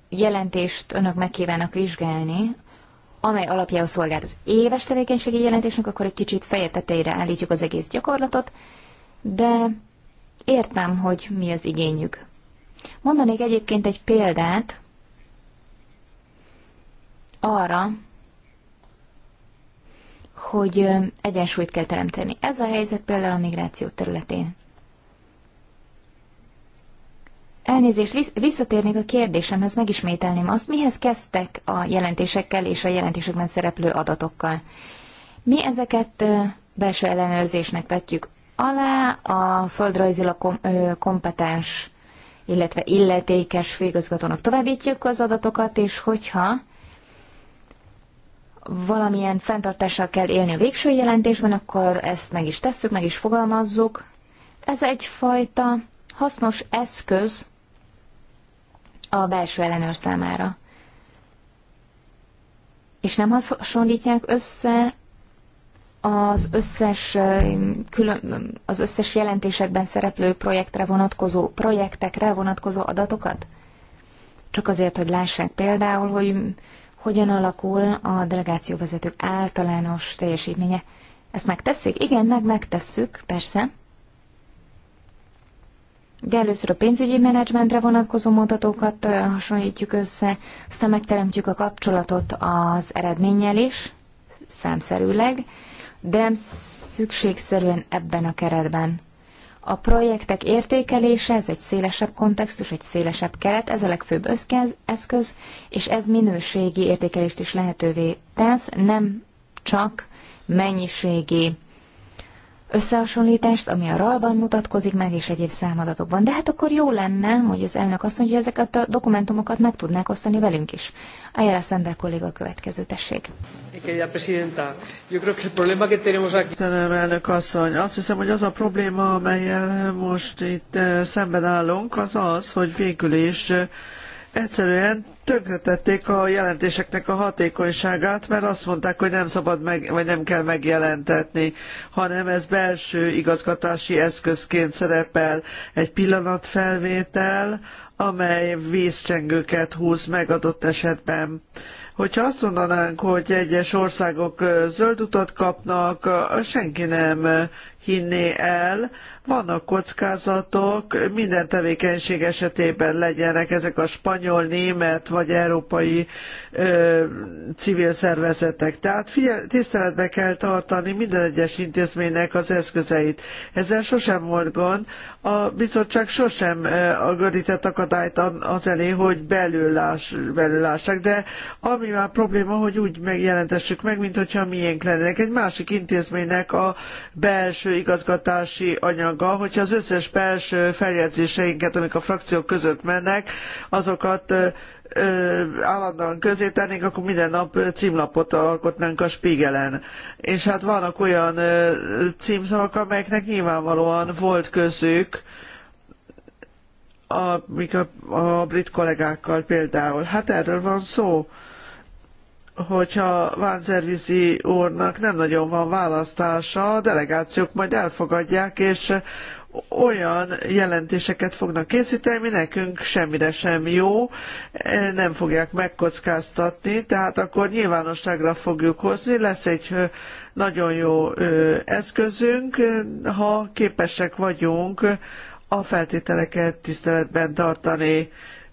jelentést önök megkívánnak vizsgálni, amely alapjául szolgált az éves tevékenységi jelentésnek, akkor egy kicsit feje tetejére állítjuk az egész gyakorlatot, de értem, hogy mi az igényük. Mondanék egyébként egy példát, arra, hogy egyensúlyt kell teremteni. Ez a helyzet például a migráció területén. Elnézést, visszatérnék a kérdésemhez, megismételném azt, mihez kezdtek a jelentésekkel és a jelentésekben szereplő adatokkal. Mi ezeket belső ellenőrzésnek vetjük alá, a földrajzilag kompetens, illetve illetékes főigazgatónak továbbítjuk az adatokat, és hogyha valamilyen fenntartással kell élni a végső jelentésben, akkor ezt meg is tesszük, meg is fogalmazzuk. Ez egyfajta hasznos eszköz a belső ellenőr számára. És nem hasonlítják össze az összes, um, külön, um, az összes jelentésekben szereplő projektre vonatkozó, projektekre vonatkozó adatokat? Csak azért, hogy lássák például, hogy hogyan alakul a delegációvezetők általános teljesítménye. Ezt megteszik? Igen, meg megtesszük, persze. De először a pénzügyi menedzsmentre vonatkozó mutatókat hasonlítjuk össze, aztán megteremtjük a kapcsolatot az eredménnyel is, számszerűleg, de szükségszerűen ebben a keretben. A projektek értékelése, ez egy szélesebb kontextus, egy szélesebb keret, ez a legfőbb eszköz, és ez minőségi értékelést is lehetővé tesz, nem csak mennyiségi összehasonlítást, ami a RAL-ban mutatkozik meg, és egyéb számadatokban. De hát akkor jó lenne, hogy az elnök azt mondja, hogy ezeket a dokumentumokat meg tudnák osztani velünk is. Ayala Sander kolléga a következő, tessék. Köszönöm, elnök asszony. Azt hiszem, hogy az a probléma, amelyel most itt eh, szemben állunk, az az, hogy végül is eh, egyszerűen tönkretették a jelentéseknek a hatékonyságát, mert azt mondták, hogy nem szabad meg, vagy nem kell megjelentetni, hanem ez belső igazgatási eszközként szerepel egy pillanatfelvétel, amely vízcsengőket húz meg adott esetben. Hogyha azt mondanánk, hogy egyes országok zöld utat kapnak, senki nem hinné el, vannak kockázatok, minden tevékenység esetében legyenek ezek a spanyol, német vagy európai ö, civil szervezetek. Tehát figyel, tiszteletbe kell tartani minden egyes intézménynek az eszközeit. Ezzel sosem volt gond. A bizottság sosem gördített akadályt az elé, hogy belül, belül lássák, de ami már probléma, hogy úgy megjelentessük meg, mintha miénk lennének. Egy másik intézménynek a belső igazgatási anyag maga, hogyha az összes belső feljegyzéseinket, amik a frakciók között mennek, azokat állandóan közé tennénk, akkor minden nap címlapot alkotnánk a Spiegelen. És hát vannak olyan címszavak, amelyeknek nyilvánvalóan volt közük, a, a, a brit kollégákkal például. Hát erről van szó hogyha Vánzervizi úrnak nem nagyon van választása, a delegációk majd elfogadják, és olyan jelentéseket fognak készíteni, ami nekünk semmire sem jó, nem fogják megkockáztatni, tehát akkor nyilvánosságra fogjuk hozni, lesz egy nagyon jó eszközünk, ha képesek vagyunk a feltételeket tiszteletben tartani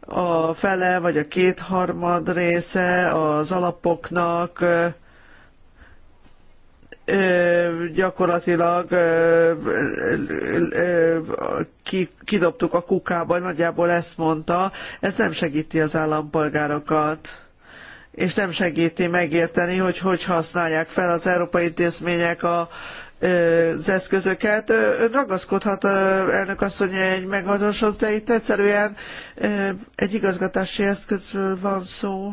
a fele vagy a kétharmad része az alapoknak gyakorlatilag kidobtuk a kukába, nagyjából ezt mondta, ez nem segíti az állampolgárokat és nem segíti megérteni, hogy hogy használják fel az európai intézmények a az eszközöket. Ön ragaszkodhat elnök asszony egy megoldáshoz, de itt egyszerűen egy igazgatási eszközről van szó.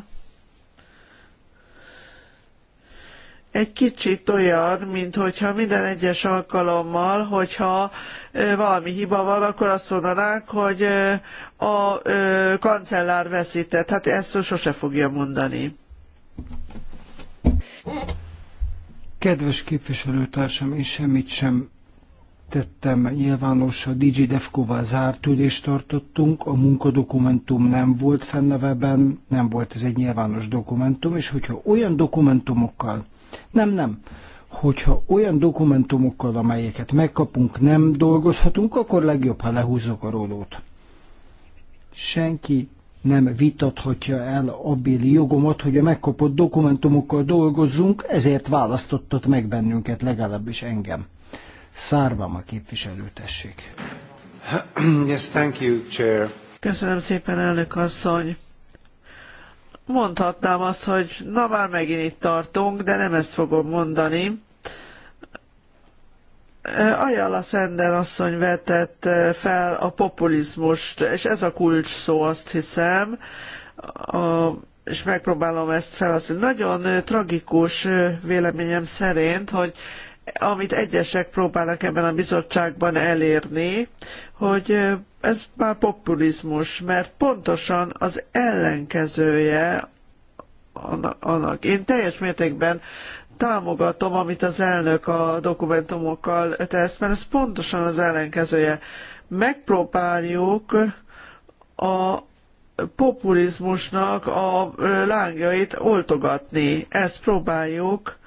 egy kicsit olyan, mint hogyha minden egyes alkalommal, hogyha valami hiba van, akkor azt mondanák, hogy a kancellár veszített. Hát ezt sose fogja mondani. Kedves képviselőtársam, én semmit sem tettem nyilvános, a DJ Defkóval zárt ülést tartottunk, a munkadokumentum nem volt fenn a webben, nem volt ez egy nyilvános dokumentum, és hogyha olyan dokumentumokkal, nem, nem, hogyha olyan dokumentumokkal, amelyeket megkapunk, nem dolgozhatunk, akkor legjobb, ha lehúzzuk a rólót. Senki nem vitathatja el béli jogomat, hogy a megkapott dokumentumokkal dolgozzunk, ezért választottat meg bennünket, legalábbis engem. Szárvam a képviselő, tessék. Yes, thank you, Chair. Köszönöm szépen, elnök asszony. Mondhatnám azt, hogy na már megint itt tartunk, de nem ezt fogom mondani Ajala Szender asszony vetett eh, fel a populizmust, és ez a kulcs szó, azt hiszem, a, és megpróbálom ezt felhasználni. Nagyon eh, tragikus eh, véleményem szerint, hogy amit egyesek próbálnak ebben a bizottságban elérni, hogy ez már populizmus, mert pontosan az ellenkezője annak. Én teljes mértékben támogatom, amit az elnök a dokumentumokkal tesz, mert ez pontosan az ellenkezője. Megpróbáljuk a populizmusnak a lángjait oltogatni. Ezt próbáljuk,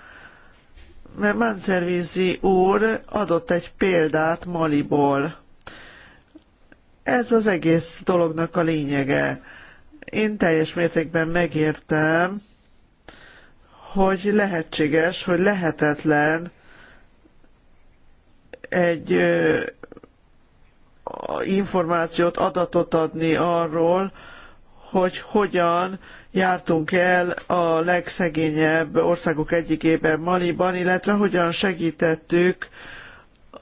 mert Manservizi úr adott egy példát Maliból. Ez az egész dolognak a lényege. Én teljes mértékben megértem, hogy lehetséges, hogy lehetetlen egy információt, adatot adni arról, hogy hogyan jártunk el a legszegényebb országok egyikében, Maliban, illetve hogyan segítettük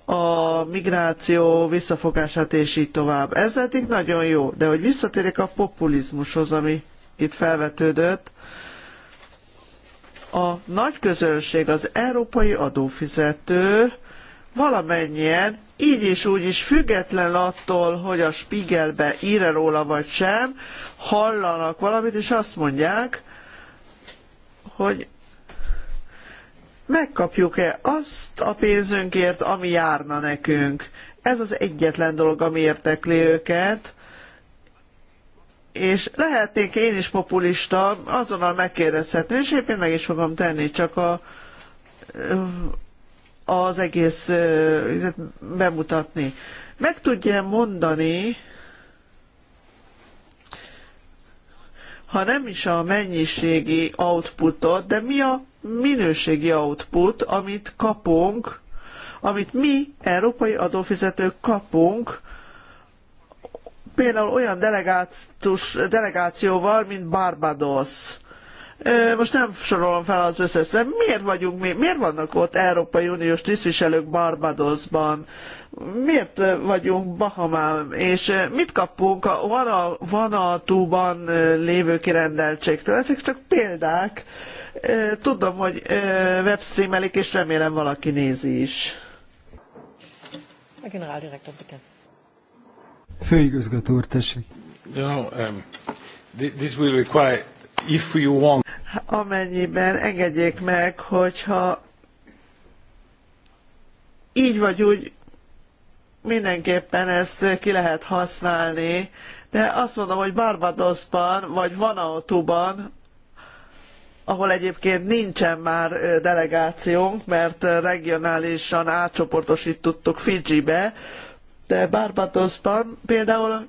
a migráció visszafogását, és így tovább. Ez eddig nagyon jó, de hogy visszatérjek a populizmushoz, ami itt felvetődött, a nagy közönség, az európai adófizető valamennyien így is úgy is független attól, hogy a Spiegelbe ír róla vagy sem, hallanak valamit, és azt mondják, hogy megkapjuk-e azt a pénzünkért, ami járna nekünk. Ez az egyetlen dolog, ami értekli őket, és lehetnék én is populista, azonnal megkérdezhetném, és éppen meg is fogom tenni, csak a, az egész bemutatni. Meg tudja mondani, ha nem is a mennyiségi outputot, de mi a minőségi output, amit kapunk, amit mi, európai adófizetők kapunk például olyan delegátus, delegációval, mint Barbados. Most nem sorolom fel az összes, de miért vagyunk mi, miért vannak ott Európai Uniós tisztviselők Barbadosban? Miért vagyunk Bahamán, és mit kapunk a Vanatúban lévő kirendeltségtől? Ezek csak példák. Tudom, hogy webstreamelik, és remélem valaki nézi is. A generáldirektor, bitte. Főigazgató úr, tessék. You know, um, this will require, if you want... Amennyiben engedjék meg, hogyha így vagy úgy mindenképpen ezt ki lehet használni, de azt mondom, hogy Barbadosban vagy Vanautuban, ahol egyébként nincsen már delegációnk, mert regionálisan átcsoportosítottuk Fidzsibe, de Barbadosban például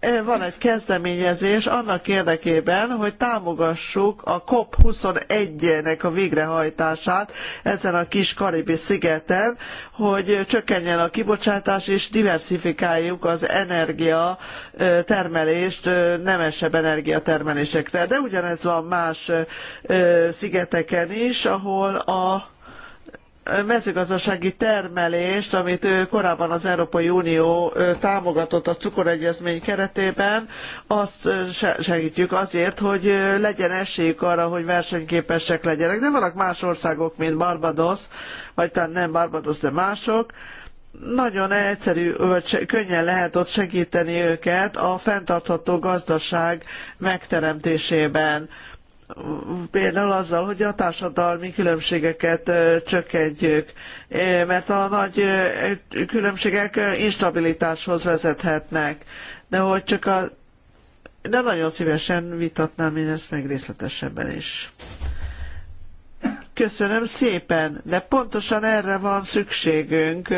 eh, van egy kezdeményezés annak érdekében, hogy támogassuk a COP21-nek a végrehajtását ezen a kis karibi szigeten, hogy csökkenjen a kibocsátás és diversifikáljuk az energia eh, termelést eh, nemesebb energiatermelésekre. De ugyanez van más szigeteken is, ahol a mezőgazdasági termelést, amit korábban az Európai Unió támogatott a cukoregyezmény keretében, azt segítjük azért, hogy legyen esélyük arra, hogy versenyképesek legyenek. De vannak más országok, mint Barbados, vagy talán nem Barbados, de mások, nagyon egyszerű, vagy könnyen lehet ott segíteni őket a fenntartható gazdaság megteremtésében például azzal, hogy a társadalmi különbségeket csökkentjük, mert a nagy különbségek instabilitáshoz vezethetnek. De hogy csak a... De nagyon szívesen vitatnám én ezt meg részletesebben is. Köszönöm szépen, de pontosan erre van szükségünk,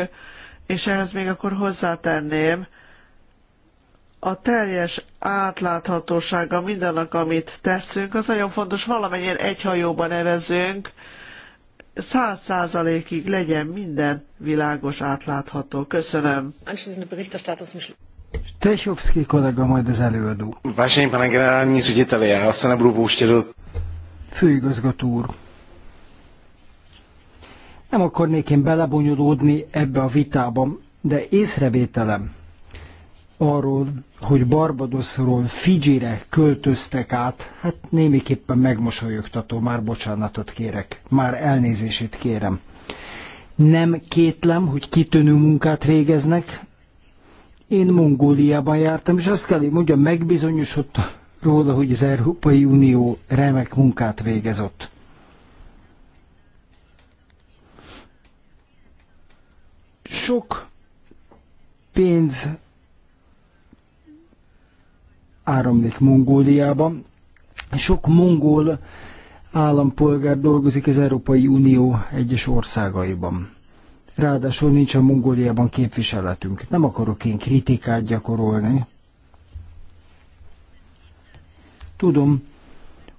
és ehhez még akkor hozzátenném, a teljes átláthatósága mindennek, amit teszünk, az nagyon fontos, valamennyien egy hajóban nevezünk, száz százalékig legyen minden világos átlátható. Köszönöm. Stechovský kolega, majd az előadó. Vážený pane generální řediteli, já se nebudu pouštět Főigazgató úr. Nem akarnék én belebonyolódni ebbe a vitában, de észrevételem, arról, hogy Barbadosról Fidzsire költöztek át, hát némiképpen megmosolyogtató, már bocsánatot kérek, már elnézését kérem. Nem kétlem, hogy kitűnő munkát végeznek. Én Mongóliában jártam, és azt kell, hogy mondjam, megbizonyosodta róla, hogy az Európai Unió remek munkát végezott. Sok pénz áramlik Mongóliába. Sok mongol állampolgár dolgozik az Európai Unió egyes országaiban. Ráadásul nincs a Mongóliában képviseletünk. Nem akarok én kritikát gyakorolni. Tudom,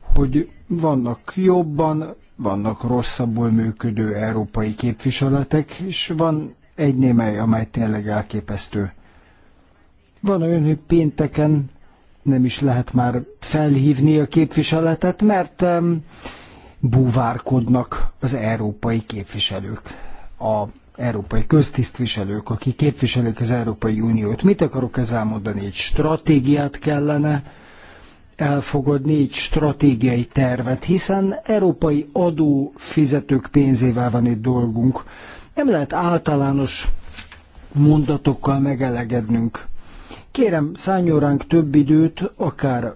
hogy vannak jobban, vannak rosszabbul működő európai képviseletek, és van egy némely, amely tényleg elképesztő. Van olyan, hogy pénteken nem is lehet már felhívni a képviseletet, mert búvárkodnak az európai képviselők, a európai köztisztviselők, akik képviselik az Európai Uniót. Mit akarok ezzel mondani? Egy stratégiát kellene elfogadni, egy stratégiai tervet, hiszen európai adófizetők pénzével van itt dolgunk. Nem lehet általános mondatokkal megelegednünk Kérem, szálljon ránk több időt, akár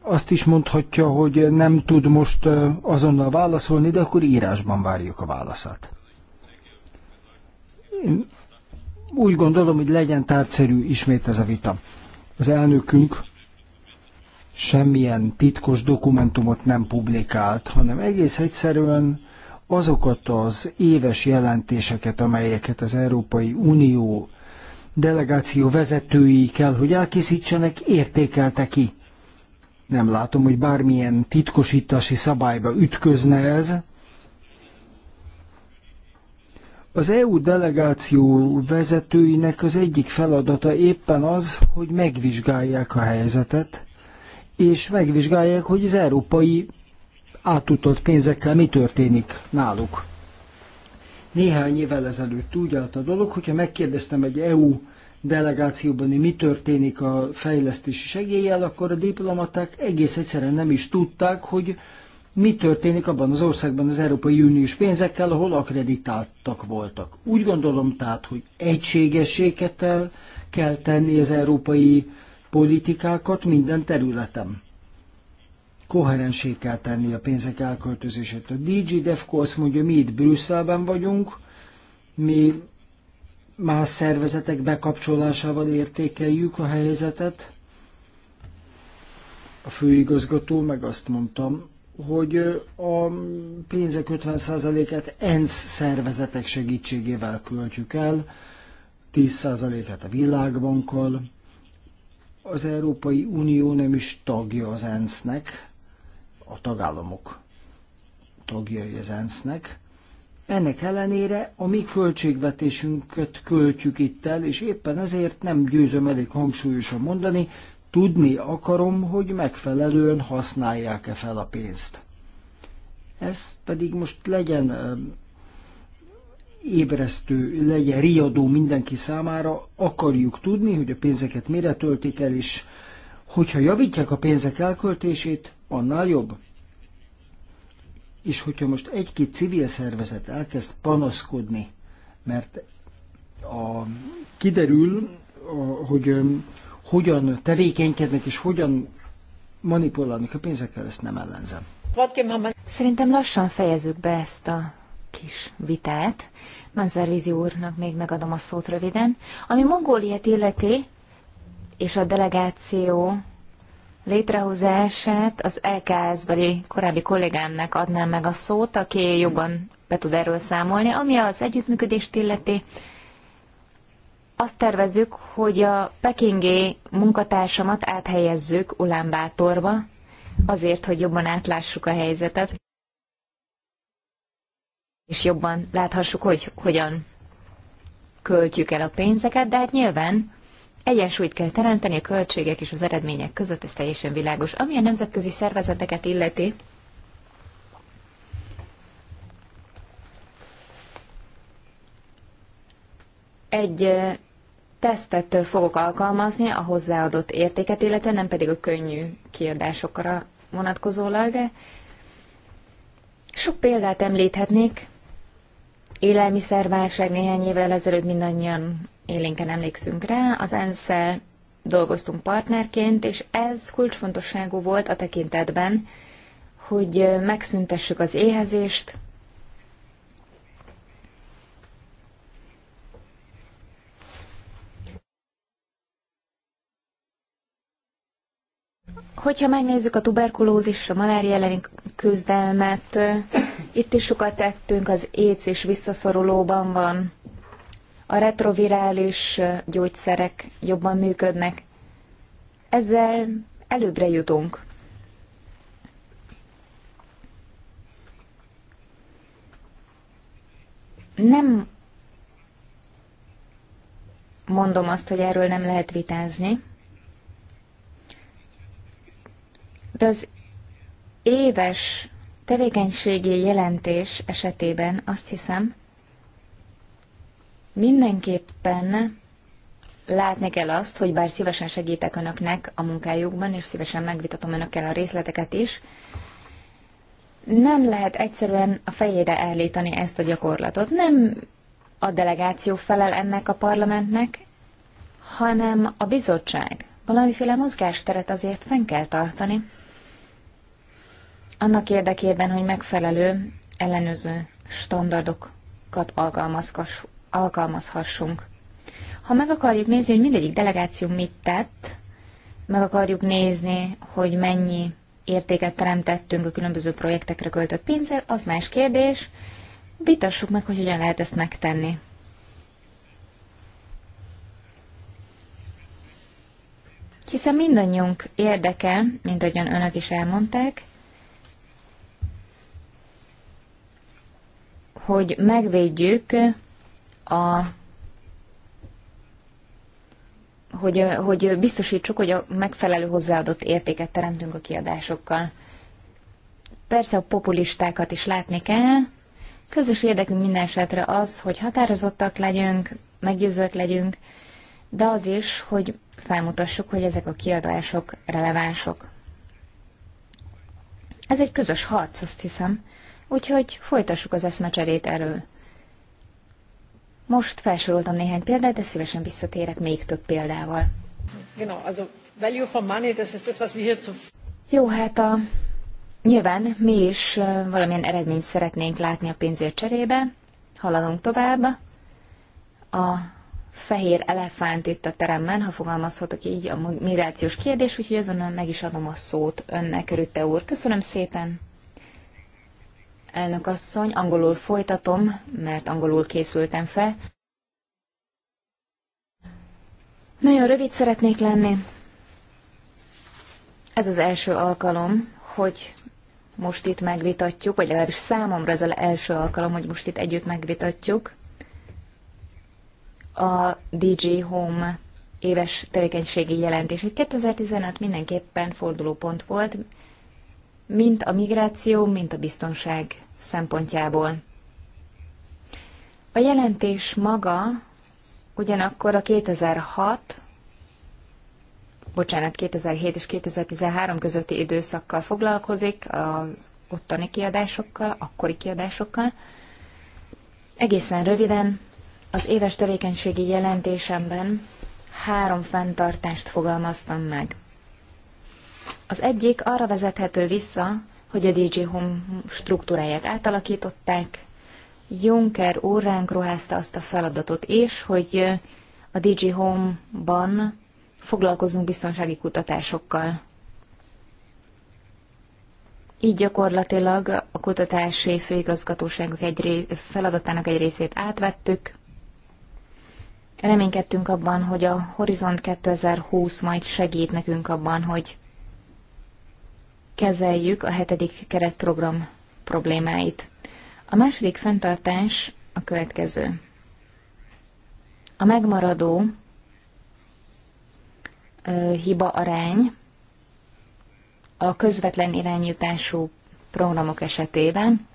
azt is mondhatja, hogy nem tud most azonnal válaszolni, de akkor írásban várjuk a válaszát. Én úgy gondolom, hogy legyen tárgyszerű ismét ez a vita. Az elnökünk semmilyen titkos dokumentumot nem publikált, hanem egész egyszerűen azokat az éves jelentéseket, amelyeket az Európai Unió delegáció vezetői kell, hogy elkészítsenek, értékelte ki. Nem látom, hogy bármilyen titkosítási szabályba ütközne ez. Az EU delegáció vezetőinek az egyik feladata éppen az, hogy megvizsgálják a helyzetet, és megvizsgálják, hogy az európai átutott pénzekkel mi történik náluk. Néhány évvel ezelőtt úgy állt a dolog, hogyha megkérdeztem egy EU delegációban, hogy mi történik a fejlesztési segéllyel, akkor a diplomaták egész egyszerűen nem is tudták, hogy mi történik abban az országban az Európai Uniós pénzekkel, ahol akreditáltak voltak. Úgy gondolom tehát, hogy egységességet kell tenni az európai politikákat minden területen koherensé kell tenni a pénzek elköltözését. A DG Defco azt mondja, mi itt Brüsszelben vagyunk, mi más szervezetek bekapcsolásával értékeljük a helyzetet. A főigazgató meg azt mondtam, hogy a pénzek 50%-át ENSZ szervezetek segítségével költjük el, 10%-át a világbankkal. Az Európai Unió nem is tagja az ENSZ-nek, a tagállamok tagjai az ENSZ-nek. Ennek ellenére a mi költségvetésünket költjük itt el, és éppen ezért nem győzöm elég hangsúlyosan mondani, tudni akarom, hogy megfelelően használják-e fel a pénzt. Ez pedig most legyen ébresztő, legyen riadó mindenki számára, akarjuk tudni, hogy a pénzeket mire töltik el, és hogyha javítják a pénzek elköltését, annál jobb. És hogyha most egy-két civil szervezet elkezd panaszkodni, mert a, kiderül, a, hogy um, hogyan tevékenykednek és hogyan manipulálnak a pénzekkel, ezt nem ellenzem. Szerintem lassan fejezzük be ezt a kis vitát. Manzervizi úrnak még megadom a szót röviden. Ami Mongóliát illeti, és a delegáció létrehozását az LKS-beli korábbi kollégámnak adnám meg a szót, aki jobban be tud erről számolni. Ami az együttműködést illeti, azt tervezük, hogy a pekingi munkatársamat áthelyezzük Ulánbátorba, azért, hogy jobban átlássuk a helyzetet, és jobban láthassuk, hogy hogyan költjük el a pénzeket, de hát nyilván Egyensúlyt kell teremteni a költségek és az eredmények között, ez teljesen világos. Ami a nemzetközi szervezeteket illeti, egy tesztet fogok alkalmazni a hozzáadott értéket, illetve nem pedig a könnyű kiadásokra vonatkozólag, de sok példát említhetnék. Élelmiszerválság néhány évvel ezelőtt mindannyian élénken emlékszünk rá, az ensz dolgoztunk partnerként, és ez kulcsfontosságú volt a tekintetben, hogy megszüntessük az éhezést, Hogyha megnézzük a tuberkulózis, a malária elleni küzdelmet, itt is sokat tettünk, az éc és visszaszorulóban van a retrovirális gyógyszerek jobban működnek. Ezzel előbbre jutunk. Nem mondom azt, hogy erről nem lehet vitázni, de az éves tevékenységi jelentés esetében azt hiszem, Mindenképpen látni kell azt, hogy bár szívesen segítek önöknek a munkájukban, és szívesen megvitatom önökkel a részleteket is, nem lehet egyszerűen a fejére állítani ezt a gyakorlatot. Nem a delegáció felel ennek a parlamentnek, hanem a bizottság. Valamiféle mozgásteret azért fenn kell tartani. Annak érdekében, hogy megfelelő ellenőző standardokat alkalmazhassunk. Ha meg akarjuk nézni, hogy mindegyik delegáció mit tett, meg akarjuk nézni, hogy mennyi értéket teremtettünk a különböző projektekre költött pénzzel, az más kérdés. Vitassuk meg, hogy hogyan lehet ezt megtenni. Hiszen mindannyiunk érdeke, mint ahogyan önök is elmondták, hogy megvédjük a hogy, hogy biztosítsuk, hogy a megfelelő hozzáadott értéket teremtünk a kiadásokkal. Persze a populistákat is látni kell. Közös érdekünk minden esetre az, hogy határozottak legyünk, meggyőzők legyünk, de az is, hogy felmutassuk, hogy ezek a kiadások relevánsok. Ez egy közös harc, azt hiszem, úgyhogy folytassuk az eszmecserét erről. Most felsoroltam néhány példát, de szívesen visszatérek még több példával. Genau, also value for money, das ist das, was wir hier zu... Jó, hát a, nyilván mi is valamilyen eredményt szeretnénk látni a pénzért cserébe. Haladunk tovább. A fehér elefánt itt a teremben, ha fogalmazhatok így, a migrációs kérdés, úgyhogy azonnal meg is adom a szót önnek, Rütte úr. Köszönöm szépen! elnök asszony, angolul folytatom, mert angolul készültem fel. Nagyon rövid szeretnék lenni. Ez az első alkalom, hogy most itt megvitatjuk, vagy legalábbis számomra ez az első alkalom, hogy most itt együtt megvitatjuk a DJ Home éves tevékenységi jelentését. 2015 mindenképpen fordulópont volt, mint a migráció, mint a biztonság szempontjából. A jelentés maga ugyanakkor a 2006, bocsánat, 2007 és 2013 közötti időszakkal foglalkozik, az ottani kiadásokkal, akkori kiadásokkal. Egészen röviden az éves tevékenységi jelentésemben három fenntartást fogalmaztam meg. Az egyik arra vezethető vissza, hogy a DJ Home struktúráját átalakították, Juncker úr ránk ruházta azt a feladatot és hogy a DJ Home-ban foglalkozunk biztonsági kutatásokkal. Így gyakorlatilag a kutatási főigazgatóságok egy feladatának egy részét átvettük. Reménykedtünk abban, hogy a Horizont 2020 majd segít nekünk abban, hogy kezeljük a hetedik keretprogram problémáit. A második fenntartás a következő. A megmaradó ö, hiba arány a közvetlen irányítású programok esetében.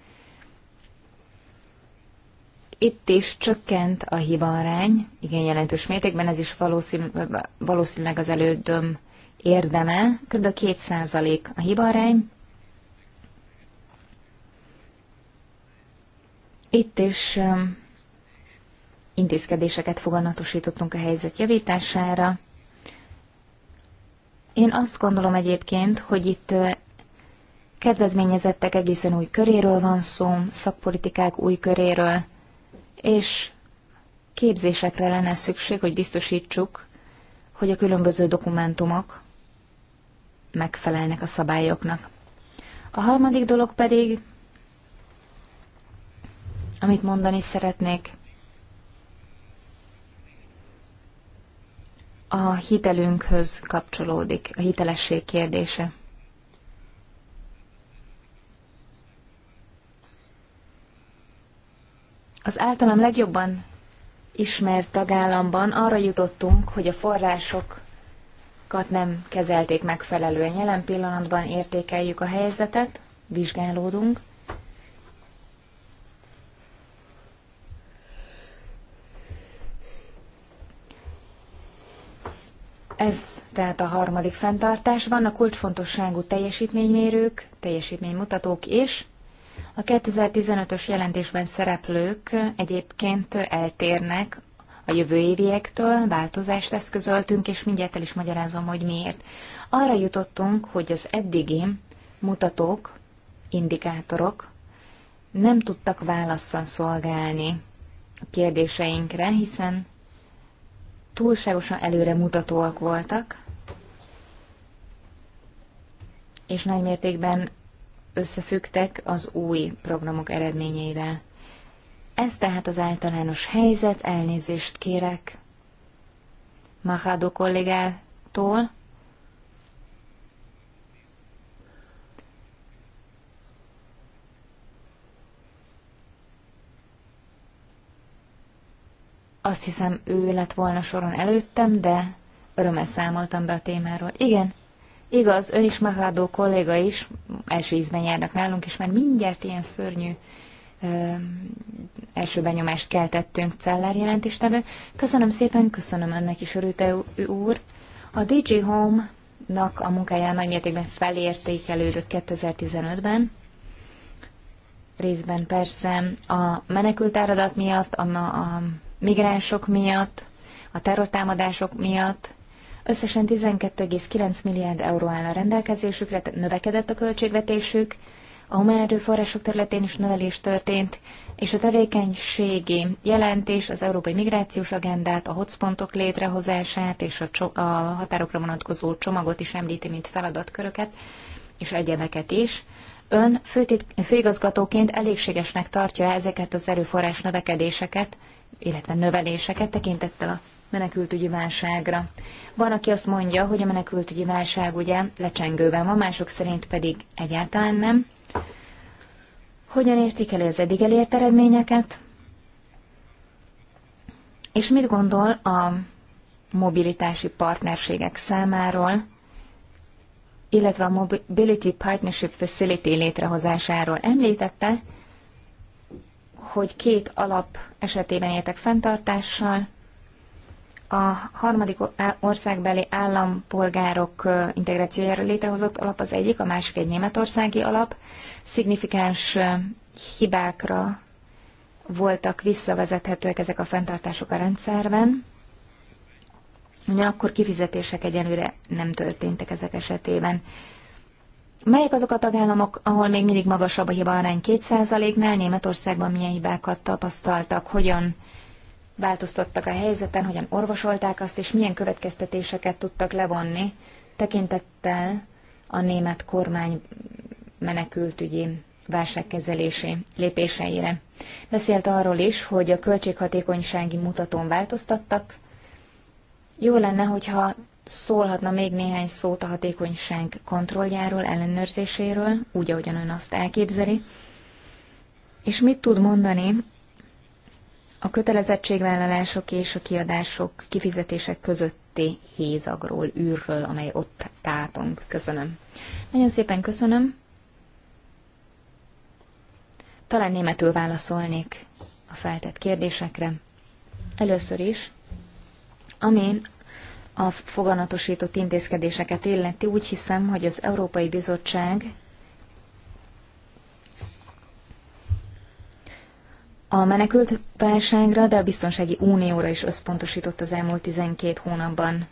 Itt is csökkent a hiba arány, igen jelentős mértékben, ez is valószínű, valószínűleg az elődöm érdeme, kb. 2% a hibarány. Itt is um, intézkedéseket foganatosítottunk a helyzet javítására. Én azt gondolom egyébként, hogy itt uh, kedvezményezettek egészen új köréről van szó, szakpolitikák új köréről, és képzésekre lenne szükség, hogy biztosítsuk, hogy a különböző dokumentumok megfelelnek a szabályoknak. A harmadik dolog pedig, amit mondani szeretnék, a hitelünkhöz kapcsolódik, a hitelesség kérdése. Az általam legjobban ismert tagállamban arra jutottunk, hogy a források nem kezelték megfelelően. Jelen pillanatban értékeljük a helyzetet, vizsgálódunk. Ez tehát a harmadik fenntartás. Vannak kulcsfontosságú teljesítménymérők, teljesítménymutatók is. A 2015-ös jelentésben szereplők egyébként eltérnek a jövő éviektől, változást eszközöltünk, és mindjárt el is magyarázom, hogy miért. Arra jutottunk, hogy az eddigi mutatók, indikátorok nem tudtak válaszsal szolgálni a kérdéseinkre, hiszen túlságosan mutatóak voltak, és nagy mértékben összefügtek az új programok eredményeivel. Ez tehát az általános helyzet, elnézést kérek Machado kollégától. Azt hiszem, ő lett volna soron előttem, de örömmel számoltam be a témáról. Igen, igaz, ön is Machado kolléga is, első ízben járnak nálunk, és már mindjárt ilyen szörnyű első benyomást keltettünk Celler jelentéstevő. Köszönöm szépen, köszönöm önnek is, örülte úr. A DJ Home-nak a munkája nagymértékben felértékelődött 2015-ben. Részben persze a menekült áradat miatt, a, a migránsok miatt, a terrortámadások miatt, Összesen 12,9 milliárd euró áll a rendelkezésükre, tehát növekedett a költségvetésük, a humán erőforrások területén is növelés történt, és a tevékenységi jelentés az európai migrációs agendát, a hotspontok létrehozását és a, a határokra vonatkozó csomagot is említi, mint feladatköröket, és egyebeket is. Ön főigazgatóként elégségesnek tartja ezeket az erőforrás növekedéseket, illetve növeléseket tekintettel a menekültügyi válságra. Van, aki azt mondja, hogy a menekültügyi válság ugye lecsengőben van, mások szerint pedig egyáltalán nem. Hogyan értékeli az eddig elért eredményeket? És mit gondol a mobilitási partnerségek számáról, illetve a Mobility Partnership Facility létrehozásáról említette, hogy két alap esetében értek fenntartással, a harmadik országbeli állampolgárok integrációjára létrehozott alap az egyik, a másik egy németországi alap. Szignifikáns hibákra voltak visszavezethetőek ezek a fenntartások a rendszerben. Ugyanakkor kifizetések egyenlőre nem történtek ezek esetében. Melyek azok a tagállamok, ahol még mindig magasabb a hiba arány 2%-nál? Németországban milyen hibákat tapasztaltak? Hogyan változtattak a helyzeten, hogyan orvosolták azt, és milyen következtetéseket tudtak levonni tekintettel a német kormány menekültügyi válságkezelési lépéseire. Beszélt arról is, hogy a költséghatékonysági mutatón változtattak. Jó lenne, hogyha szólhatna még néhány szót a hatékonyság kontrolljáról, ellenőrzéséről, úgy, ahogyan ön azt elképzeli. És mit tud mondani a kötelezettségvállalások és a kiadások kifizetések közötti hézagról, űrről, amely ott tátong. Köszönöm. Nagyon szépen köszönöm. Talán németül válaszolnék a feltett kérdésekre. Először is, ami a foganatosított intézkedéseket illeti, úgy hiszem, hogy az Európai Bizottság a menekült válságra, de a biztonsági unióra is összpontosított az elmúlt 12 hónapban.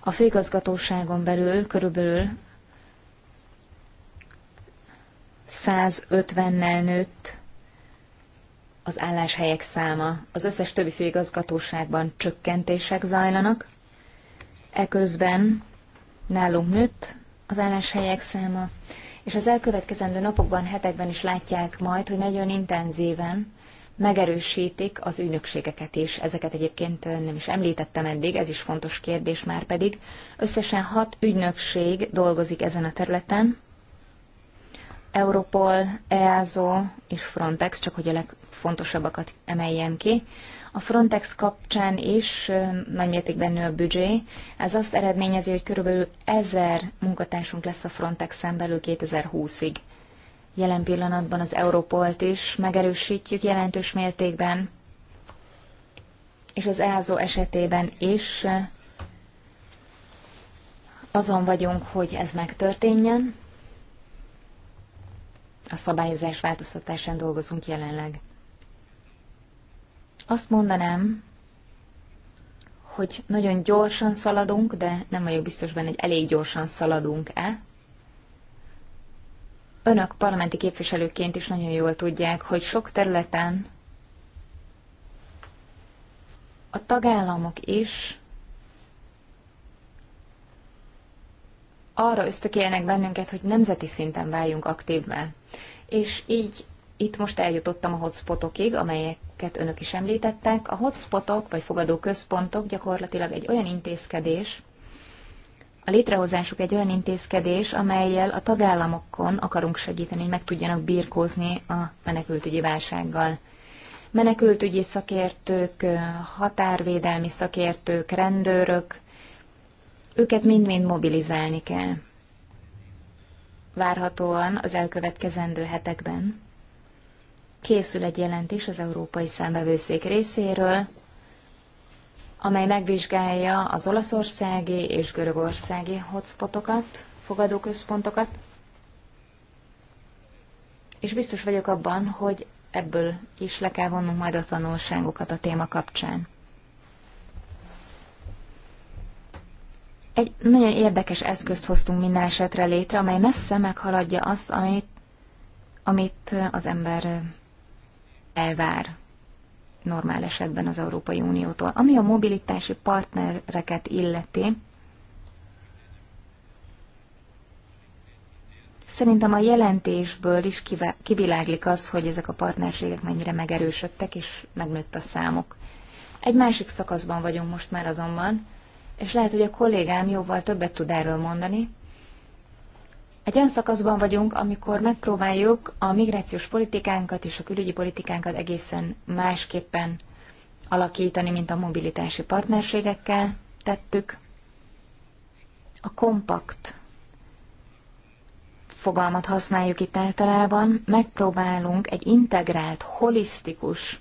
A főigazgatóságon belül körülbelül 150-nel nőtt az álláshelyek száma. Az összes többi főigazgatóságban csökkentések zajlanak, eközben nálunk nőtt az álláshelyek száma, és az elkövetkezendő napokban, hetekben is látják majd, hogy nagyon intenzíven megerősítik az ügynökségeket is. Ezeket egyébként nem is említettem eddig, ez is fontos kérdés már pedig. Összesen hat ügynökség dolgozik ezen a területen. Europol, EASO és Frontex, csak hogy a legfontosabbakat emeljem ki. A Frontex kapcsán is nagymértékben nő a büdzsé. Ez azt eredményezi, hogy körülbelül ezer munkatársunk lesz a Frontexen belül 2020-ig jelen pillanatban az Európolt is megerősítjük jelentős mértékben, és az EASO esetében is azon vagyunk, hogy ez megtörténjen. A szabályozás változtatásán dolgozunk jelenleg. Azt mondanám, hogy nagyon gyorsan szaladunk, de nem vagyok biztos benne, hogy elég gyorsan szaladunk-e önök parlamenti képviselőként is nagyon jól tudják, hogy sok területen a tagállamok is arra ösztökélnek bennünket, hogy nemzeti szinten váljunk aktívvel. És így itt most eljutottam a hotspotokig, amelyeket önök is említettek. A hotspotok vagy fogadó központok gyakorlatilag egy olyan intézkedés, a létrehozásuk egy olyan intézkedés, amelyel a tagállamokon akarunk segíteni, hogy meg tudjanak birkózni a menekültügyi válsággal. Menekültügyi szakértők, határvédelmi szakértők, rendőrök, őket mind-mind mobilizálni kell. Várhatóan az elkövetkezendő hetekben készül egy jelentés az Európai Számbevőszék részéről, amely megvizsgálja az olaszországi és görögországi hotspotokat, fogadóközpontokat, és biztos vagyok abban, hogy ebből is le kell vonnunk majd a tanulságokat a téma kapcsán. Egy nagyon érdekes eszközt hoztunk minden esetre létre, amely messze meghaladja azt, amit, amit az ember eh, elvár normál esetben az Európai Uniótól. Ami a mobilitási partnereket illeti, Szerintem a jelentésből is kiviláglik az, hogy ezek a partnerségek mennyire megerősödtek, és megnőtt a számuk. Egy másik szakaszban vagyunk most már azonban, és lehet, hogy a kollégám jóval többet tud erről mondani, egy olyan szakaszban vagyunk, amikor megpróbáljuk a migrációs politikánkat és a külügyi politikánkat egészen másképpen alakítani, mint a mobilitási partnerségekkel tettük. A kompakt fogalmat használjuk itt általában, megpróbálunk egy integrált, holisztikus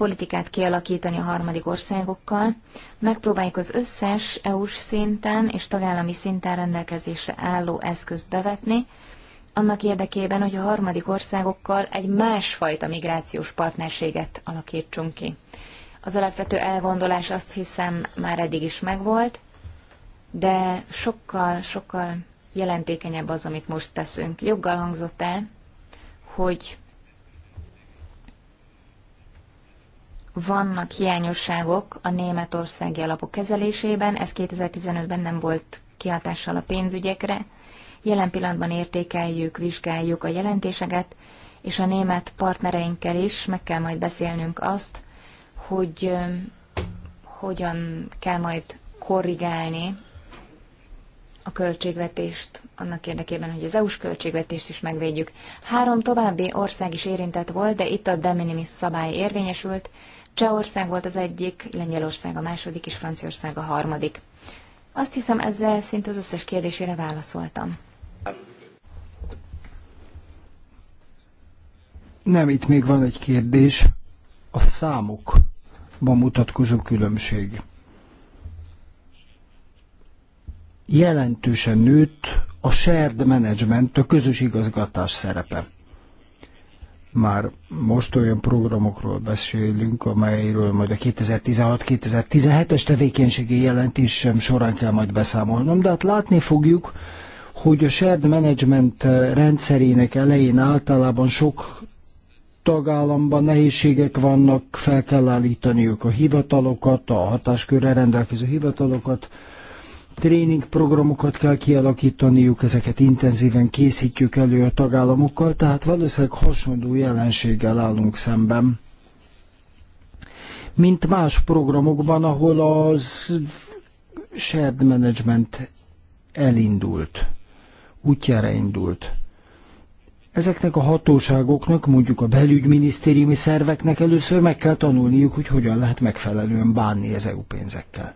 politikát kialakítani a harmadik országokkal. Megpróbáljuk az összes EU-s szinten és tagállami szinten rendelkezésre álló eszközt bevetni, annak érdekében, hogy a harmadik országokkal egy másfajta migrációs partnerséget alakítsunk ki. Az alapvető elgondolás azt hiszem már eddig is megvolt, de sokkal, sokkal jelentékenyebb az, amit most teszünk. Joggal hangzott el, hogy vannak hiányosságok a németországi alapok kezelésében, ez 2015-ben nem volt kihatással a pénzügyekre. Jelen pillanatban értékeljük, vizsgáljuk a jelentéseket, és a német partnereinkkel is meg kell majd beszélnünk azt, hogy hogyan kell majd korrigálni a költségvetést annak érdekében, hogy az EU-s költségvetést is megvédjük. Három további ország is érintett volt, de itt a de minimis szabály érvényesült, Csehország volt az egyik, Lengyelország a második, és Franciaország a harmadik. Azt hiszem, ezzel szinte az összes kérdésére válaszoltam. Nem, itt még van egy kérdés. A számokban mutatkozó különbség. Jelentősen nőtt a shared management, a közös igazgatás szerepe már most olyan programokról beszélünk, amelyről majd a 2016-2017-es tevékenységi jelentés sem során kell majd beszámolnom, de hát látni fogjuk, hogy a shared management rendszerének elején általában sok tagállamban nehézségek vannak, fel kell állítaniuk a hivatalokat, a hatáskörre rendelkező hivatalokat, tréningprogramokat programokat kell kialakítaniuk, ezeket intenzíven készítjük elő a tagállamokkal, tehát valószínűleg hasonló jelenséggel állunk szemben, mint más programokban, ahol az shared management elindult, útjára indult. Ezeknek a hatóságoknak, mondjuk a belügyminisztériumi szerveknek először meg kell tanulniuk, hogy hogyan lehet megfelelően bánni az EU pénzekkel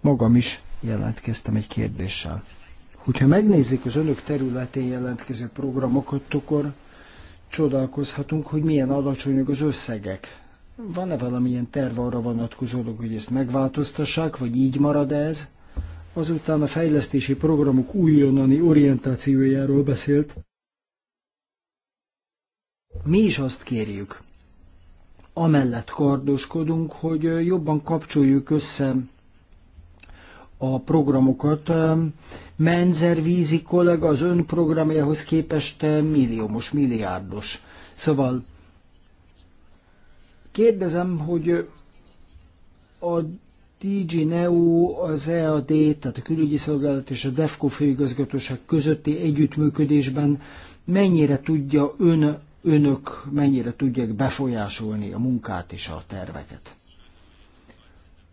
magam is jelentkeztem egy kérdéssel. Hogyha megnézzük az önök területén jelentkező programokat, akkor csodálkozhatunk, hogy milyen alacsonyak az összegek. Van-e valamilyen terv arra vonatkozólag, hogy ezt megváltoztassák, vagy így marad -e ez? Azután a fejlesztési programok újonnani orientációjáról beszélt. Mi is azt kérjük, amellett kardoskodunk, hogy jobban kapcsoljuk össze a programokat. Menzer vízi kollega az ön programjához képest milliómos, milliárdos. Szóval kérdezem, hogy a DG Neo, az EAD, tehát a külügyi szolgálat és a DEFCO főigazgatóság közötti együttműködésben mennyire tudja ön, önök, mennyire tudják befolyásolni a munkát és a terveket.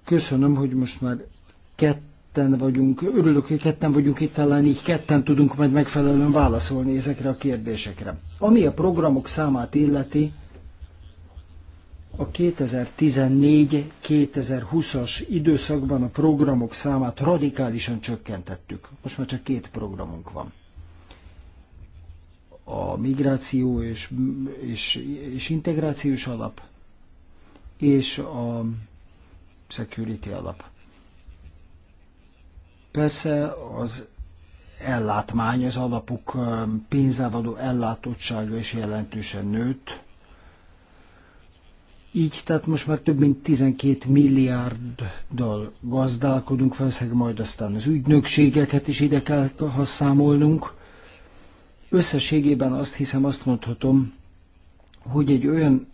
Köszönöm, hogy most már kettő ketten vagyunk, örülök, hogy ketten vagyunk itt, talán így ketten tudunk majd megfelelően válaszolni ezekre a kérdésekre. Ami a programok számát illeti, a 2014-2020-as időszakban a programok számát radikálisan csökkentettük. Most már csak két programunk van. A migráció és, és, és integrációs alap, és a security alap. Persze az ellátmány, az alapok pénzzel való ellátottsága is jelentősen nőtt. Így, tehát most már több mint 12 milliárddal gazdálkodunk, felszeg majd aztán az ügynökségeket is ide kell ha számolnunk. Összességében azt hiszem, azt mondhatom, hogy egy olyan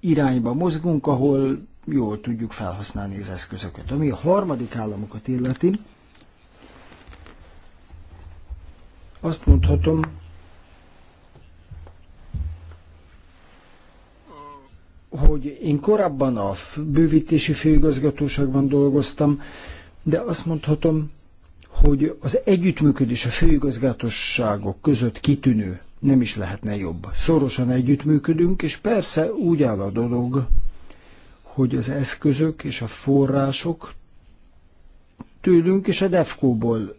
irányba mozgunk, ahol jól tudjuk felhasználni az eszközöket. Ami a harmadik államokat illeti, azt mondhatom, hogy én korábban a bővítési főigazgatóságban dolgoztam, de azt mondhatom, hogy az együttműködés a főigazgatóságok között kitűnő, nem is lehetne jobb. Szorosan együttműködünk, és persze úgy áll a dolog, hogy az eszközök és a források tőlünk és a DEFCO-ból,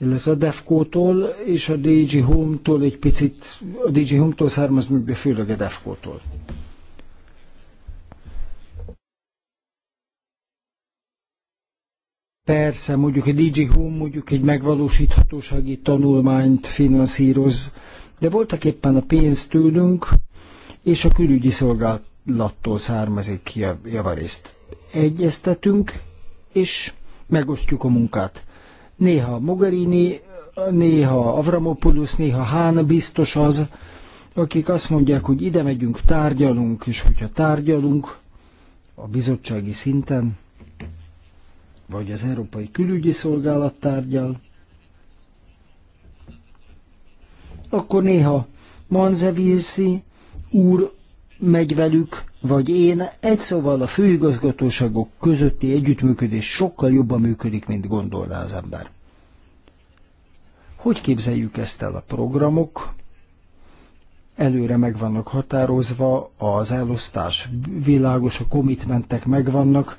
illetve a DEFCO-tól és a DG Home-tól egy picit, a DG Home-tól származnak, de főleg a DEFCO-tól. Persze, mondjuk a DG Home mondjuk egy megvalósíthatósági tanulmányt finanszíroz, de voltak éppen a pénzt tőlünk, és a külügyi szolgált lattól származik javarészt. Egyeztetünk, és megosztjuk a munkát. Néha Mogherini, néha Avramopoulos, néha Hán biztos az, akik azt mondják, hogy ide megyünk, tárgyalunk, és hogyha tárgyalunk a bizottsági szinten, vagy az Európai Külügyi Szolgálat tárgyal, akkor néha Manzevilszi úr megy velük, vagy én, egy szóval a főigazgatóságok közötti együttműködés sokkal jobban működik, mint gondolná az ember. Hogy képzeljük ezt el a programok? Előre meg vannak határozva, az elosztás világos, a komitmentek megvannak.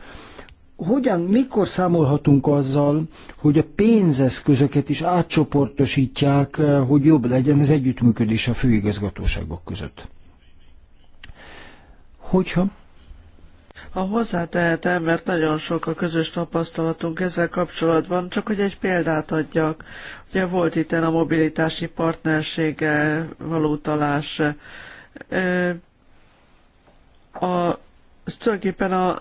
Hogyan, mikor számolhatunk azzal, hogy a pénzeszközöket is átcsoportosítják, hogy jobb legyen az együttműködés a főigazgatóságok között? hogyha ha hozzátehetem, mert nagyon sok a közös tapasztalatunk ezzel kapcsolatban, csak hogy egy példát adjak. Ugye volt itt a mobilitási partnersége való talás. A, ez tulajdonképpen a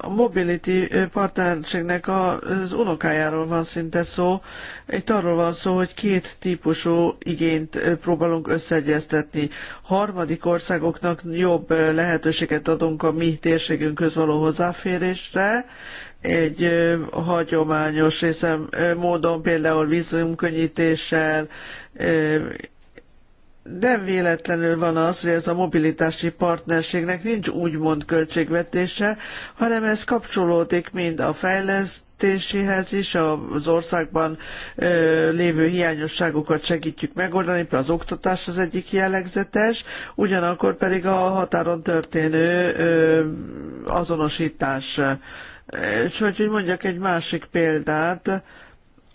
a Mobility partnerségnek az unokájáról van szinte szó. Itt arról van szó, hogy két típusú igényt próbálunk összeegyeztetni. Harmadik országoknak jobb lehetőséget adunk a mi térségünkhöz való hozzáférésre, egy hagyományos részem módon, például vízumkönnyítéssel, nem véletlenül van az, hogy ez a mobilitási partnerségnek nincs úgymond költségvetése, hanem ez kapcsolódik mind a fejlesztéséhez is, az országban ö, lévő hiányosságokat segítjük megoldani, például az oktatás az egyik jellegzetes, ugyanakkor pedig a határon történő ö, azonosítás. És hogy, hogy mondjak egy másik példát,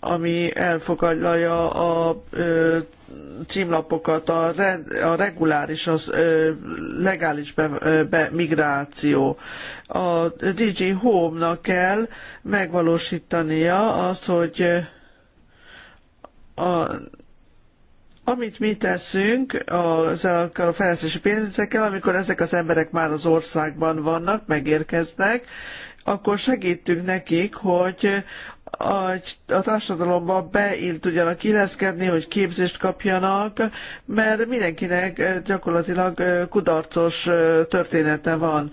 ami elfogadja a ö, címlapokat a, re, a reguláris, az ö, legális be, be, migráció. A DG Home-nak kell megvalósítania azt, hogy a, amit mi teszünk ezekkel a fejlesztési pénzekkel, amikor ezek az emberek már az országban vannak, megérkeznek, akkor segítünk nekik, hogy a, a társadalomba bein tudjanak illeszkedni, hogy képzést kapjanak, mert mindenkinek gyakorlatilag kudarcos története van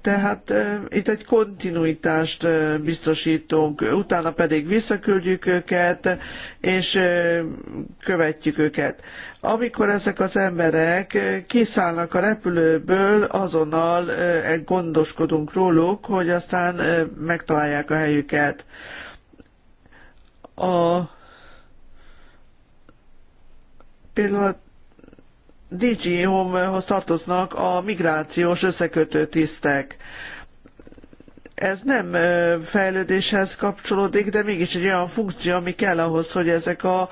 tehát itt egy kontinuitást biztosítunk, utána pedig visszaküldjük őket, és követjük őket. Amikor ezek az emberek kiszállnak a repülőből, azonnal gondoskodunk róluk, hogy aztán megtalálják a helyüket. A pillanat DG Home-hoz tartoznak a migrációs összekötő tisztek. Ez nem fejlődéshez kapcsolódik, de mégis egy olyan funkció, ami kell ahhoz, hogy ezek a,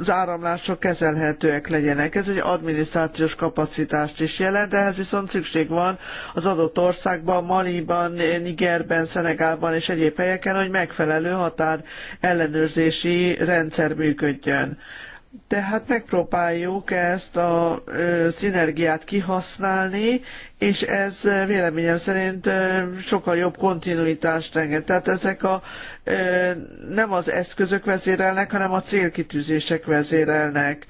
az áramlások kezelhetőek legyenek. Ez egy adminisztrációs kapacitást is jelent, de ehhez viszont szükség van az adott országban, Maliban, Nigerben, Szenegálban és egyéb helyeken, hogy megfelelő határ ellenőrzési rendszer működjön tehát megpróbáljuk ezt a szinergiát kihasználni, és ez véleményem szerint sokkal jobb kontinuitást enged. Tehát ezek a nem az eszközök vezérelnek, hanem a célkitűzések vezérelnek.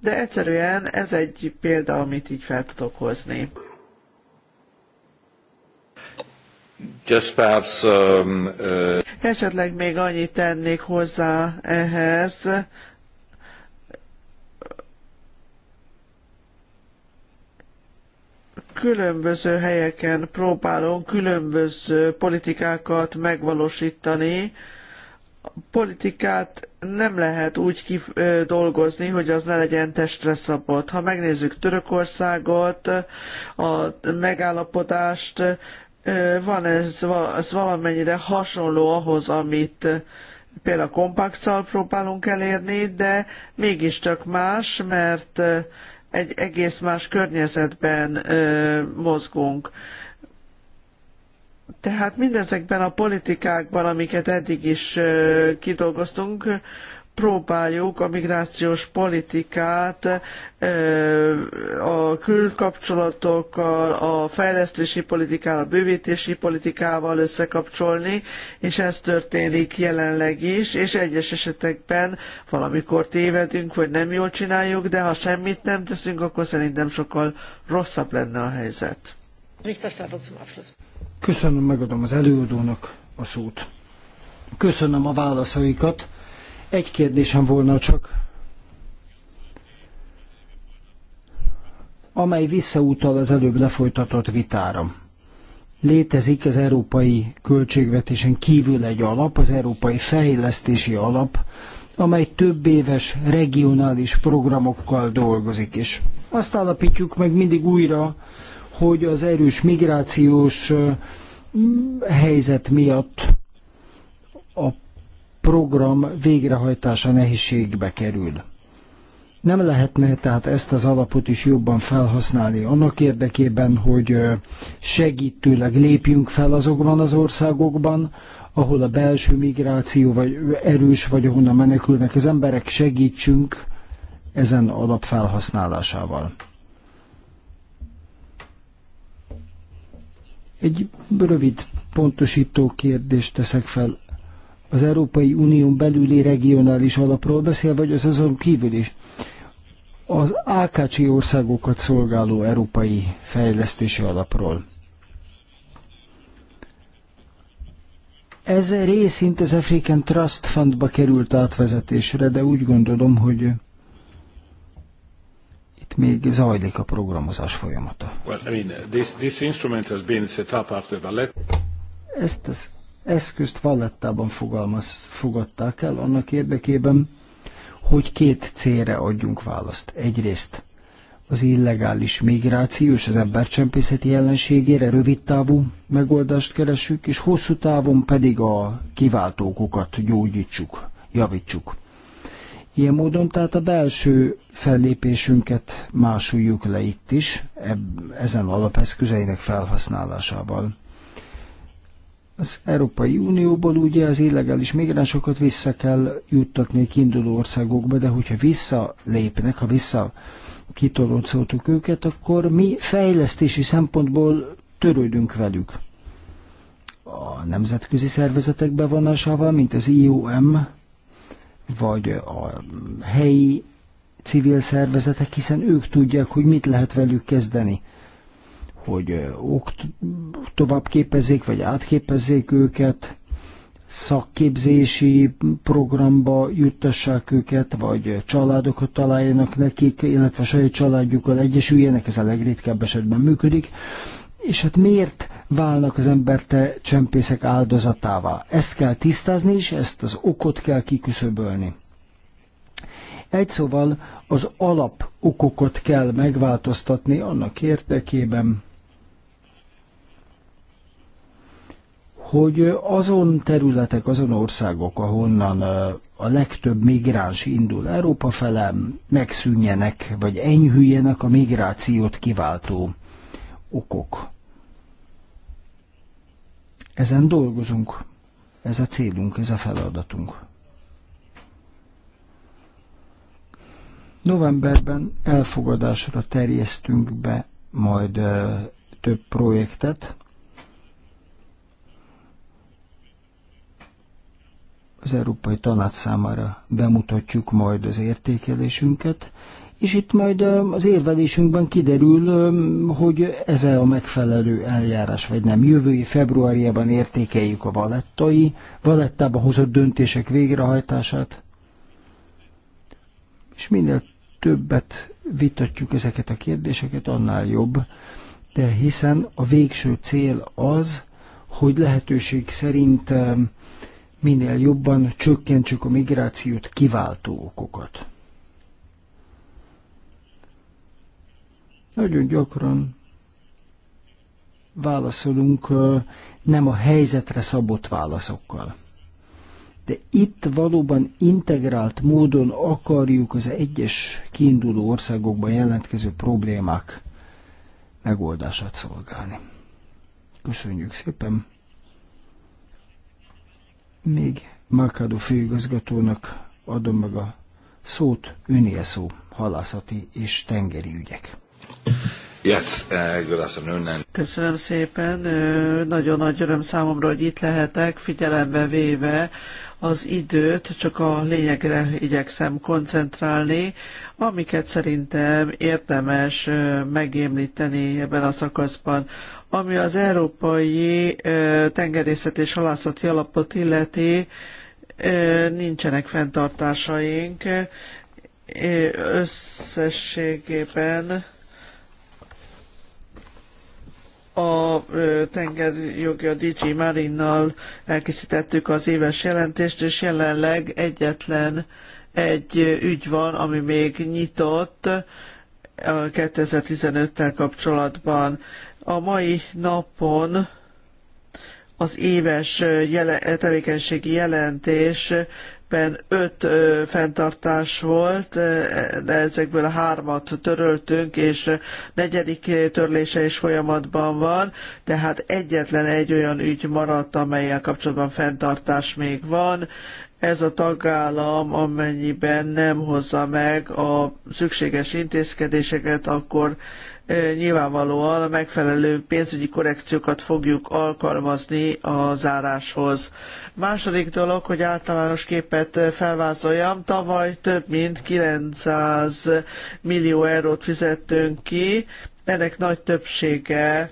De egyszerűen ez egy példa, amit így fel tudok hozni. Just perhaps, um, uh... Esetleg még annyit tennék hozzá ehhez, különböző helyeken próbálunk különböző politikákat megvalósítani. Politikát nem lehet úgy dolgozni, hogy az ne legyen testre szabott. Ha megnézzük Törökországot, a megállapodást, van ez, valamennyire hasonló ahhoz, amit például kompaktal próbálunk elérni, de mégiscsak más, mert egy egész más környezetben ö, mozgunk. Tehát mindezekben a politikákban, amiket eddig is ö, kidolgoztunk, próbáljuk a migrációs politikát a külkapcsolatokkal, a fejlesztési politikával, a bővítési politikával összekapcsolni, és ez történik jelenleg is, és egyes esetekben valamikor tévedünk, vagy nem jól csináljuk, de ha semmit nem teszünk, akkor szerintem sokkal rosszabb lenne a helyzet. Köszönöm, megadom az előadónak a szót. Köszönöm a válaszaikat egy kérdésem volna csak, amely visszautal az előbb lefolytatott vitára. Létezik az európai költségvetésen kívül egy alap, az európai fejlesztési alap, amely több éves regionális programokkal dolgozik is. Azt állapítjuk meg mindig újra, hogy az erős migrációs mm, helyzet miatt a program végrehajtása nehézségbe kerül. Nem lehetne tehát ezt az alapot is jobban felhasználni annak érdekében, hogy segítőleg lépjünk fel azokban az országokban, ahol a belső migráció vagy erős, vagy ahonnan menekülnek az emberek, segítsünk ezen alap felhasználásával. Egy rövid pontosító kérdést teszek fel az Európai Unión belüli regionális alapról beszél, vagy az azon kívül is. Az AKC országokat szolgáló európai fejlesztési alapról. Ez részint az African Trust Fundba került átvezetésre, de úgy gondolom, hogy itt még zajlik a programozás folyamata. Well, I mean, this, this instrument has been set up after Ezt az eszközt Vallettában fogalmaz, fogadták el annak érdekében, hogy két célra adjunk választ. Egyrészt az illegális migrációs, az embercsempészeti jelenségére rövid távú megoldást keresünk, és hosszú távon pedig a kiváltókokat gyógyítsuk, javítsuk. Ilyen módon tehát a belső fellépésünket másoljuk le itt is, eb- ezen alapeszközeinek felhasználásával az Európai Unióból ugye az illegális migránsokat vissza kell juttatni kiinduló országokba, de hogyha visszalépnek, ha vissza kitoloncoltuk őket, akkor mi fejlesztési szempontból törődünk velük. A nemzetközi szervezetek bevonásával, mint az IOM, vagy a helyi civil szervezetek, hiszen ők tudják, hogy mit lehet velük kezdeni hogy okt, tovább vagy átképezzék őket, szakképzési programba juttassák őket, vagy családokat találjanak nekik, illetve a saját családjukkal egyesüljenek, ez a legritkább esetben működik. És hát miért válnak az emberte csempészek áldozatává? Ezt kell tisztázni, és ezt az okot kell kiküszöbölni. Egy szóval az alap okokat kell megváltoztatni annak érdekében, hogy azon területek, azon országok, ahonnan a legtöbb migráns indul Európa fele, megszűnjenek, vagy enyhüljenek a migrációt kiváltó okok. Ezen dolgozunk, ez a célunk, ez a feladatunk. Novemberben elfogadásra terjesztünk be majd több projektet, az Európai Tanács számára bemutatjuk majd az értékelésünket, és itt majd az érvelésünkben kiderül, hogy ez -e a megfelelő eljárás, vagy nem. Jövői februárjában értékeljük a valettai, valettában hozott döntések végrehajtását, és minél többet vitatjuk ezeket a kérdéseket, annál jobb, de hiszen a végső cél az, hogy lehetőség szerint minél jobban csökkentsük a migrációt kiváltó okokat. Nagyon gyakran válaszolunk nem a helyzetre szabott válaszokkal. De itt valóban integrált módon akarjuk az egyes kiinduló országokban jelentkező problémák megoldását szolgálni. Köszönjük szépen! Még Makadu főigazgatónak adom meg a szót, önél szó, halászati és tengeri ügyek. Yes, uh, good afternoon. Köszönöm szépen. Nagyon nagy öröm számomra, hogy itt lehetek, figyelembe véve az időt, csak a lényegre igyekszem koncentrálni, amiket szerintem érdemes megémlíteni ebben a szakaszban. Ami az Európai Tengerészet és Halászati Alapot illeti, nincsenek fenntartásaink összességében a tengerjogi a DG Marinnal elkészítettük az éves jelentést, és jelenleg egyetlen egy ügy van, ami még nyitott 2015-tel kapcsolatban. A mai napon az éves jele, tevékenységi jelentés Ben öt ö, fenntartás volt, de ezekből hármat töröltünk, és negyedik törlése is folyamatban van, tehát egyetlen egy olyan ügy maradt, amelyel kapcsolatban fenntartás még van. Ez a tagállam, amennyiben nem hozza meg a szükséges intézkedéseket, akkor nyilvánvalóan a megfelelő pénzügyi korrekciókat fogjuk alkalmazni a záráshoz. Második dolog, hogy általános képet felvázoljam, tavaly több mint 900 millió eurót fizettünk ki, ennek nagy többsége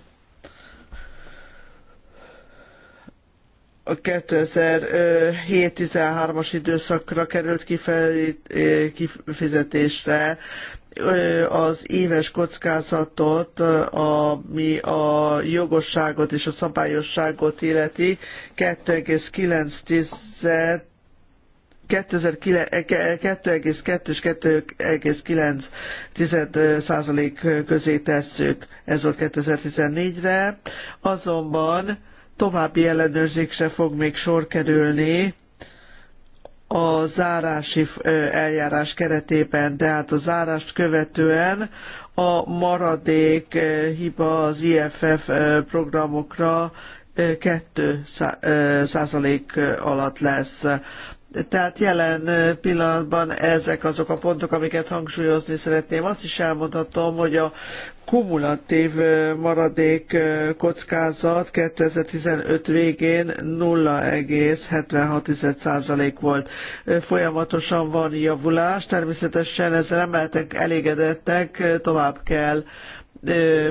a 2007-13-as időszakra került kifizetésre az éves kockázatot, ami a jogosságot és a szabályosságot illeti 2,9 2,2 eh, eh, és 2,9 százalék közé tesszük. Ez volt 2014-re. Azonban további ellenőrzésre fog még sor kerülni a zárási eljárás keretében, tehát a zárást követően a maradék hiba az IFF programokra 2 százalék alatt lesz. Tehát jelen pillanatban ezek azok a pontok, amiket hangsúlyozni szeretném. Azt is elmondhatom, hogy a kumulatív maradék kockázat 2015 végén 0,76% volt. Folyamatosan van javulás, természetesen ezzel nem lehetek elégedettek, tovább kell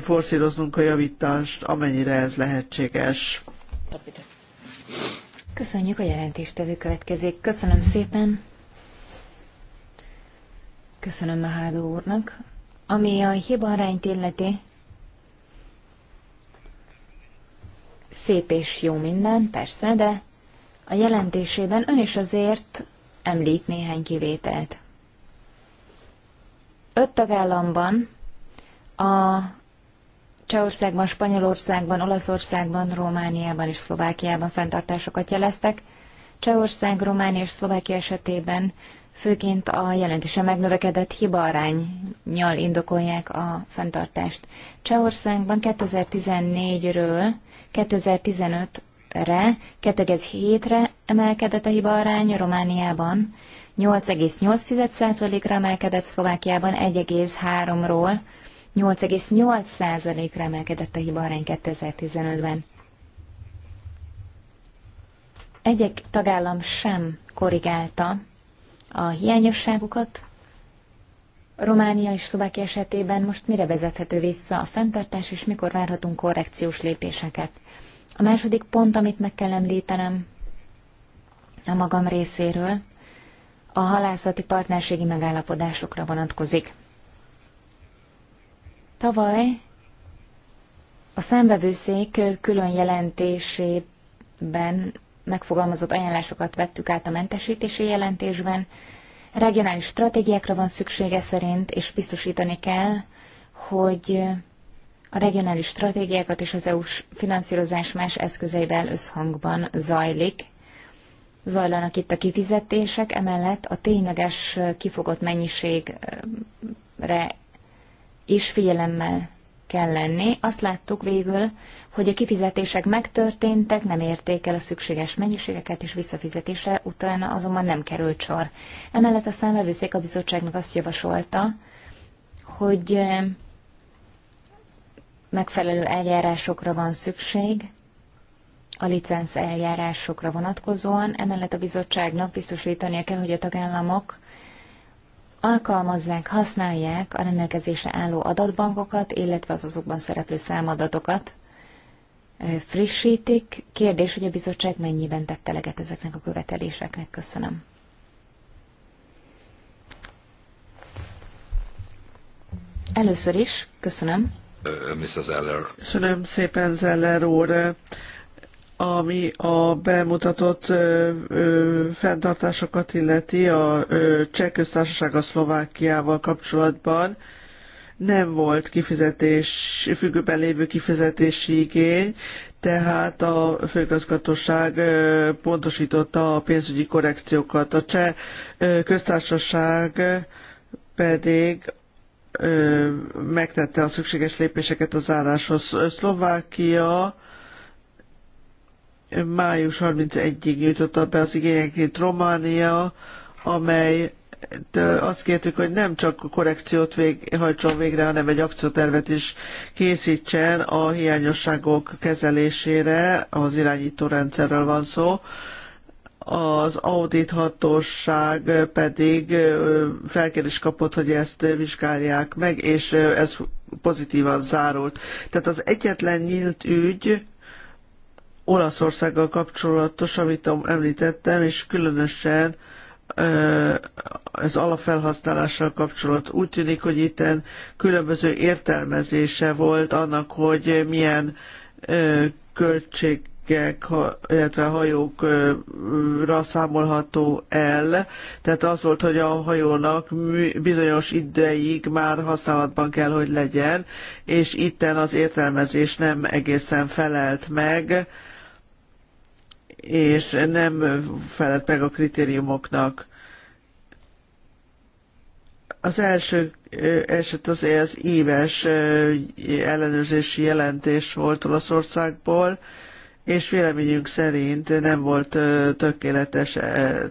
forszíroznunk a javítást, amennyire ez lehetséges. Köszönjük a jelentéstevő következik. Köszönöm szépen. Köszönöm Mahádó úrnak ami a hiba arányt illeti, szép és jó minden, persze, de a jelentésében ön is azért említ néhány kivételt. Öt tagállamban, a Csehországban, Spanyolországban, Olaszországban, Romániában és Szlovákiában fenntartásokat jeleztek. Csehország, Románia és Szlovákia esetében főként a jelentősen megnövekedett hibaarányjal indokolják a fenntartást. Csehországban 2014-ről 2015-re 2,7-re emelkedett a hibaarány, Romániában 8,8%-ra emelkedett, Szlovákiában 1,3-ról 8,8%-ra emelkedett a hibaarány 2015-ben. Egyik tagállam sem korrigálta a hiányosságukat. Románia és Szlovákia esetében most mire vezethető vissza a fenntartás, és mikor várhatunk korrekciós lépéseket? A második pont, amit meg kell említenem a magam részéről, a halászati partnerségi megállapodásokra vonatkozik. Tavaly a számbevőszék külön jelentésében megfogalmazott ajánlásokat vettük át a mentesítési jelentésben. Regionális stratégiákra van szüksége szerint, és biztosítani kell, hogy a regionális stratégiákat és az EU-s finanszírozás más eszközeivel összhangban zajlik. Zajlanak itt a kifizetések, emellett a tényleges kifogott mennyiségre is figyelemmel kell lenni. Azt láttuk végül, hogy a kifizetések megtörténtek, nem érték el a szükséges mennyiségeket, és visszafizetésre utána azonban nem került sor. Emellett a számvevőszék a bizottságnak azt javasolta, hogy megfelelő eljárásokra van szükség, a licenc eljárásokra vonatkozóan, emellett a bizottságnak biztosítania kell, hogy a tagállamok alkalmazzák, használják a rendelkezésre álló adatbankokat, illetve az azokban szereplő számadatokat, frissítik. Kérdés, hogy a bizottság mennyiben tette eleget ezeknek a követeléseknek. Köszönöm. Először is köszönöm. Mrs. Zeller Köszönöm szépen, Zeller úr ami a bemutatott ö, ö, fenntartásokat illeti a ö, Cseh köztársaság a Szlovákiával kapcsolatban, nem volt kifizetés, függőben lévő kifizetési igény, tehát a főigazgatóság pontosította a pénzügyi korrekciókat. A cseh köztársaság pedig megtette a szükséges lépéseket a záráshoz. Szlovákia május 31-ig nyújtotta be az igényeket Románia, amely azt kértük, hogy nem csak korrekciót vég, hajtson végre, hanem egy akciótervet is készítsen a hiányosságok kezelésére, az irányító rendszerről van szó, az audíthatóság pedig felkérés kapott, hogy ezt vizsgálják meg, és ez pozitívan zárult. Tehát az egyetlen nyílt ügy, Olaszországgal kapcsolatos, amit említettem, és különösen az alapfelhasználással kapcsolat. Úgy tűnik, hogy itten különböző értelmezése volt annak, hogy milyen költségek, illetve hajókra számolható el. Tehát az volt, hogy a hajónak bizonyos ideig már használatban kell, hogy legyen, és itten az értelmezés nem egészen felelt meg és nem felelt meg a kritériumoknak. Az első eset az, az éves ellenőrzési jelentés volt Olaszországból, és véleményünk szerint nem volt tökéletes,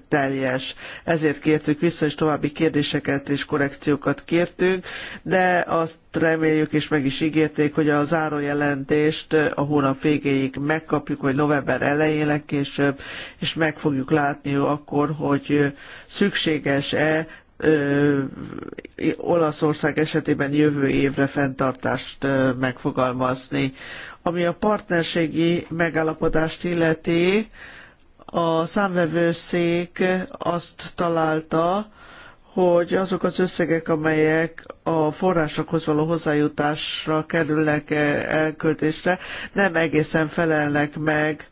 teljes. Ezért kértük vissza, és további kérdéseket és korrekciókat kértünk, de azt reméljük, és meg is ígérték, hogy a zárójelentést a hónap végéig megkapjuk, vagy november elején legkésőbb, és meg fogjuk látni akkor, hogy szükséges-e Ö, Olaszország esetében jövő évre fenntartást ö, megfogalmazni. Ami a partnerségi megállapodást illeti, a számvevőszék azt találta, hogy azok az összegek, amelyek a forrásokhoz való hozzájutásra kerülnek elköltésre, nem egészen felelnek meg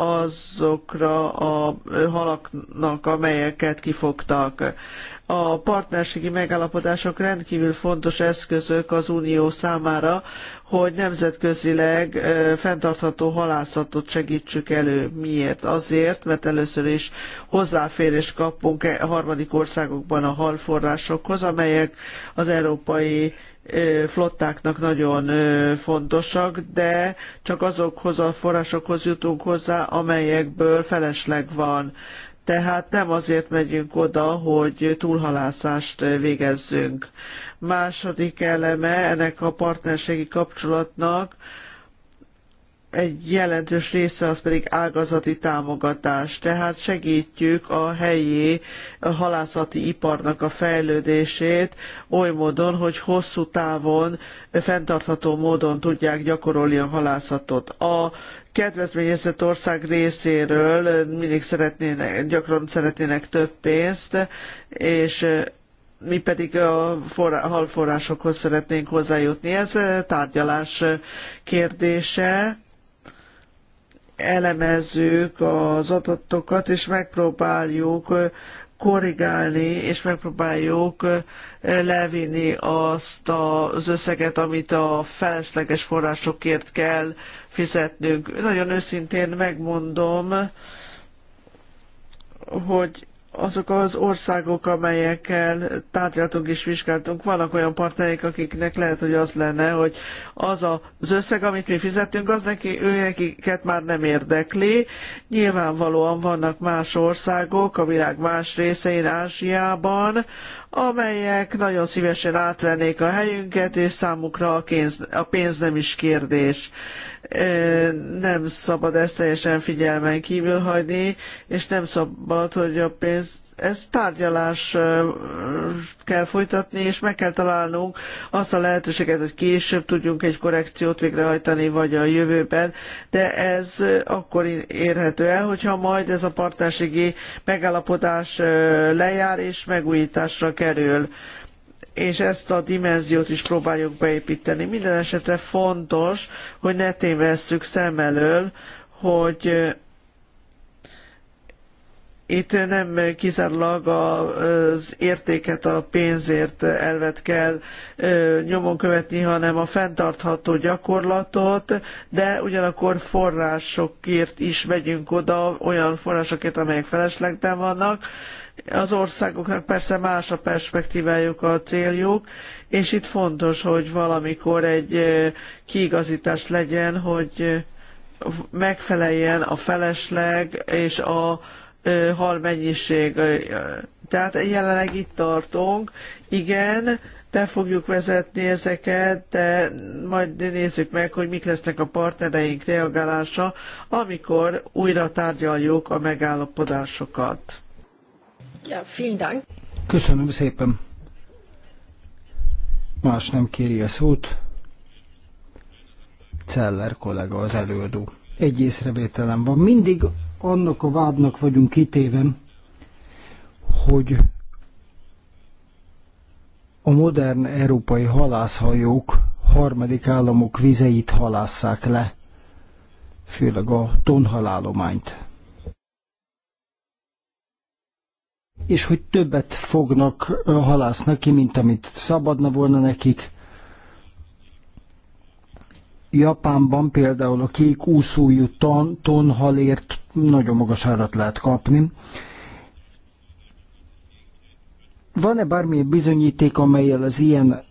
azokra a halaknak, amelyeket kifogtak. A partnerségi megállapodások rendkívül fontos eszközök az Unió számára, hogy nemzetközileg fenntartható halászatot segítsük elő. Miért? Azért, mert először is hozzáférést kapunk e harmadik országokban a halforrásokhoz, amelyek az európai flottáknak nagyon fontosak, de csak azokhoz a forrásokhoz jutunk hozzá, amelyekből felesleg van. Tehát nem azért megyünk oda, hogy túlhalászást végezzünk. Második eleme ennek a partnerségi kapcsolatnak, egy jelentős része az pedig ágazati támogatás, tehát segítjük a helyi halászati iparnak a fejlődését oly módon, hogy hosszú távon fenntartható módon tudják gyakorolni a halászatot. A kedvezményezett ország részéről mindig szeretnének, gyakran szeretnének több pénzt, és mi pedig a forrá, halforrásokhoz szeretnénk hozzájutni. Ez tárgyalás kérdése elemezzük az adatokat, és megpróbáljuk korrigálni, és megpróbáljuk levinni azt az összeget, amit a felesleges forrásokért kell fizetnünk. Nagyon őszintén megmondom, hogy azok az országok, amelyekkel tárgyaltunk és vizsgáltunk, vannak olyan partnereik, akiknek lehet, hogy az lenne, hogy az az összeg, amit mi fizetünk, az neki, ő nekiket már nem érdekli. Nyilvánvalóan vannak más országok a világ más részein, Ázsiában, amelyek nagyon szívesen átvennék a helyünket, és számukra a, pénz, a pénz nem is kérdés nem szabad ezt teljesen figyelmen kívül hagyni, és nem szabad, hogy a pénz. ezt tárgyalás kell folytatni, és meg kell találnunk azt a lehetőséget, hogy később tudjunk egy korrekciót végrehajtani, vagy a jövőben, de ez akkor érhető el, hogyha majd ez a partnerségi megállapodás lejár és megújításra kerül és ezt a dimenziót is próbáljuk beépíteni. Minden esetre fontos, hogy ne tévesszük szem elől, hogy itt nem kizárólag az értéket a pénzért elvet kell nyomon követni, hanem a fenntartható gyakorlatot, de ugyanakkor forrásokért is vegyünk oda, olyan forrásokért, amelyek feleslegben vannak, az országoknak persze más a perspektívájuk, a céljuk, és itt fontos, hogy valamikor egy kiigazítás legyen, hogy megfeleljen a felesleg és a hal mennyiség. Tehát jelenleg itt tartunk. Igen, be fogjuk vezetni ezeket, de majd nézzük meg, hogy mik lesznek a partnereink reagálása, amikor újra tárgyaljuk a megállapodásokat. Ja, vielen Dank. Köszönöm szépen. Más nem kéri a szót. Celler kollega az előadó. Egy észrevételem van. Mindig annak a vádnak vagyunk kitéven, hogy a modern európai halászhajók harmadik államok vizeit halásszák le, főleg a tonhalálományt. és hogy többet fognak halásznak ki, mint amit szabadna volna nekik. Japánban például a kék úszójú ton, tonhalért nagyon magas árat lehet kapni. Van-e bármilyen bizonyíték, amelyel az ilyen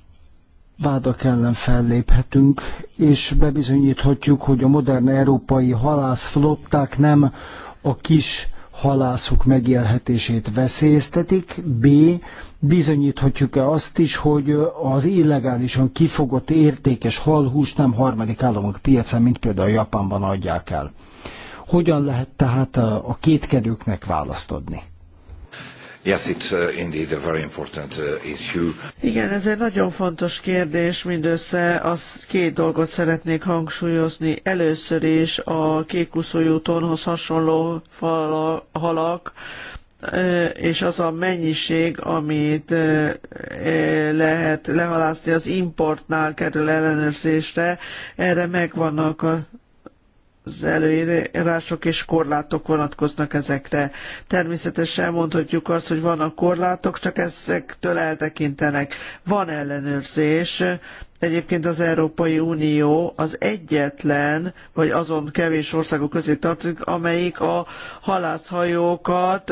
vádak ellen felléphetünk, és bebizonyíthatjuk, hogy a modern európai halászflották nem a kis Halászuk megélhetését veszélyeztetik, B. Bizonyíthatjuk-e azt is, hogy az illegálisan kifogott értékes halhús nem harmadik államok piacán, mint például Japánban adják el. Hogyan lehet tehát a kétkedőknek választodni? Yes, uh, indeed a very important uh, issue. Igen, ez egy nagyon fontos kérdés, mindössze az két dolgot szeretnék hangsúlyozni. Először is a kékuszójú tonhoz hasonló halak, uh, és az a mennyiség, amit lehet lehalászni az importnál kerül ellenőrzésre, erre megvannak a az előírások és korlátok vonatkoznak ezekre. Természetesen mondhatjuk azt, hogy vannak korlátok, csak ezektől eltekintenek. Van ellenőrzés, Egyébként az Európai Unió az egyetlen, vagy azon kevés országok közé tartozik, amelyik a halászhajókat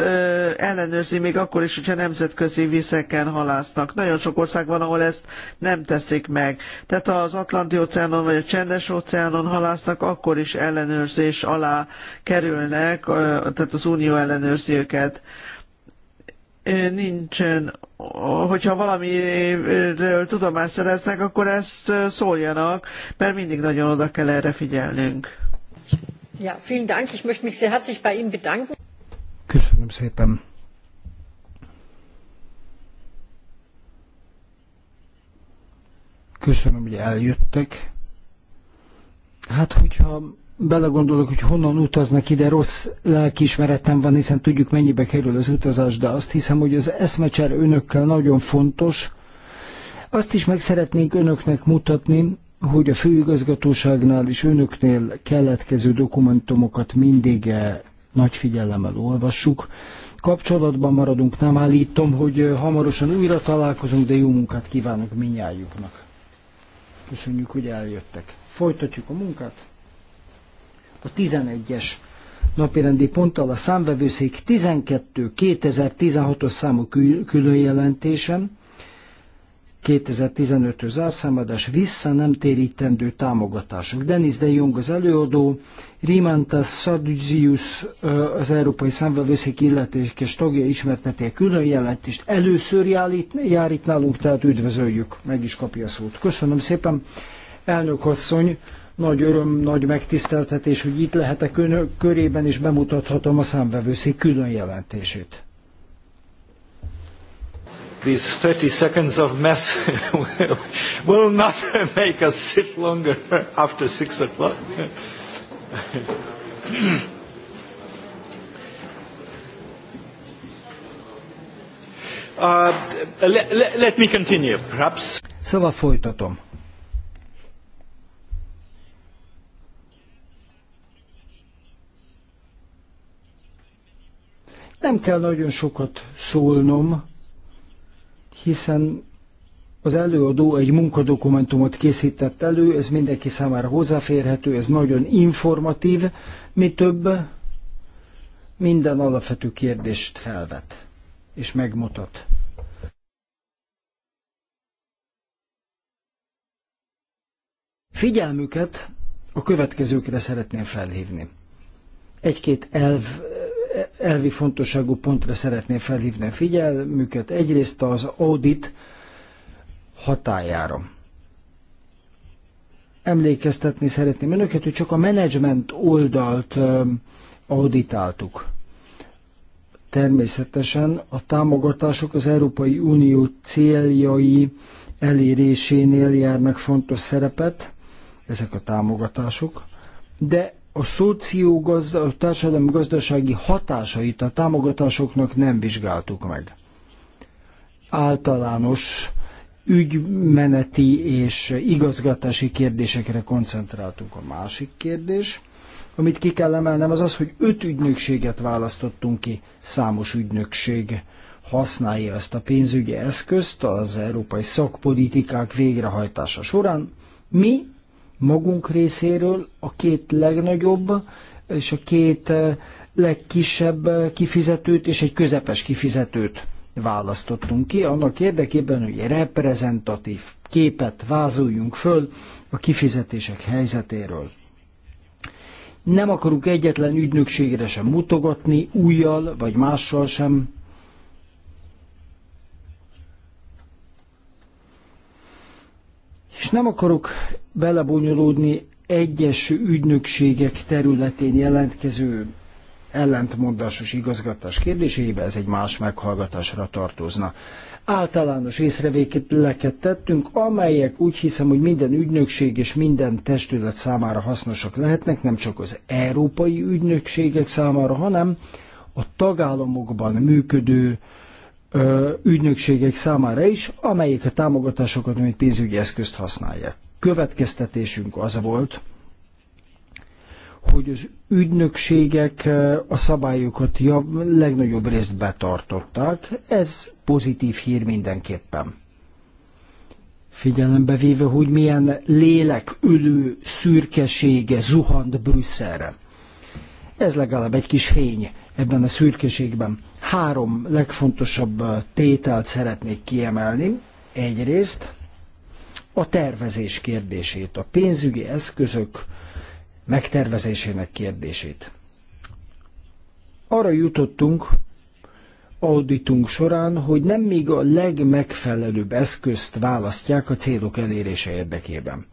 ellenőrzi még akkor is, hogyha nemzetközi vizeken halásznak. Nagyon sok ország van, ahol ezt nem teszik meg. Tehát az Atlanti-óceánon vagy a Csendes-óceánon halásznak, akkor is ellenőrzés alá kerülnek, tehát az Unió ellenőrzi őket nincsen hogyha valamiről tudomást szereznek, akkor ezt szóljanak, mert mindig nagyon oda kell erre figyelnünk. Ja, vielen Dank. Ich möchte mich sehr herzlich bei Ihnen bedanken. Köszönöm szépen. Köszönöm, hogy eljöttek. Hát, hogyha belegondolok, hogy honnan utaznak ide, rossz lelkiismeretem van, hiszen tudjuk mennyibe kerül az utazás, de azt hiszem, hogy az eszmecser önökkel nagyon fontos. Azt is meg szeretnénk önöknek mutatni, hogy a főigazgatóságnál és önöknél keletkező dokumentumokat mindig eh, nagy figyelemmel olvassuk. Kapcsolatban maradunk, nem állítom, hogy eh, hamarosan újra találkozunk, de jó munkát kívánok minnyájuknak. Köszönjük, hogy eljöttek. Folytatjuk a munkát a 11-es napirendi ponttal a számvevőszék 12 2016-os számú külön 2015-ös zárszámadás, vissza nem térítendő támogatások. Denis de Jong az előadó, Rimantas Sadugius az Európai Számvevőszék illetékes tagja ismerteti a külön jelentést. Először jár itt, jár itt nálunk, tehát üdvözöljük, meg is kapja a szót. Köszönöm szépen, elnök asszony, nagy öröm, nagy megtiszteltetés, hogy itt lehetek önök körében, és bemutathatom a számbevőszék külön jelentését. These 30 seconds of mess will not make us sit longer after 6 o'clock. Uh, le, le, let me continue, perhaps. Szóval folytatom. Nem kell nagyon sokat szólnom, hiszen az előadó egy munkadokumentumot készített elő, ez mindenki számára hozzáférhető, ez nagyon informatív, mi több minden alapvető kérdést felvet és megmutat. Figyelmüket a következőkre szeretném felhívni. Egy-két elv elvi fontosságú pontra szeretném felhívni a figyelmüket. Egyrészt az audit hatájára. Emlékeztetni szeretném önöket, hogy csak a menedzsment oldalt auditáltuk. Természetesen a támogatások az Európai Unió céljai elérésénél járnak fontos szerepet, ezek a támogatások, de a szociogazda, társadalmi gazdasági hatásait a támogatásoknak nem vizsgáltuk meg. Általános ügymeneti és igazgatási kérdésekre koncentráltunk. A másik kérdés, amit ki kell emelnem, az az, hogy öt ügynökséget választottunk ki. Számos ügynökség használja ezt a pénzügyi eszközt az európai szakpolitikák végrehajtása során. Mi magunk részéről a két legnagyobb és a két eh, legkisebb eh, kifizetőt és egy közepes kifizetőt választottunk ki, annak érdekében, hogy reprezentatív képet vázoljunk föl a kifizetések helyzetéről. Nem akarunk egyetlen ügynökségre sem mutogatni, újjal vagy mással sem, És nem akarok belebonyolódni egyes ügynökségek területén jelentkező ellentmondásos igazgatás kérdésébe, ez egy más meghallgatásra tartozna. Általános észrevételeket tettünk, amelyek úgy hiszem, hogy minden ügynökség és minden testület számára hasznosak lehetnek, nem csak az európai ügynökségek számára, hanem a tagállamokban működő ügynökségek számára is, amelyek a támogatásokat, mint pénzügyi eszközt használják. Következtetésünk az volt, hogy az ügynökségek a szabályokat legnagyobb részt betartották. Ez pozitív hír mindenképpen. Figyelembe véve, hogy milyen lélekülő szürkesége zuhant Brüsszelre. Ez legalább egy kis fény ebben a szürkeségben. Három legfontosabb tételt szeretnék kiemelni. Egyrészt a tervezés kérdését, a pénzügyi eszközök megtervezésének kérdését. Arra jutottunk auditunk során, hogy nem még a legmegfelelőbb eszközt választják a célok elérése érdekében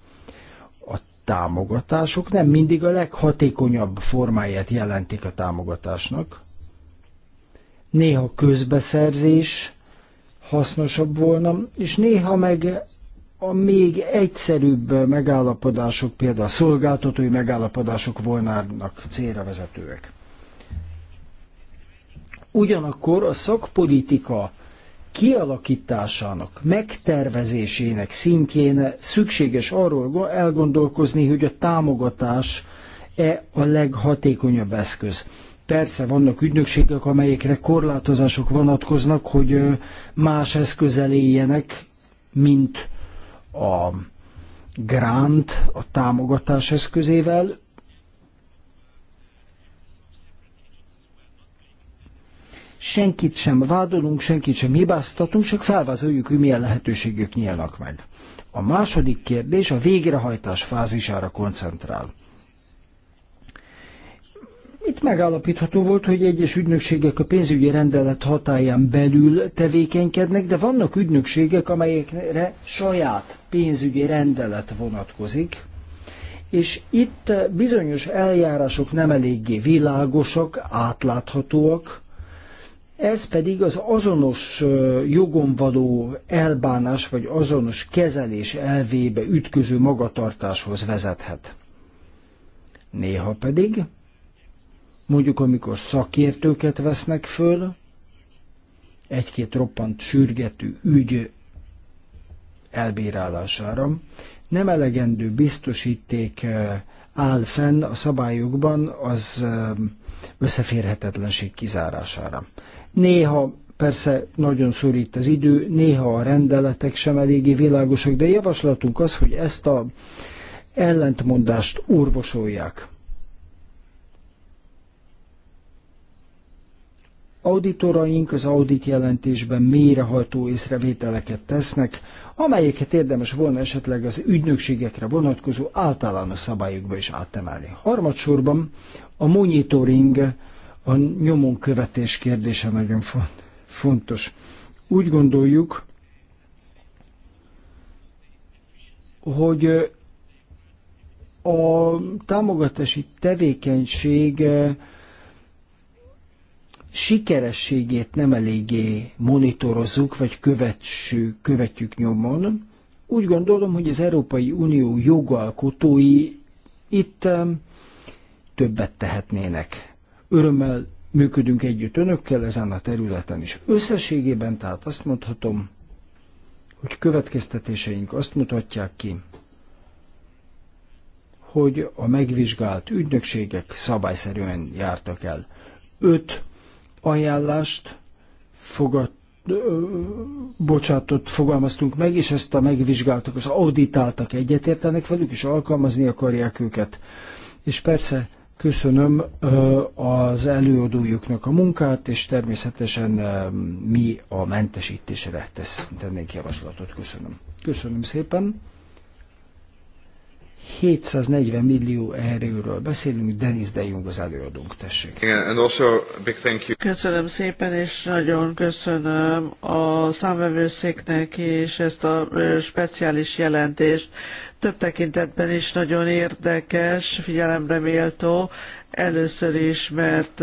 támogatások nem mindig a leghatékonyabb formáját jelentik a támogatásnak. Néha közbeszerzés hasznosabb volna, és néha meg a még egyszerűbb megállapodások, például a szolgáltatói megállapodások volnának célra vezetőek. Ugyanakkor a szakpolitika kialakításának, megtervezésének szintjén szükséges arról elgondolkozni, hogy a támogatás e a leghatékonyabb eszköz. Persze vannak ügynökségek, amelyekre korlátozások vonatkoznak, hogy más eszközel éljenek, mint a grant, a támogatás eszközével, senkit sem vádolunk, senkit sem hibáztatunk, csak felvázoljuk, hogy milyen lehetőségük nyílnak meg. A második kérdés a végrehajtás fázisára koncentrál. Itt megállapítható volt, hogy egyes ügynökségek a pénzügyi rendelet hatáján belül tevékenykednek, de vannak ügynökségek, amelyekre saját pénzügyi rendelet vonatkozik, és itt bizonyos eljárások nem eléggé világosak, átláthatóak, ez pedig az azonos jogon való elbánás vagy azonos kezelés elvébe ütköző magatartáshoz vezethet. Néha pedig, mondjuk amikor szakértőket vesznek föl, egy-két roppant sürgető ügy elbírálására, nem elegendő biztosíték áll fenn a szabályokban az összeférhetetlenség kizárására. Néha persze nagyon szorít az idő, néha a rendeletek sem eléggé világosak, de javaslatunk az, hogy ezt a ellentmondást orvosolják. Auditoraink az audit jelentésben mélyrehajtó észrevételeket tesznek, amelyeket érdemes volna esetleg az ügynökségekre vonatkozó általános szabályokba is átemelni. Harmadsorban a monitoring, a nyomon követés kérdése nagyon fontos. Úgy gondoljuk, hogy a támogatási tevékenység sikerességét nem eléggé monitorozzuk, vagy követsük, követjük nyomon. Úgy gondolom, hogy az Európai Unió jogalkotói itt többet tehetnének. Örömmel működünk együtt önökkel ezen a területen is. Összességében tehát azt mondhatom, hogy következtetéseink azt mutatják ki, hogy a megvizsgált ügynökségek szabályszerűen jártak el. Öt ajánlást fogad, ö, bocsátott, fogalmaztunk meg, és ezt a megvizsgáltak, az auditáltak egyetértenek velük, és alkalmazni akarják őket. És persze Köszönöm az előadójuknak a munkát, és természetesen mi a mentesítésre tesz, tennénk javaslatot. Köszönöm. Köszönöm szépen. 740 millió erőről beszélünk, Denis de Jung az előadónk, tessék. And also big thank you. Köszönöm szépen, és nagyon köszönöm a számvevőszéknek és ezt a speciális jelentést. Több tekintetben is nagyon érdekes, figyelemre méltó, először is, mert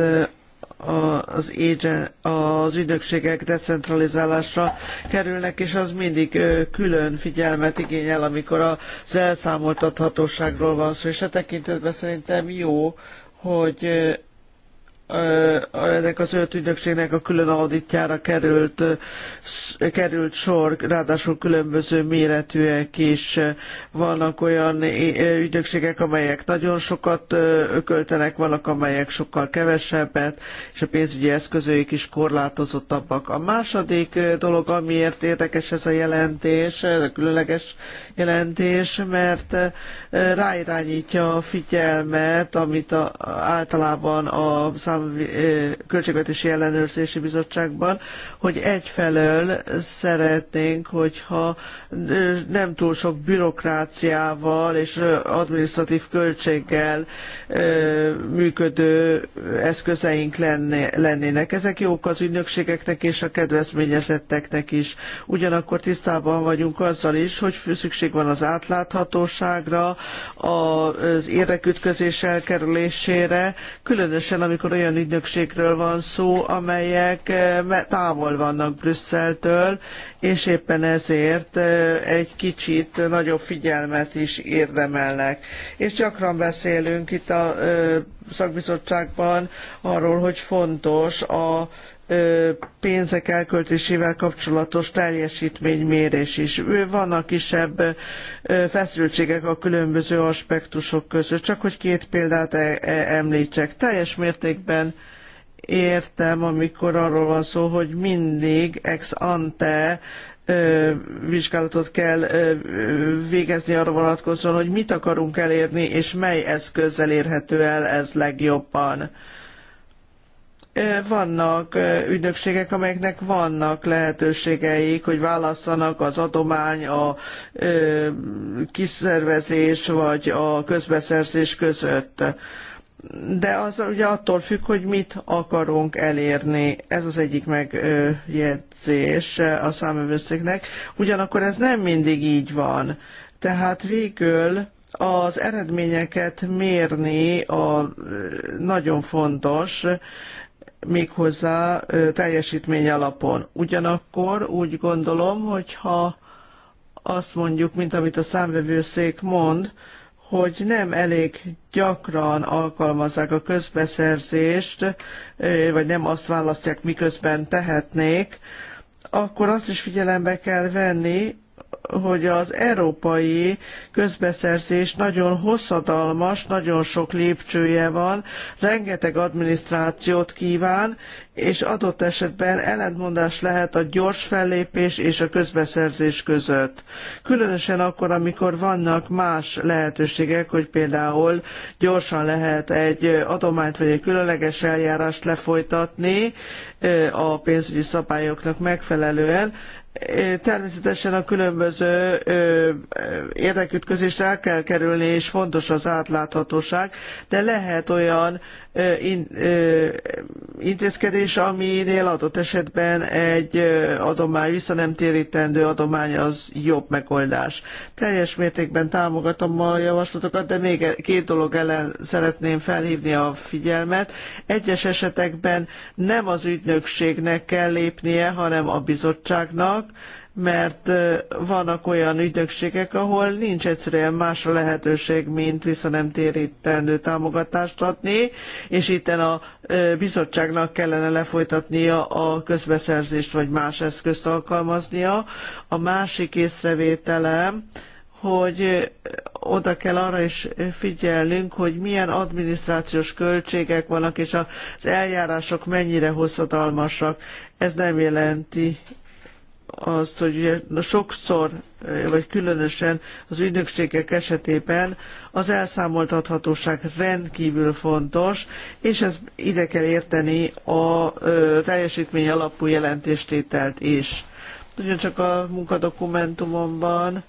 az, agent, az ügynökségek decentralizálásra kerülnek, és az mindig külön figyelmet igényel, amikor az elszámoltathatóságról van szó, és e tekintetben szerintem jó, hogy ennek az öt ügynökségnek a külön auditjára került, került sor, ráadásul különböző méretűek is. Vannak olyan ügynökségek, amelyek nagyon sokat ököltenek, vannak amelyek sokkal kevesebbet, és a pénzügyi eszközőik is korlátozottabbak. A második dolog, amiért érdekes ez a jelentés, ez a különleges jelentés, mert eh, ráirányítja a figyelmet, amit a, általában a szám, eh, Költségvetési Ellenőrzési Bizottságban, hogy egyfelől szeretnénk, hogyha eh, nem túl sok bürokráciával és administratív költséggel működő eszközeink lennének. Ezek jók az ügynökségeknek és a kedvezményezetteknek is. Ugyanakkor tisztában vagyunk azzal is, hogy szükség szükség van az átláthatóságra, az érdekütközés elkerülésére, különösen amikor olyan ügynökségről van szó, amelyek eh, távol vannak Brüsszeltől, és éppen ezért eh, egy kicsit nagyobb figyelmet is érdemelnek. És gyakran beszélünk itt a eh, szakbizottságban arról, hogy fontos a pénzek elköltésével kapcsolatos teljesítménymérés is. Vannak kisebb feszültségek a különböző aspektusok között, csak hogy két példát e, e, említsek. Teljes mértékben értem, amikor arról van szó, hogy mindig ex ante vizsgálatot kell végezni arra vonatkozóan, hogy mit akarunk elérni, és mely eszközzel érhető el ez legjobban vannak ügynökségek, amelyeknek vannak lehetőségeik, hogy válasszanak az adomány, a kiszervezés vagy a közbeszerzés között de az ugye attól függ, hogy mit akarunk elérni. Ez az egyik megjegyzés a számövőszéknek. Ugyanakkor ez nem mindig így van. Tehát végül az eredményeket mérni a, nagyon fontos, méghozzá teljesítmény alapon. Ugyanakkor úgy gondolom, hogy ha azt mondjuk, mint amit a számvevőszék mond, hogy nem elég gyakran alkalmazzák a közbeszerzést, vagy nem azt választják, miközben tehetnék, akkor azt is figyelembe kell venni, hogy az európai közbeszerzés nagyon hosszadalmas, nagyon sok lépcsője van, rengeteg adminisztrációt kíván, és adott esetben ellentmondás lehet a gyors fellépés és a közbeszerzés között. Különösen akkor, amikor vannak más lehetőségek, hogy például gyorsan lehet egy adományt vagy egy különleges eljárást lefolytatni a pénzügyi szabályoknak megfelelően, Természetesen a különböző érdekütközést el kell kerülni, és fontos az átláthatóság, de lehet olyan intézkedés, aminél adott esetben egy adomány, vissza nem térítendő adomány az jobb megoldás. Teljes mértékben támogatom a javaslatokat, de még e- két dolog ellen szeretném felhívni a figyelmet. Egyes esetekben nem az ügynökségnek kell lépnie, hanem a bizottságnak, mert vannak olyan ügynökségek, ahol nincs egyszerűen a lehetőség, mint visszanemtérítendő támogatást adni, és itten a bizottságnak kellene lefolytatnia a közbeszerzést, vagy más eszközt alkalmaznia. A másik észrevételem, hogy oda kell arra is figyelnünk, hogy milyen adminisztrációs költségek vannak, és az eljárások mennyire hosszadalmasak. Ez nem jelenti azt, hogy sokszor, eh, vagy különösen az ügynökségek esetében az elszámoltathatóság rendkívül fontos, és ez ide kell érteni a teljesítmény alapú jelentéstételt is. Ugyancsak a munkadokumentumomban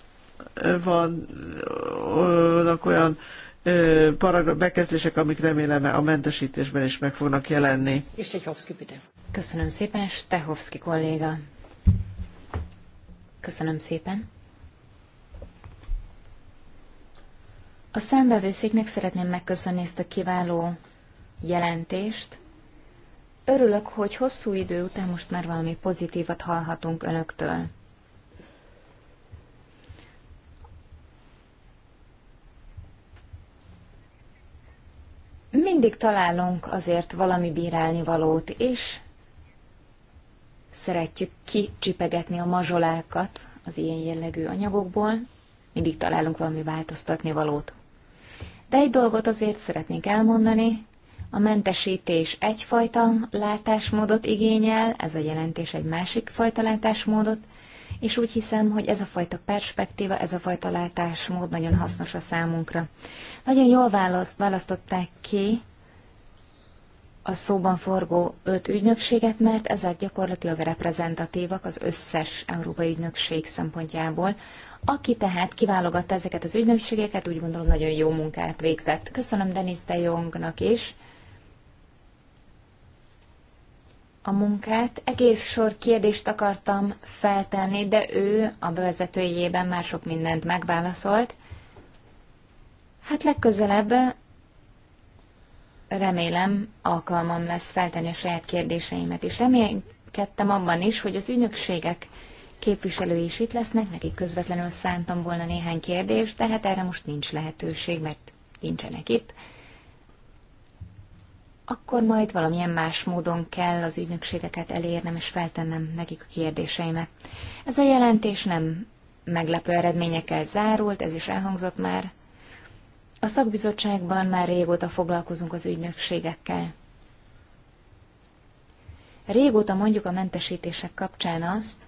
vannak olyan bekezdések, amik remélem a mentesítésben is meg fognak jelenni. Köszönöm szépen, Stehovski kolléga. Köszönöm szépen. A számbevőszéknek szeretném megköszönni ezt a kiváló jelentést. Örülök, hogy hosszú idő után most már valami pozitívat hallhatunk önöktől. Mindig találunk azért valami bírálni valót, és szeretjük kicsipegetni a mazsolákat az ilyen jellegű anyagokból, mindig találunk valami változtatni valót. De egy dolgot azért szeretnék elmondani, a mentesítés egyfajta látásmódot igényel, ez a jelentés egy másik fajta látásmódot, és úgy hiszem, hogy ez a fajta perspektíva, ez a fajta látásmód nagyon hasznos a számunkra. Nagyon jól választ, választották ki a szóban forgó öt ügynökséget, mert ezek gyakorlatilag reprezentatívak az összes európai ügynökség szempontjából. Aki tehát kiválogatta ezeket az ügynökségeket, úgy gondolom nagyon jó munkát végzett. Köszönöm Denis de Jongnak is a munkát. Egész sor kérdést akartam feltenni, de ő a bevezetőjében már sok mindent megválaszolt. Hát legközelebb remélem alkalmam lesz feltenni a saját kérdéseimet, és reménykedtem abban is, hogy az ügynökségek képviselői is itt lesznek, nekik közvetlenül szántam volna néhány kérdést, de hát erre most nincs lehetőség, mert nincsenek itt. Akkor majd valamilyen más módon kell az ügynökségeket elérnem és feltennem nekik a kérdéseimet. Ez a jelentés nem meglepő eredményekkel zárult, ez is elhangzott már, a szakbizottságban már régóta foglalkozunk az ügynökségekkel. Régóta mondjuk a mentesítések kapcsán azt,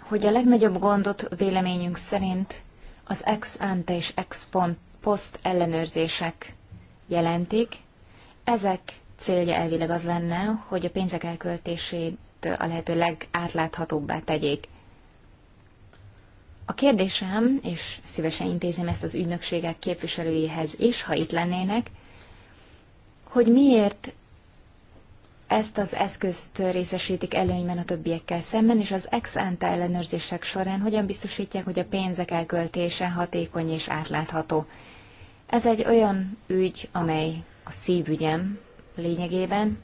hogy a legnagyobb gondot véleményünk szerint az ex ante és ex post ellenőrzések jelentik. Ezek célja elvileg az lenne, hogy a pénzek elköltését a lehető legátláthatóbbá tegyék. A kérdésem, és szívesen intézem ezt az ügynökségek képviselőjéhez, is, ha itt lennének, hogy miért ezt az eszközt részesítik előnyben a többiekkel szemben, és az ex ante ellenőrzések során hogyan biztosítják, hogy a pénzek elköltése hatékony és átlátható. Ez egy olyan ügy, amely a szívügyem lényegében.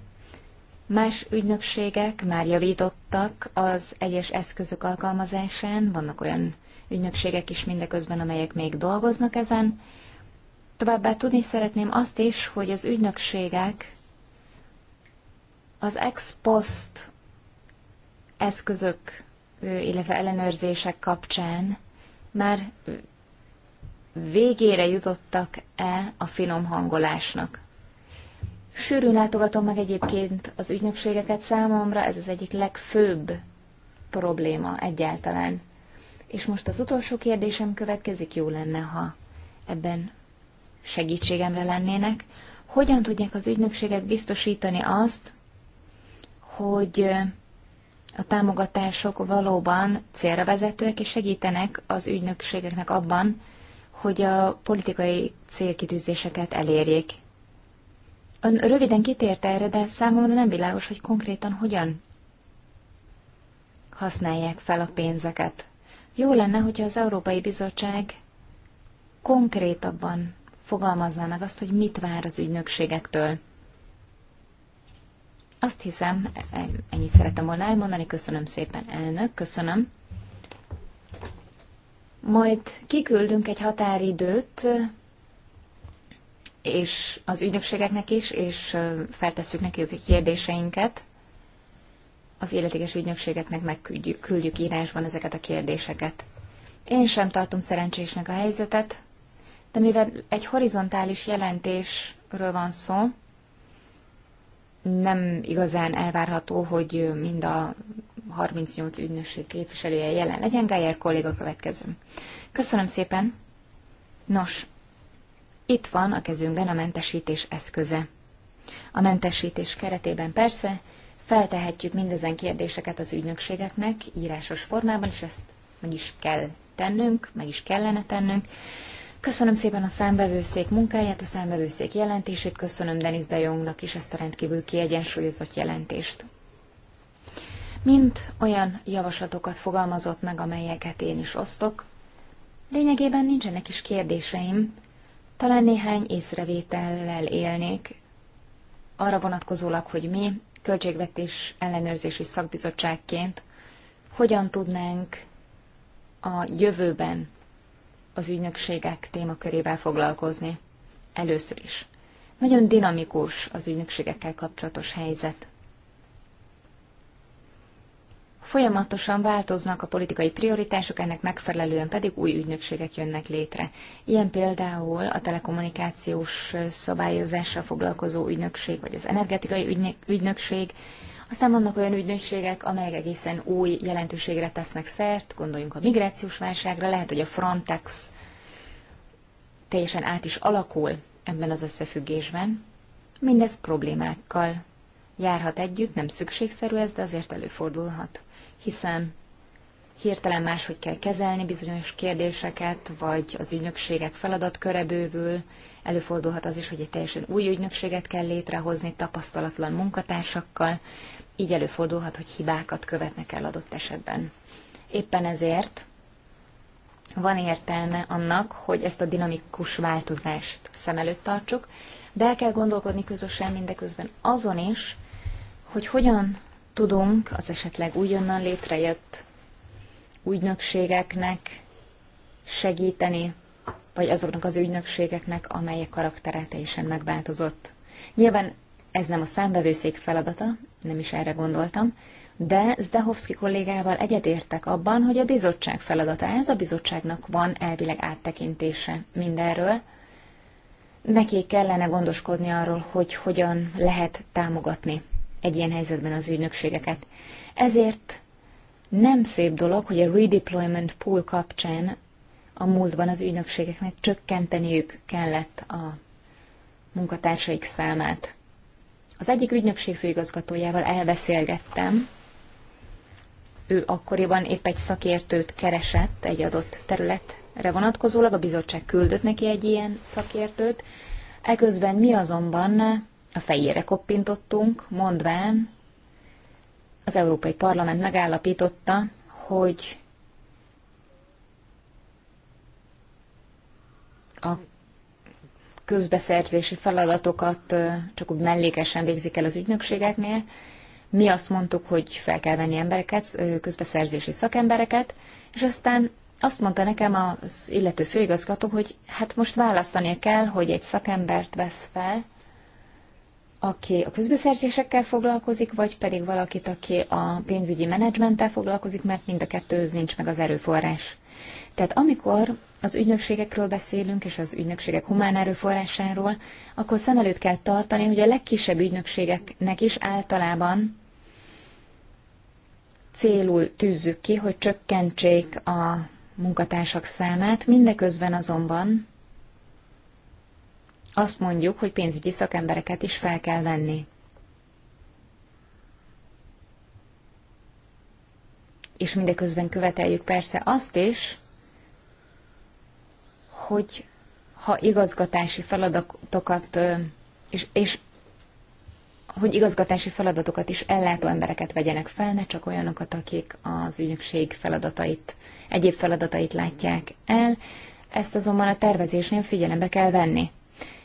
Más ügynökségek már javítottak az egyes eszközök alkalmazásán, vannak olyan ügynökségek is mindeközben, amelyek még dolgoznak ezen. Továbbá tudni szeretném azt is, hogy az ügynökségek az ex post eszközök, illetve ellenőrzések kapcsán már végére jutottak-e a finom hangolásnak. Sűrűn látogatom meg egyébként az ügynökségeket számomra, ez az egyik legfőbb probléma egyáltalán. És most az utolsó kérdésem következik, jó lenne, ha ebben segítségemre lennének. Hogyan tudják az ügynökségek biztosítani azt, hogy a támogatások valóban célra vezetőek, és segítenek az ügynökségeknek abban, hogy a politikai célkitűzéseket elérjék. Ön röviden kitérte erre, de számomra nem világos, hogy konkrétan hogyan használják fel a pénzeket. Jó lenne, hogyha az Európai Bizottság konkrétabban fogalmazná meg azt, hogy mit vár az ügynökségektől. Azt hiszem, ennyit szerettem volna elmondani, köszönöm szépen, elnök, köszönöm. Majd kiküldünk egy határidőt, és az ügynökségeknek is, és feltesszük nekik a kérdéseinket az életéges ügynökségeknek megküldjük írásban ezeket a kérdéseket. Én sem tartom szerencsésnek a helyzetet, de mivel egy horizontális jelentésről van szó, nem igazán elvárható, hogy mind a 38 ügynökség képviselője jelen legyen. Gájer kolléga következő. Köszönöm szépen. Nos, itt van a kezünkben a mentesítés eszköze. A mentesítés keretében persze feltehetjük mindezen kérdéseket az ügynökségeknek írásos formában, és ezt meg is kell tennünk, meg is kellene tennünk. Köszönöm szépen a számbevőszék munkáját, a számbevőszék jelentését, köszönöm Denis de Jongnak is ezt a rendkívül kiegyensúlyozott jelentést. Mint olyan javaslatokat fogalmazott meg, amelyeket én is osztok. Lényegében nincsenek is kérdéseim, talán néhány észrevétellel élnék, arra vonatkozólag, hogy mi költségvetés ellenőrzési szakbizottságként hogyan tudnánk a jövőben az ügynökségek témakörével foglalkozni. Először is. Nagyon dinamikus az ügynökségekkel kapcsolatos helyzet. Folyamatosan változnak a politikai prioritások, ennek megfelelően pedig új ügynökségek jönnek létre. Ilyen például a telekommunikációs szabályozással foglalkozó ügynökség, vagy az energetikai ügynökség, aztán vannak olyan ügynökségek, amelyek egészen új jelentőségre tesznek szert, gondoljunk a migrációs válságra, lehet, hogy a Frontex teljesen át is alakul ebben az összefüggésben. Mindez problémákkal járhat együtt, nem szükségszerű ez, de azért előfordulhat hiszen hirtelen máshogy kell kezelni bizonyos kérdéseket, vagy az ügynökségek feladatköre bővül, előfordulhat az is, hogy egy teljesen új ügynökséget kell létrehozni tapasztalatlan munkatársakkal, így előfordulhat, hogy hibákat követnek el adott esetben. Éppen ezért van értelme annak, hogy ezt a dinamikus változást szem előtt tartsuk, de el kell gondolkodni közösen mindeközben azon is, hogy hogyan tudunk az esetleg újonnan létrejött ügynökségeknek segíteni, vagy azoknak az ügynökségeknek, amelyek karaktere teljesen megváltozott. Nyilván ez nem a számbevőszék feladata, nem is erre gondoltam, de Zdehovszki kollégával egyetértek abban, hogy a bizottság feladata ez, a bizottságnak van elvileg áttekintése mindenről. Neki kellene gondoskodni arról, hogy hogyan lehet támogatni egy ilyen helyzetben az ügynökségeket. Ezért nem szép dolog, hogy a redeployment pool kapcsán a múltban az ügynökségeknek csökkenteniük kellett a munkatársaik számát. Az egyik ügynökség főigazgatójával elbeszélgettem, ő akkoriban épp egy szakértőt keresett egy adott területre vonatkozólag, a bizottság küldött neki egy ilyen szakértőt, eközben mi azonban a fejére koppintottunk, mondván, az Európai Parlament megállapította, hogy a közbeszerzési feladatokat csak úgy mellékesen végzik el az ügynökségeknél. Mi azt mondtuk, hogy fel kell venni embereket, közbeszerzési szakembereket, és aztán azt mondta nekem az illető főigazgató, hogy hát most választania kell, hogy egy szakembert vesz fel, aki a közbeszerzésekkel foglalkozik, vagy pedig valakit, aki a pénzügyi menedzsmenttel foglalkozik, mert mind a kettőhöz nincs meg az erőforrás. Tehát amikor az ügynökségekről beszélünk, és az ügynökségek humán erőforrásáról, akkor szem előtt kell tartani, hogy a legkisebb ügynökségeknek is általában célul tűzzük ki, hogy csökkentsék a munkatársak számát, mindeközben azonban azt mondjuk, hogy pénzügyi szakembereket is fel kell venni. És mindeközben követeljük persze azt is, hogy ha igazgatási feladatokat és, és hogy igazgatási feladatokat is ellátó embereket vegyenek fel, ne csak olyanokat, akik az ügynökség feladatait, egyéb feladatait látják el. Ezt azonban a tervezésnél figyelembe kell venni.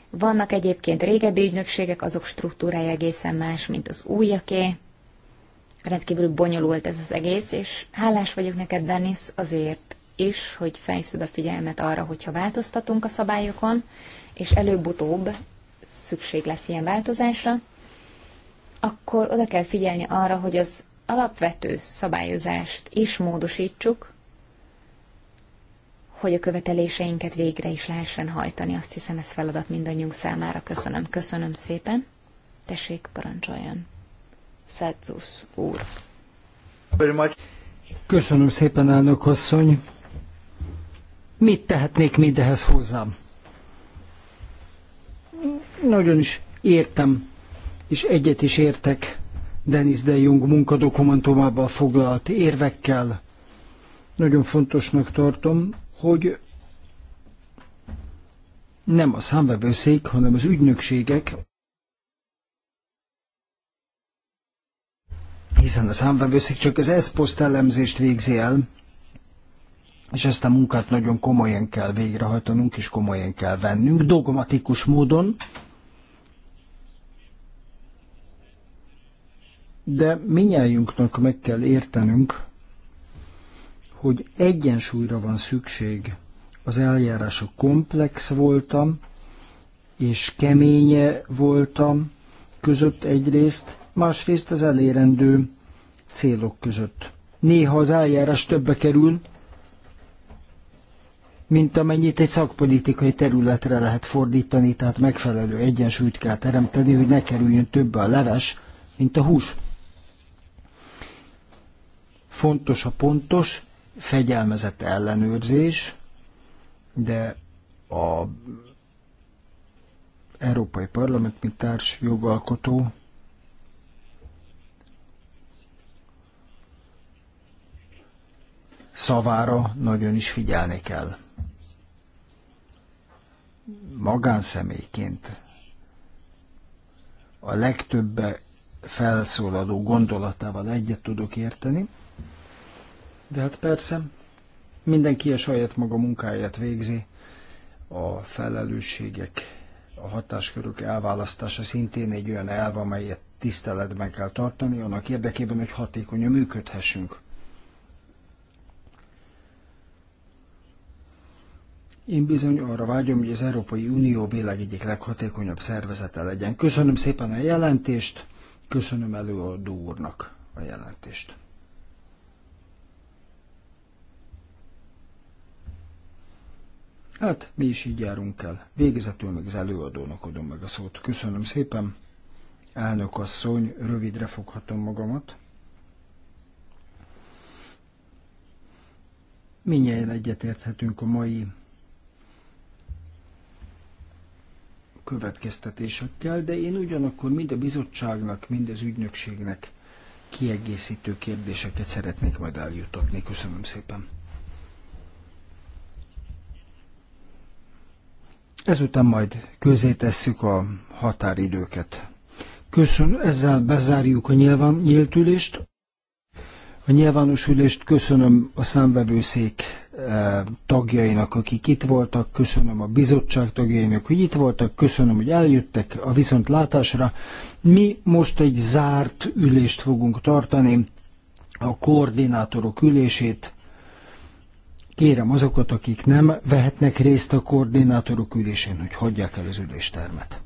Vannak egyébként régebbi ügynökségek, azok struktúrája egészen más, mint az újaké. Rendkívül bonyolult ez az egész, és hálás vagyok neked, Dennis, azért is, hogy felhívtad a figyelmet arra, hogyha változtatunk a szabályokon, és előbb-utóbb szükség lesz ilyen változásra, akkor oda kell figyelni arra, hogy az alapvető szabályozást is módosítsuk, hogy a követeléseinket végre is lehessen hajtani. Azt hiszem, ez feladat mindannyiunk számára. Köszönöm. Köszönöm szépen. Tessék, parancsoljon. Szedzusz úr. Köszönöm szépen, elnök asszony. Mit tehetnék mindehez hozzám? Nagyon is értem, és egyet is értek Denis de Jung munkadokumentumában foglalt érvekkel. Nagyon fontosnak tartom, hogy nem a számvevőszék, hanem az ügynökségek, hiszen a számvevőszék csak az eszposzt elemzést végzi el, és ezt a munkát nagyon komolyan kell végrehajtanunk, és komolyan kell vennünk, dogmatikus módon, de minnyájunknak meg kell értenünk, hogy egyensúlyra van szükség. Az eljárások komplex voltam, és keménye voltam között egyrészt, másrészt az elérendő célok között. Néha az eljárás többe kerül, mint amennyit egy szakpolitikai területre lehet fordítani, tehát megfelelő egyensúlyt kell teremteni, hogy ne kerüljön többe a leves, mint a hús. Fontos a pontos fegyelmezett ellenőrzés, de a Európai Parlament, mint társ jogalkotó, szavára nagyon is figyelni kell. Magánszemélyként a legtöbb felszólaló gondolatával egyet tudok érteni, de hát persze, mindenki a saját maga munkáját végzi, a felelősségek, a hatáskörök elválasztása szintén egy olyan elv, amelyet tiszteletben kell tartani, annak érdekében, hogy hatékonyan működhessünk. Én bizony arra vágyom, hogy az Európai Unió világ egyik leghatékonyabb szervezete legyen. Köszönöm szépen a jelentést, köszönöm előadó úrnak a jelentést. Hát mi is így járunk el. Végezetül meg az előadónak adom meg a szót. Köszönöm szépen. Elnök asszony, rövidre foghatom magamat. Minnyáján egyetérthetünk a mai következtetésekkel, de én ugyanakkor mind a bizottságnak, mind az ügynökségnek kiegészítő kérdéseket szeretnék majd eljutatni. Köszönöm szépen. Ezután majd közé tesszük a határidőket. Köszön, ezzel bezárjuk a nyilván, nyílt ülést. A nyilvános ülést köszönöm a számvevőszék eh, tagjainak, akik itt voltak, köszönöm a bizottság tagjainak, hogy itt voltak, köszönöm, hogy eljöttek a viszontlátásra. Mi most egy zárt ülést fogunk tartani, a koordinátorok ülését Kérem azokat, akik nem vehetnek részt a koordinátorok ülésén, hogy hagyják el az üléstermet.